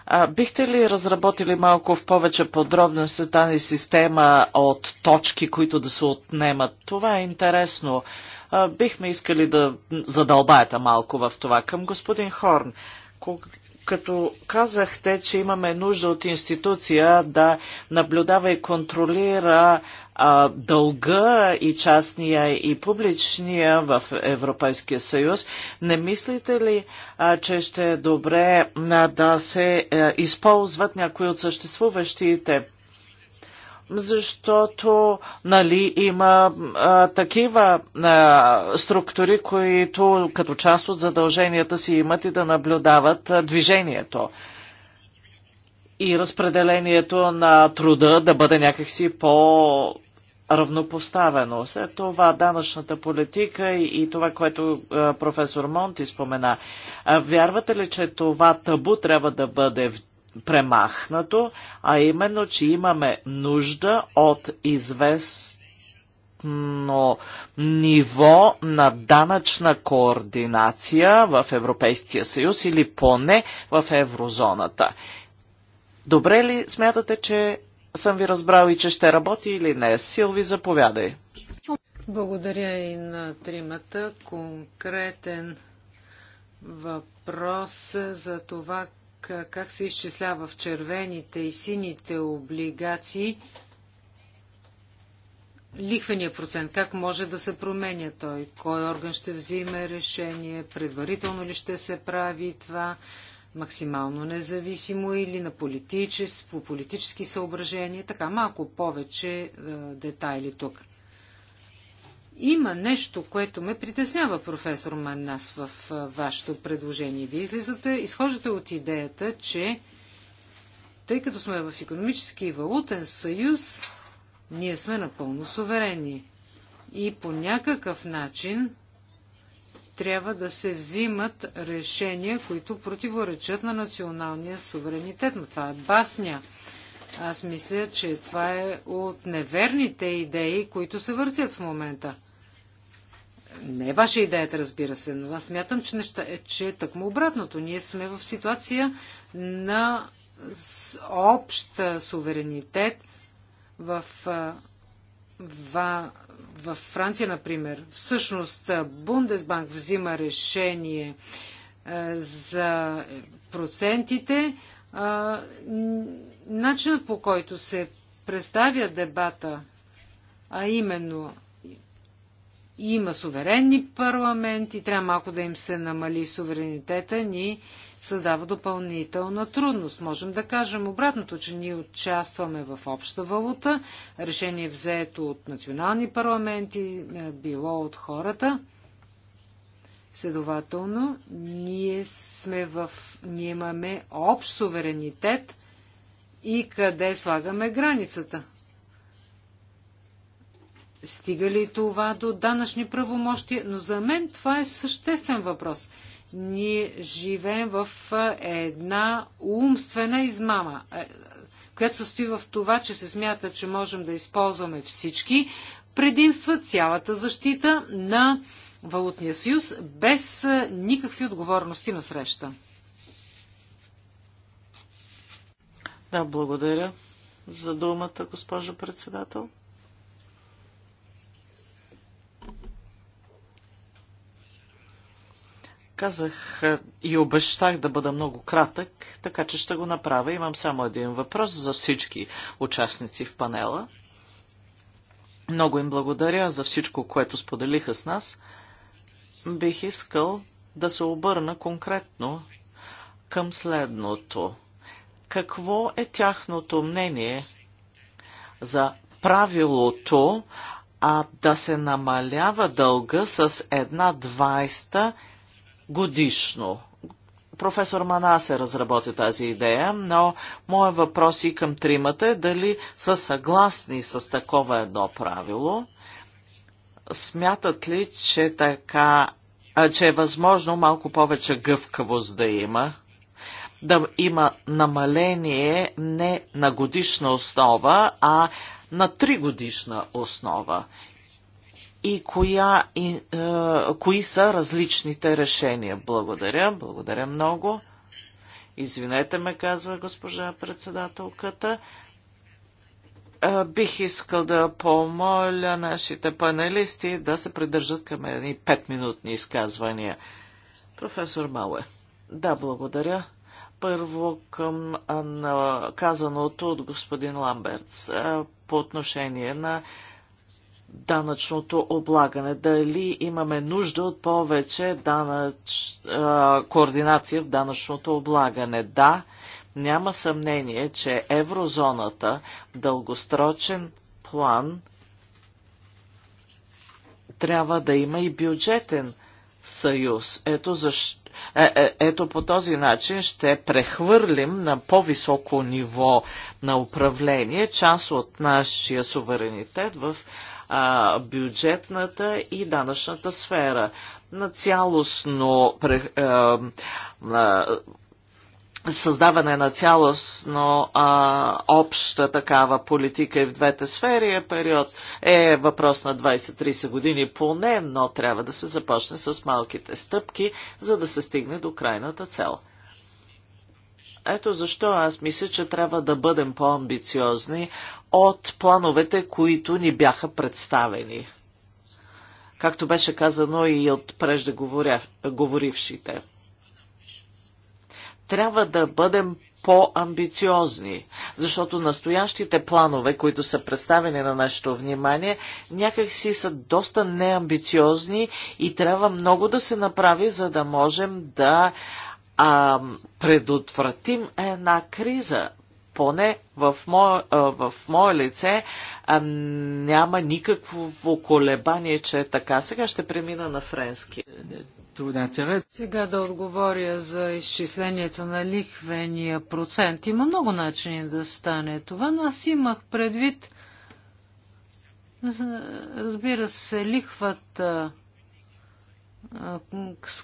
а, бихте ли разработили малко в повече подробност тази система от точки, които да се отнемат? Това е интересно. А, бихме искали да задълбаете малко в това. Към господин Хорн, като казахте, че имаме нужда от институция да наблюдава и контролира дълга и частния и публичния в Европейския съюз, не мислите ли, а, че ще е добре а, да се а, е, използват някои от съществуващите защото нали, има а, такива а, структури, които като част от задълженията си имат и да наблюдават а, движението и разпределението на труда да бъде някакси по равнопоставено. След това данъчната политика и това, което професор Монти спомена. Вярвате ли, че това табу трябва да бъде премахнато, а именно, че имаме нужда от известно ниво на данъчна координация в Европейския съюз или поне в еврозоната. Добре ли смятате, че съм ви разбрал и че ще работи или не. Силви, заповядай.
Благодаря и на тримата. Конкретен въпрос за това как се изчислява в червените и сините облигации лихвения процент, как може да се променя той, кой орган ще взиме решение, предварително ли ще се прави това, максимално независимо или на политичес, по политически съображения. Така, малко повече е, детайли тук. Има нещо, което ме притеснява, професор Манас, в е, вашето предложение. Вие излизате, изхождате от идеята, че тъй като сме в економически и валутен съюз, ние сме напълно суверени. И по някакъв начин трябва да се взимат решения, които противоречат на националния суверенитет. Но това е басня. Аз мисля, че това е от неверните идеи, които се въртят в момента. Не е ваша идеята, разбира се, но аз смятам, че, неща, е, че е такмо обратното. Ние сме в ситуация на общ суверенитет в, в в Франция, например, всъщност Бундесбанк взима решение за процентите, начинът по който се представя дебата, а именно има суверенни парламенти, трябва малко да им се намали суверенитета, ни създава допълнителна трудност. Можем да кажем обратното, че ние участваме в обща валута, решение взето от национални парламенти, е, било от хората. Следователно, ние, сме в, ние имаме общ суверенитет и къде слагаме границата. Стига ли това до данъчни правомощи? Но за мен това е съществен въпрос. Ние живеем в една умствена измама, е, която състои в това, че се смята, че можем да използваме всички предимства, цялата защита на Валутния съюз без никакви отговорности на среща.
Да, благодаря за думата, госпожо председател. Казах е, и обещах да бъда много кратък, така че ще го направя. Имам само един въпрос за всички участници в панела. Много им благодаря за всичко, което споделиха с нас. Бих искал да се обърна конкретно към следното. Какво е тяхното мнение за правилото а да се намалява дълга с една 20 годишно. Професор Манасе разработи тази идея, но моят въпрос и към тримата е дали са съгласни с такова едно правило. Смятат ли, че, така, а, че е възможно малко повече гъвкавост да има? Да има намаление не на годишна основа, а на тригодишна основа и коя, и, е, кои са различните решения. Благодаря, благодаря много. Извинете ме, казва госпожа председателката. Е, бих искал да помоля нашите панелисти да се придържат към едни петминутни изказвания. Професор Мауе. Да, благодаря. Първо към а, на, казаното от господин Ламбертс а, по отношение на данъчното облагане. Дали имаме нужда от повече данъч, а, координация в данъчното облагане? Да, няма съмнение, че еврозоната дългосрочен план трябва да има и бюджетен съюз. Ето, защ... е, е, ето по този начин ще прехвърлим на по-високо ниво на управление част от нашия суверенитет в а, бюджетната и данъчната сфера. На цялостно а, а, създаване на цялостно а, обща такава политика и в двете сфери е период е въпрос на 20-30 години поне, но трябва да се започне с малките стъпки, за да се стигне до крайната цел. Ето защо аз мисля, че трябва да бъдем по-амбициозни от плановете, които ни бяха представени. Както беше казано и от преждеговорившите. Трябва да бъдем по-амбициозни, защото настоящите планове, които са представени на нашето внимание, някакси са доста неамбициозни и трябва много да се направи, за да можем да а, предотвратим една криза поне в мое, в мое лице а, няма никакво колебание, че е така. Сега ще премина на френски.
Сега да отговоря за изчислението на лихвения процент. Има много начини да стане това, но аз имах предвид, разбира се, лихвата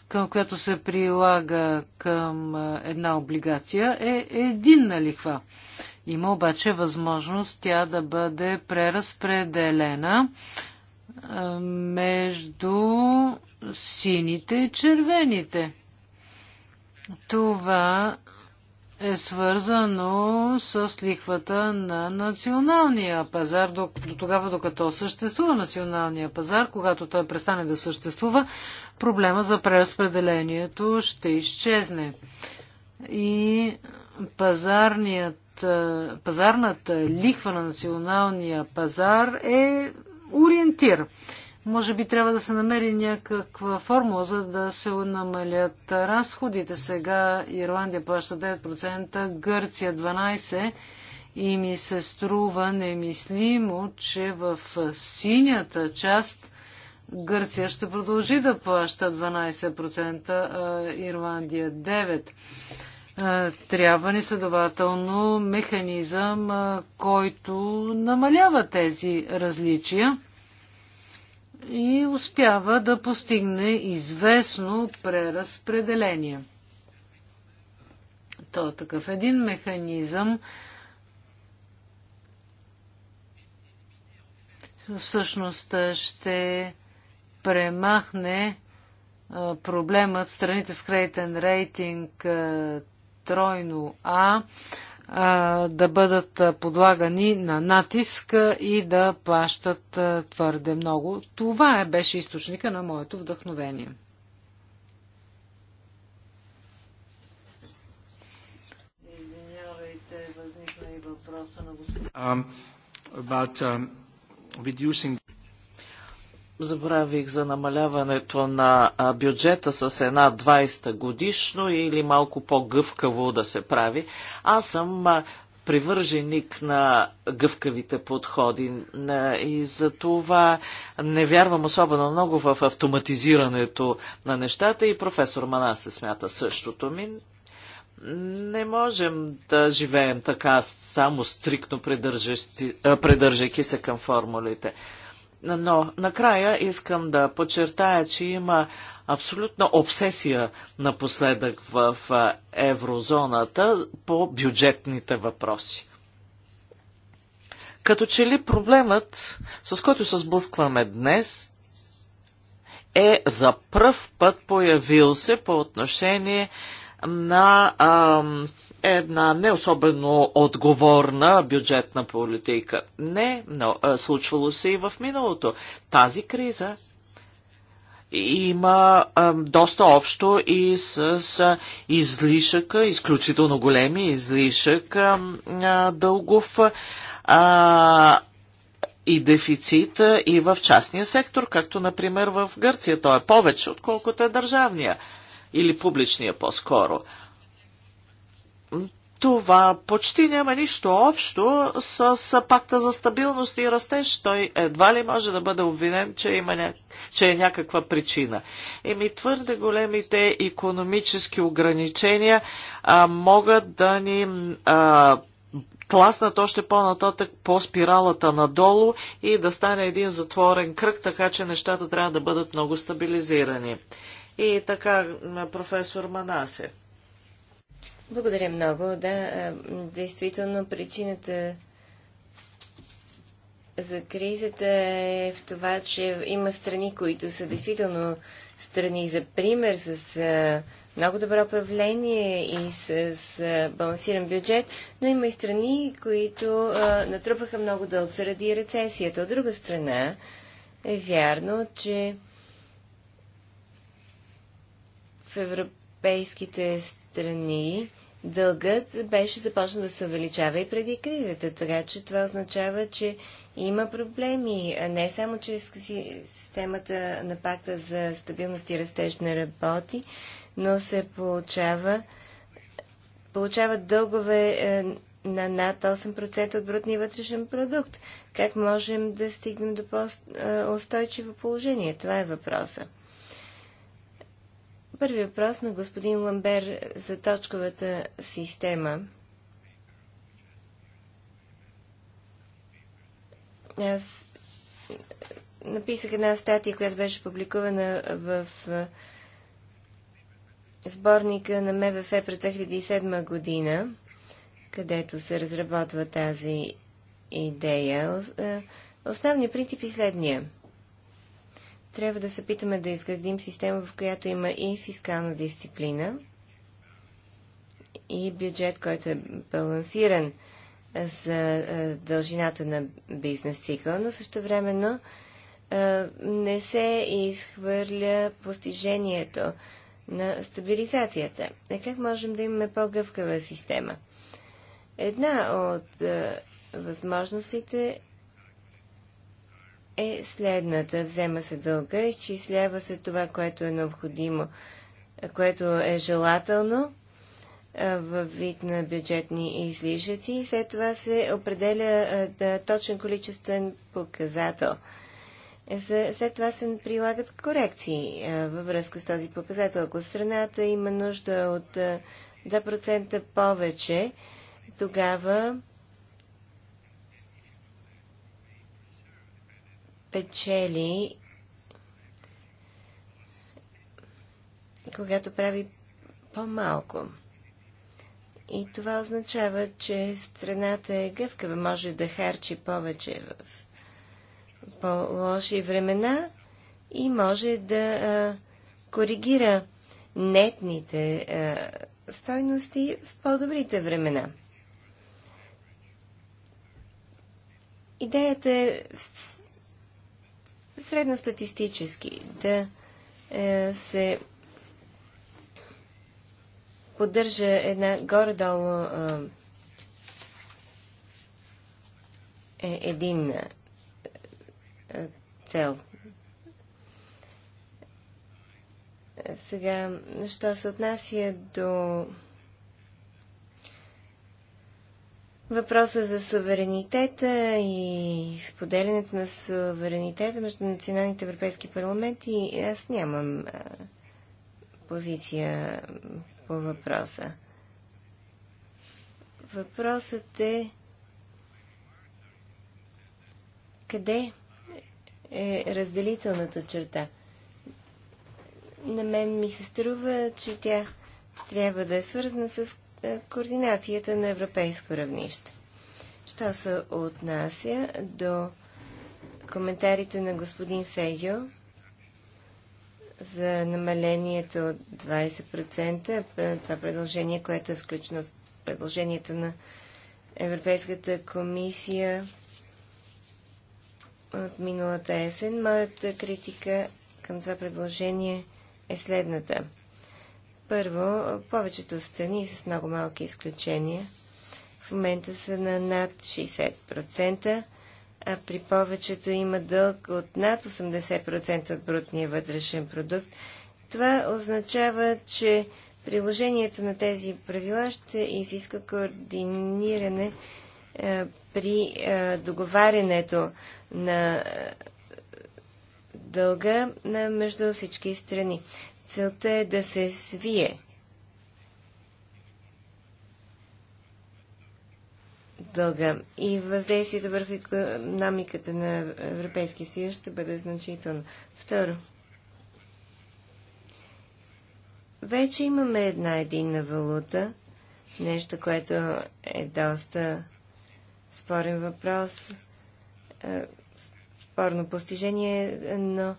към която се прилага към една облигация, е единна лихва. Има обаче възможност тя да бъде преразпределена между сините и червените. Това е свързано с лихвата на националния пазар. До, до тогава, докато съществува националния пазар, когато той престане да съществува, проблема за преразпределението ще изчезне. И пазарният, е, пазарната лихва на националния пазар е ориентир. Може би трябва да се намери някаква формула, за да се намалят разходите. Сега Ирландия плаща 9%, Гърция 12% и ми се струва немислимо, че в синята част Гърция ще продължи да плаща 12%, а Ирландия 9%. Трябва ни следователно механизъм, който намалява тези различия и успява да постигне известно преразпределение. То е такъв един механизъм, всъщност ще премахне проблемът страните с кредитен рейтинг тройно А а, да бъдат подлагани на натиск и да плащат а, твърде много. Това е, беше източника на моето вдъхновение.
Извинявайте, възникна и въпроса на господин. Um, about, um, reducing забравих за намаляването на бюджета с една 20 та годишно или малко по-гъвкаво да се прави. Аз съм привърженик на гъвкавите подходи и за това не вярвам особено много в автоматизирането на нещата и професор Мана се смята същото ми. Не можем да живеем така само стриктно придържайки се към формулите. Но накрая искам да подчертая, че има абсолютна обсесия напоследък в еврозоната по бюджетните въпроси. Като че ли проблемът, с който се сблъскваме днес, е за пръв път появил се по отношение на ам, една не особено отговорна бюджетна политика. Не, но случвало се и в миналото. Тази криза има а, доста общо и с, с излишъка, изключително големи излишък а, а, дългов а, и дефицит и в частния сектор, както например в Гърция. Той е повече, отколкото е държавния или публичния по-скоро това почти няма нищо общо с, с пакта за стабилност и растеж. Той едва ли може да бъде обвинен, че, има ня... че е някаква причина. Еми твърде големите економически ограничения а, могат да ни а, тласнат още по-нататък по спиралата надолу и да стане един затворен кръг, така че нещата трябва да бъдат много стабилизирани. И така,
професор Манасе. Благодаря много. Да, действително причината за кризата е в това, че има страни, които са действително страни за пример с много добро управление и с балансиран бюджет, но има и страни, които натрупаха много дълг заради рецесията. От друга страна е вярно, че в европейските страни дългът беше започнал да се увеличава и преди кризата, така че това означава, че има проблеми, не само, че системата на пакта за стабилност и растеж не работи, но се получава получават дългове е, на над 8% от брутния вътрешен продукт. Как можем да стигнем до по-устойчиво е, положение? Това е въпроса. Първи въпрос на господин Ламбер за точковата система. Аз написах една статия, която беше публикувана в сборника на МВФ през 2007 година, където се разработва тази идея. Основният принцип е следния – трябва да се питаме да изградим система, в която има и фискална дисциплина, и бюджет, който е балансиран за дължината на бизнес цикъла, но също времено не се изхвърля постижението на стабилизацията. А е, как можем да имаме по-гъвкава система? Една от възможностите е следната. Взема се дълга, изчислява се това, което е необходимо, което е желателно в вид на бюджетни излишъци и след това се определя да, точен количествен показател. След това се прилагат корекции във връзка с този показател. Ако страната има нужда от 2% повече, тогава печели, когато прави по-малко. И това означава, че страната е гъвкава, може да харчи повече в по-лоши времена и може да а, коригира нетните а, стойности в по-добрите времена. Идеята е средностатистически да е, се поддържа една горе-долу е, един е, цел. Сега, що се отнася до Въпроса за суверенитета и споделянето на суверенитета между националните европейски парламенти, аз нямам а, позиция по въпроса. Въпросът е къде е разделителната черта. На мен ми се струва, че тя трябва да е свързана с е, координацията на европейско равнище. Що се отнася до коментарите на господин Фейо за намалението от 20%, е, това предложение, което е включено в предложението на Европейската комисия от миналата есен, моята критика към това предложение е следната – първо, повечето страни, с много малки изключения, в момента са на над 60%, а при повечето има дълг от над 80% от брутния вътрешен продукт. Това означава, че приложението на тези правила ще изиска координиране е, при е, договарянето на е, дълга на между всички страни. Целта е да се свие дълга и въздействието върху економиката на Европейския съюз ще бъде значително. Второ, вече имаме една единна валута, нещо, което е доста спорен въпрос, е, спорно постижение, но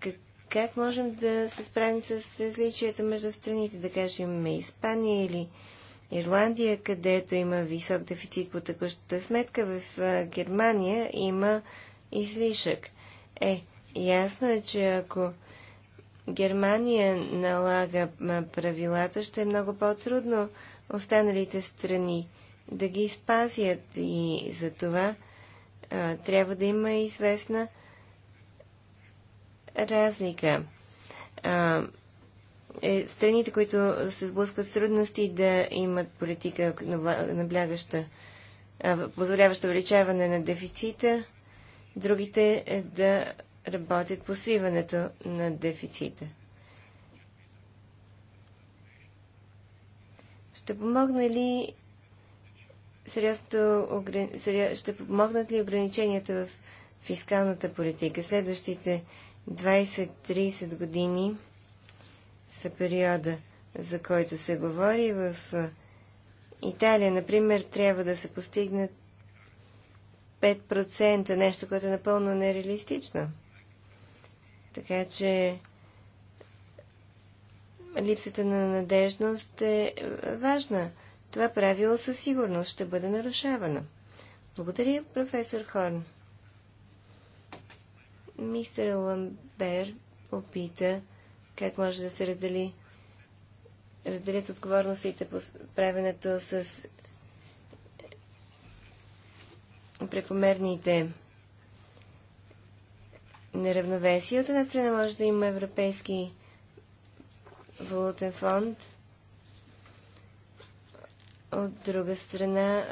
как, как можем да се справим с различията между страните, да кажем Испания или Ирландия, където има висок дефицит по текущата сметка, в Германия има излишък. Е, ясно е, че ако Германия налага правилата, ще е много по-трудно останалите страни да ги спазят и за това а, трябва да има известна разлика. А, е, страните, които се сблъскват с трудности да имат политика наблягаща, а, позволяваща увеличаване на дефицита, другите е да работят по свиването на дефицита. Ще помогна ли сериозното, ще помогнат ли ограниченията в фискалната политика? Следващите 20-30 години са периода, за който се говори. В е, Италия, например, трябва да се постигнат 5%, нещо, което е напълно нереалистично. Така че липсата на надежност е, е важна. Това правило със сигурност ще бъде нарушавано. Благодаря, професор Хорн. Мистер Ламбер попита как може да се раздели разделят отговорностите по правенето с прекомерните неравновесия. От една страна може да има Европейски валутен фонд, от друга страна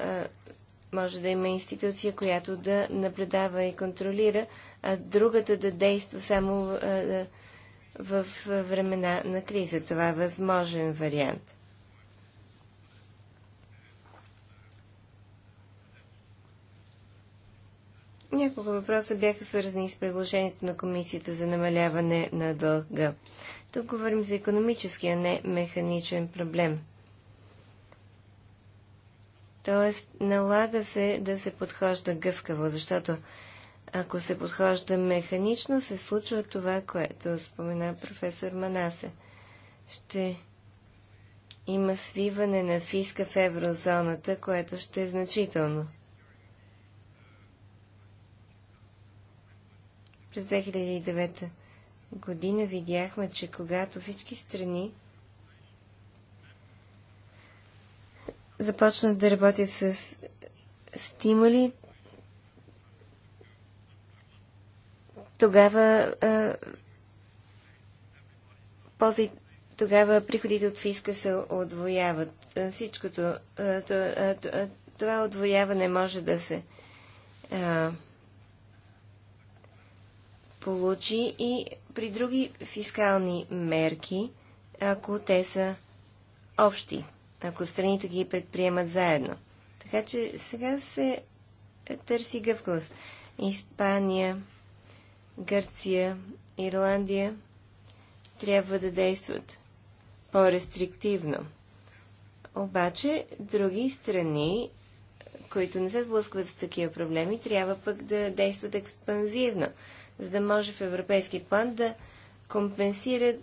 може да има институция, която да наблюдава и контролира а другата да действа само в времена на криза. Това е възможен вариант. Няколко въпроса бяха свързани с предложението на Комисията за намаляване на дълга. Тук говорим за економически, а не механичен проблем. Тоест, налага се да се подхожда гъвкаво, защото ако се подхожда механично, се случва това, което спомена професор Манасе. Ще има свиване на фиска в еврозоната, което ще е значително. През 2009 година видяхме, че когато всички страни започнат да работят с стимули, тогава, ползи, тогава приходите от фиска се отвояват. Всичкото това отвояване може да се получи и при други фискални мерки, ако те са общи, ако страните ги предприемат заедно. Така че сега се търси гъвкавост. Испания Гърция, Ирландия трябва да действат по-рестриктивно. Обаче други страни, които не се сблъскват с такива проблеми, трябва пък да действат експанзивно, за да може в европейски план да компенсират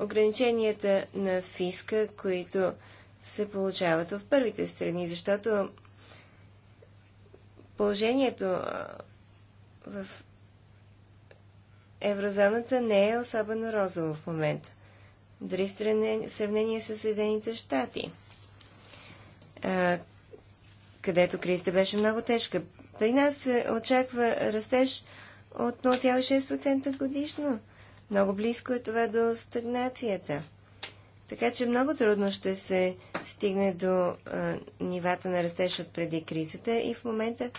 ограниченията на фиска, които се получават в първите страни, защото положението в еврозоната не е особено розово в момента. Дори в сравнение с Съединените щати, където кризата беше много тежка. При нас се очаква растеж от 0,6% годишно. Много близко е това до стагнацията. Така че много трудно ще се стигне до а, нивата на растеж от преди кризата и в момента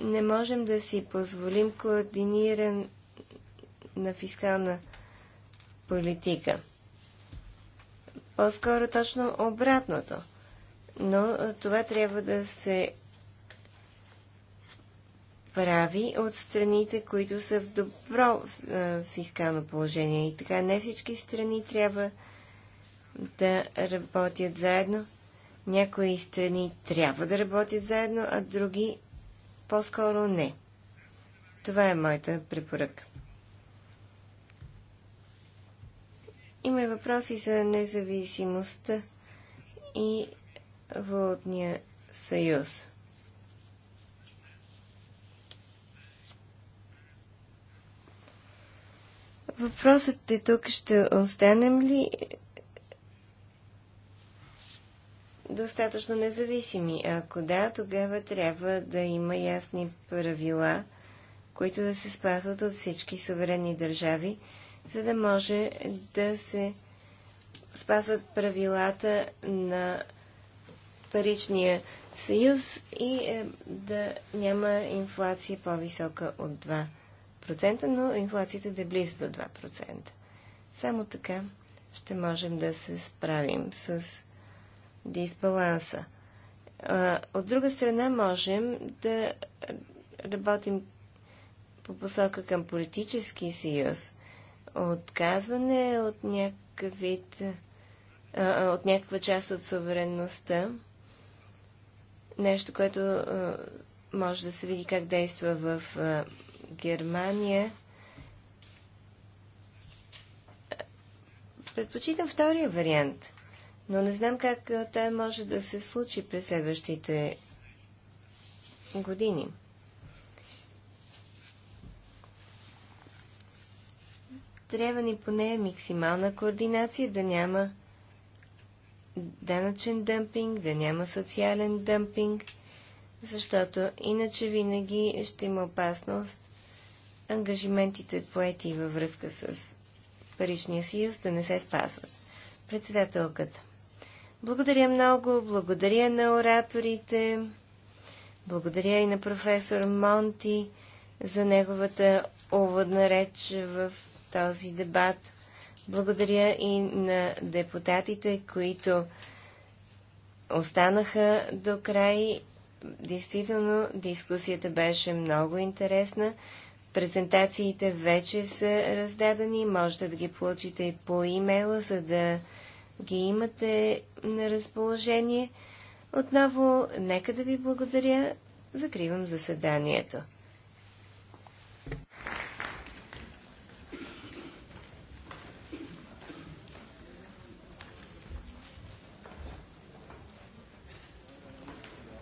не можем да си позволим координиран на фискална политика. По-скоро точно обратното. Но това трябва да се прави от страните, които са в добро фискално положение. И така не всички страни трябва да работят заедно. Някои страни трябва да работят заедно, а други по-скоро не. Това е моята препоръка. Има въпроси за независимостта и Валутния съюз. Въпросът е тук, ще останем ли достатъчно независими? Ако да, тогава трябва да има ясни правила, които да се спазват от всички суверенни държави, за да може да се спазват правилата на паричния съюз и е, да няма инфлация по-висока от 2%, но инфлацията да е близо до 2%. Само така ще можем да се справим с дисбаланса. От друга страна, можем да работим по посока към политически съюз. Отказване от някакъв вид, от някаква част от суверенността, нещо, което може да се види как действа в Германия. Предпочитам втория вариант – но не знам как той може да се случи през следващите години. Трябва ни поне максимална координация, да няма данъчен дъмпинг, да няма социален дъмпинг, защото иначе винаги ще има опасност ангажиментите поети във връзка с Паричния съюз да не се спазват. Председателката. Благодаря много, благодаря на ораторите, благодаря и на професор Монти за неговата уводна реч в този дебат. Благодаря и на депутатите, които останаха до край. Действително, дискусията беше много интересна. Презентациите вече са раздадени. Можете да ги получите и по имейла, за да ги имате на разположение. Отново, нека да ви благодаря. Закривам заседанието.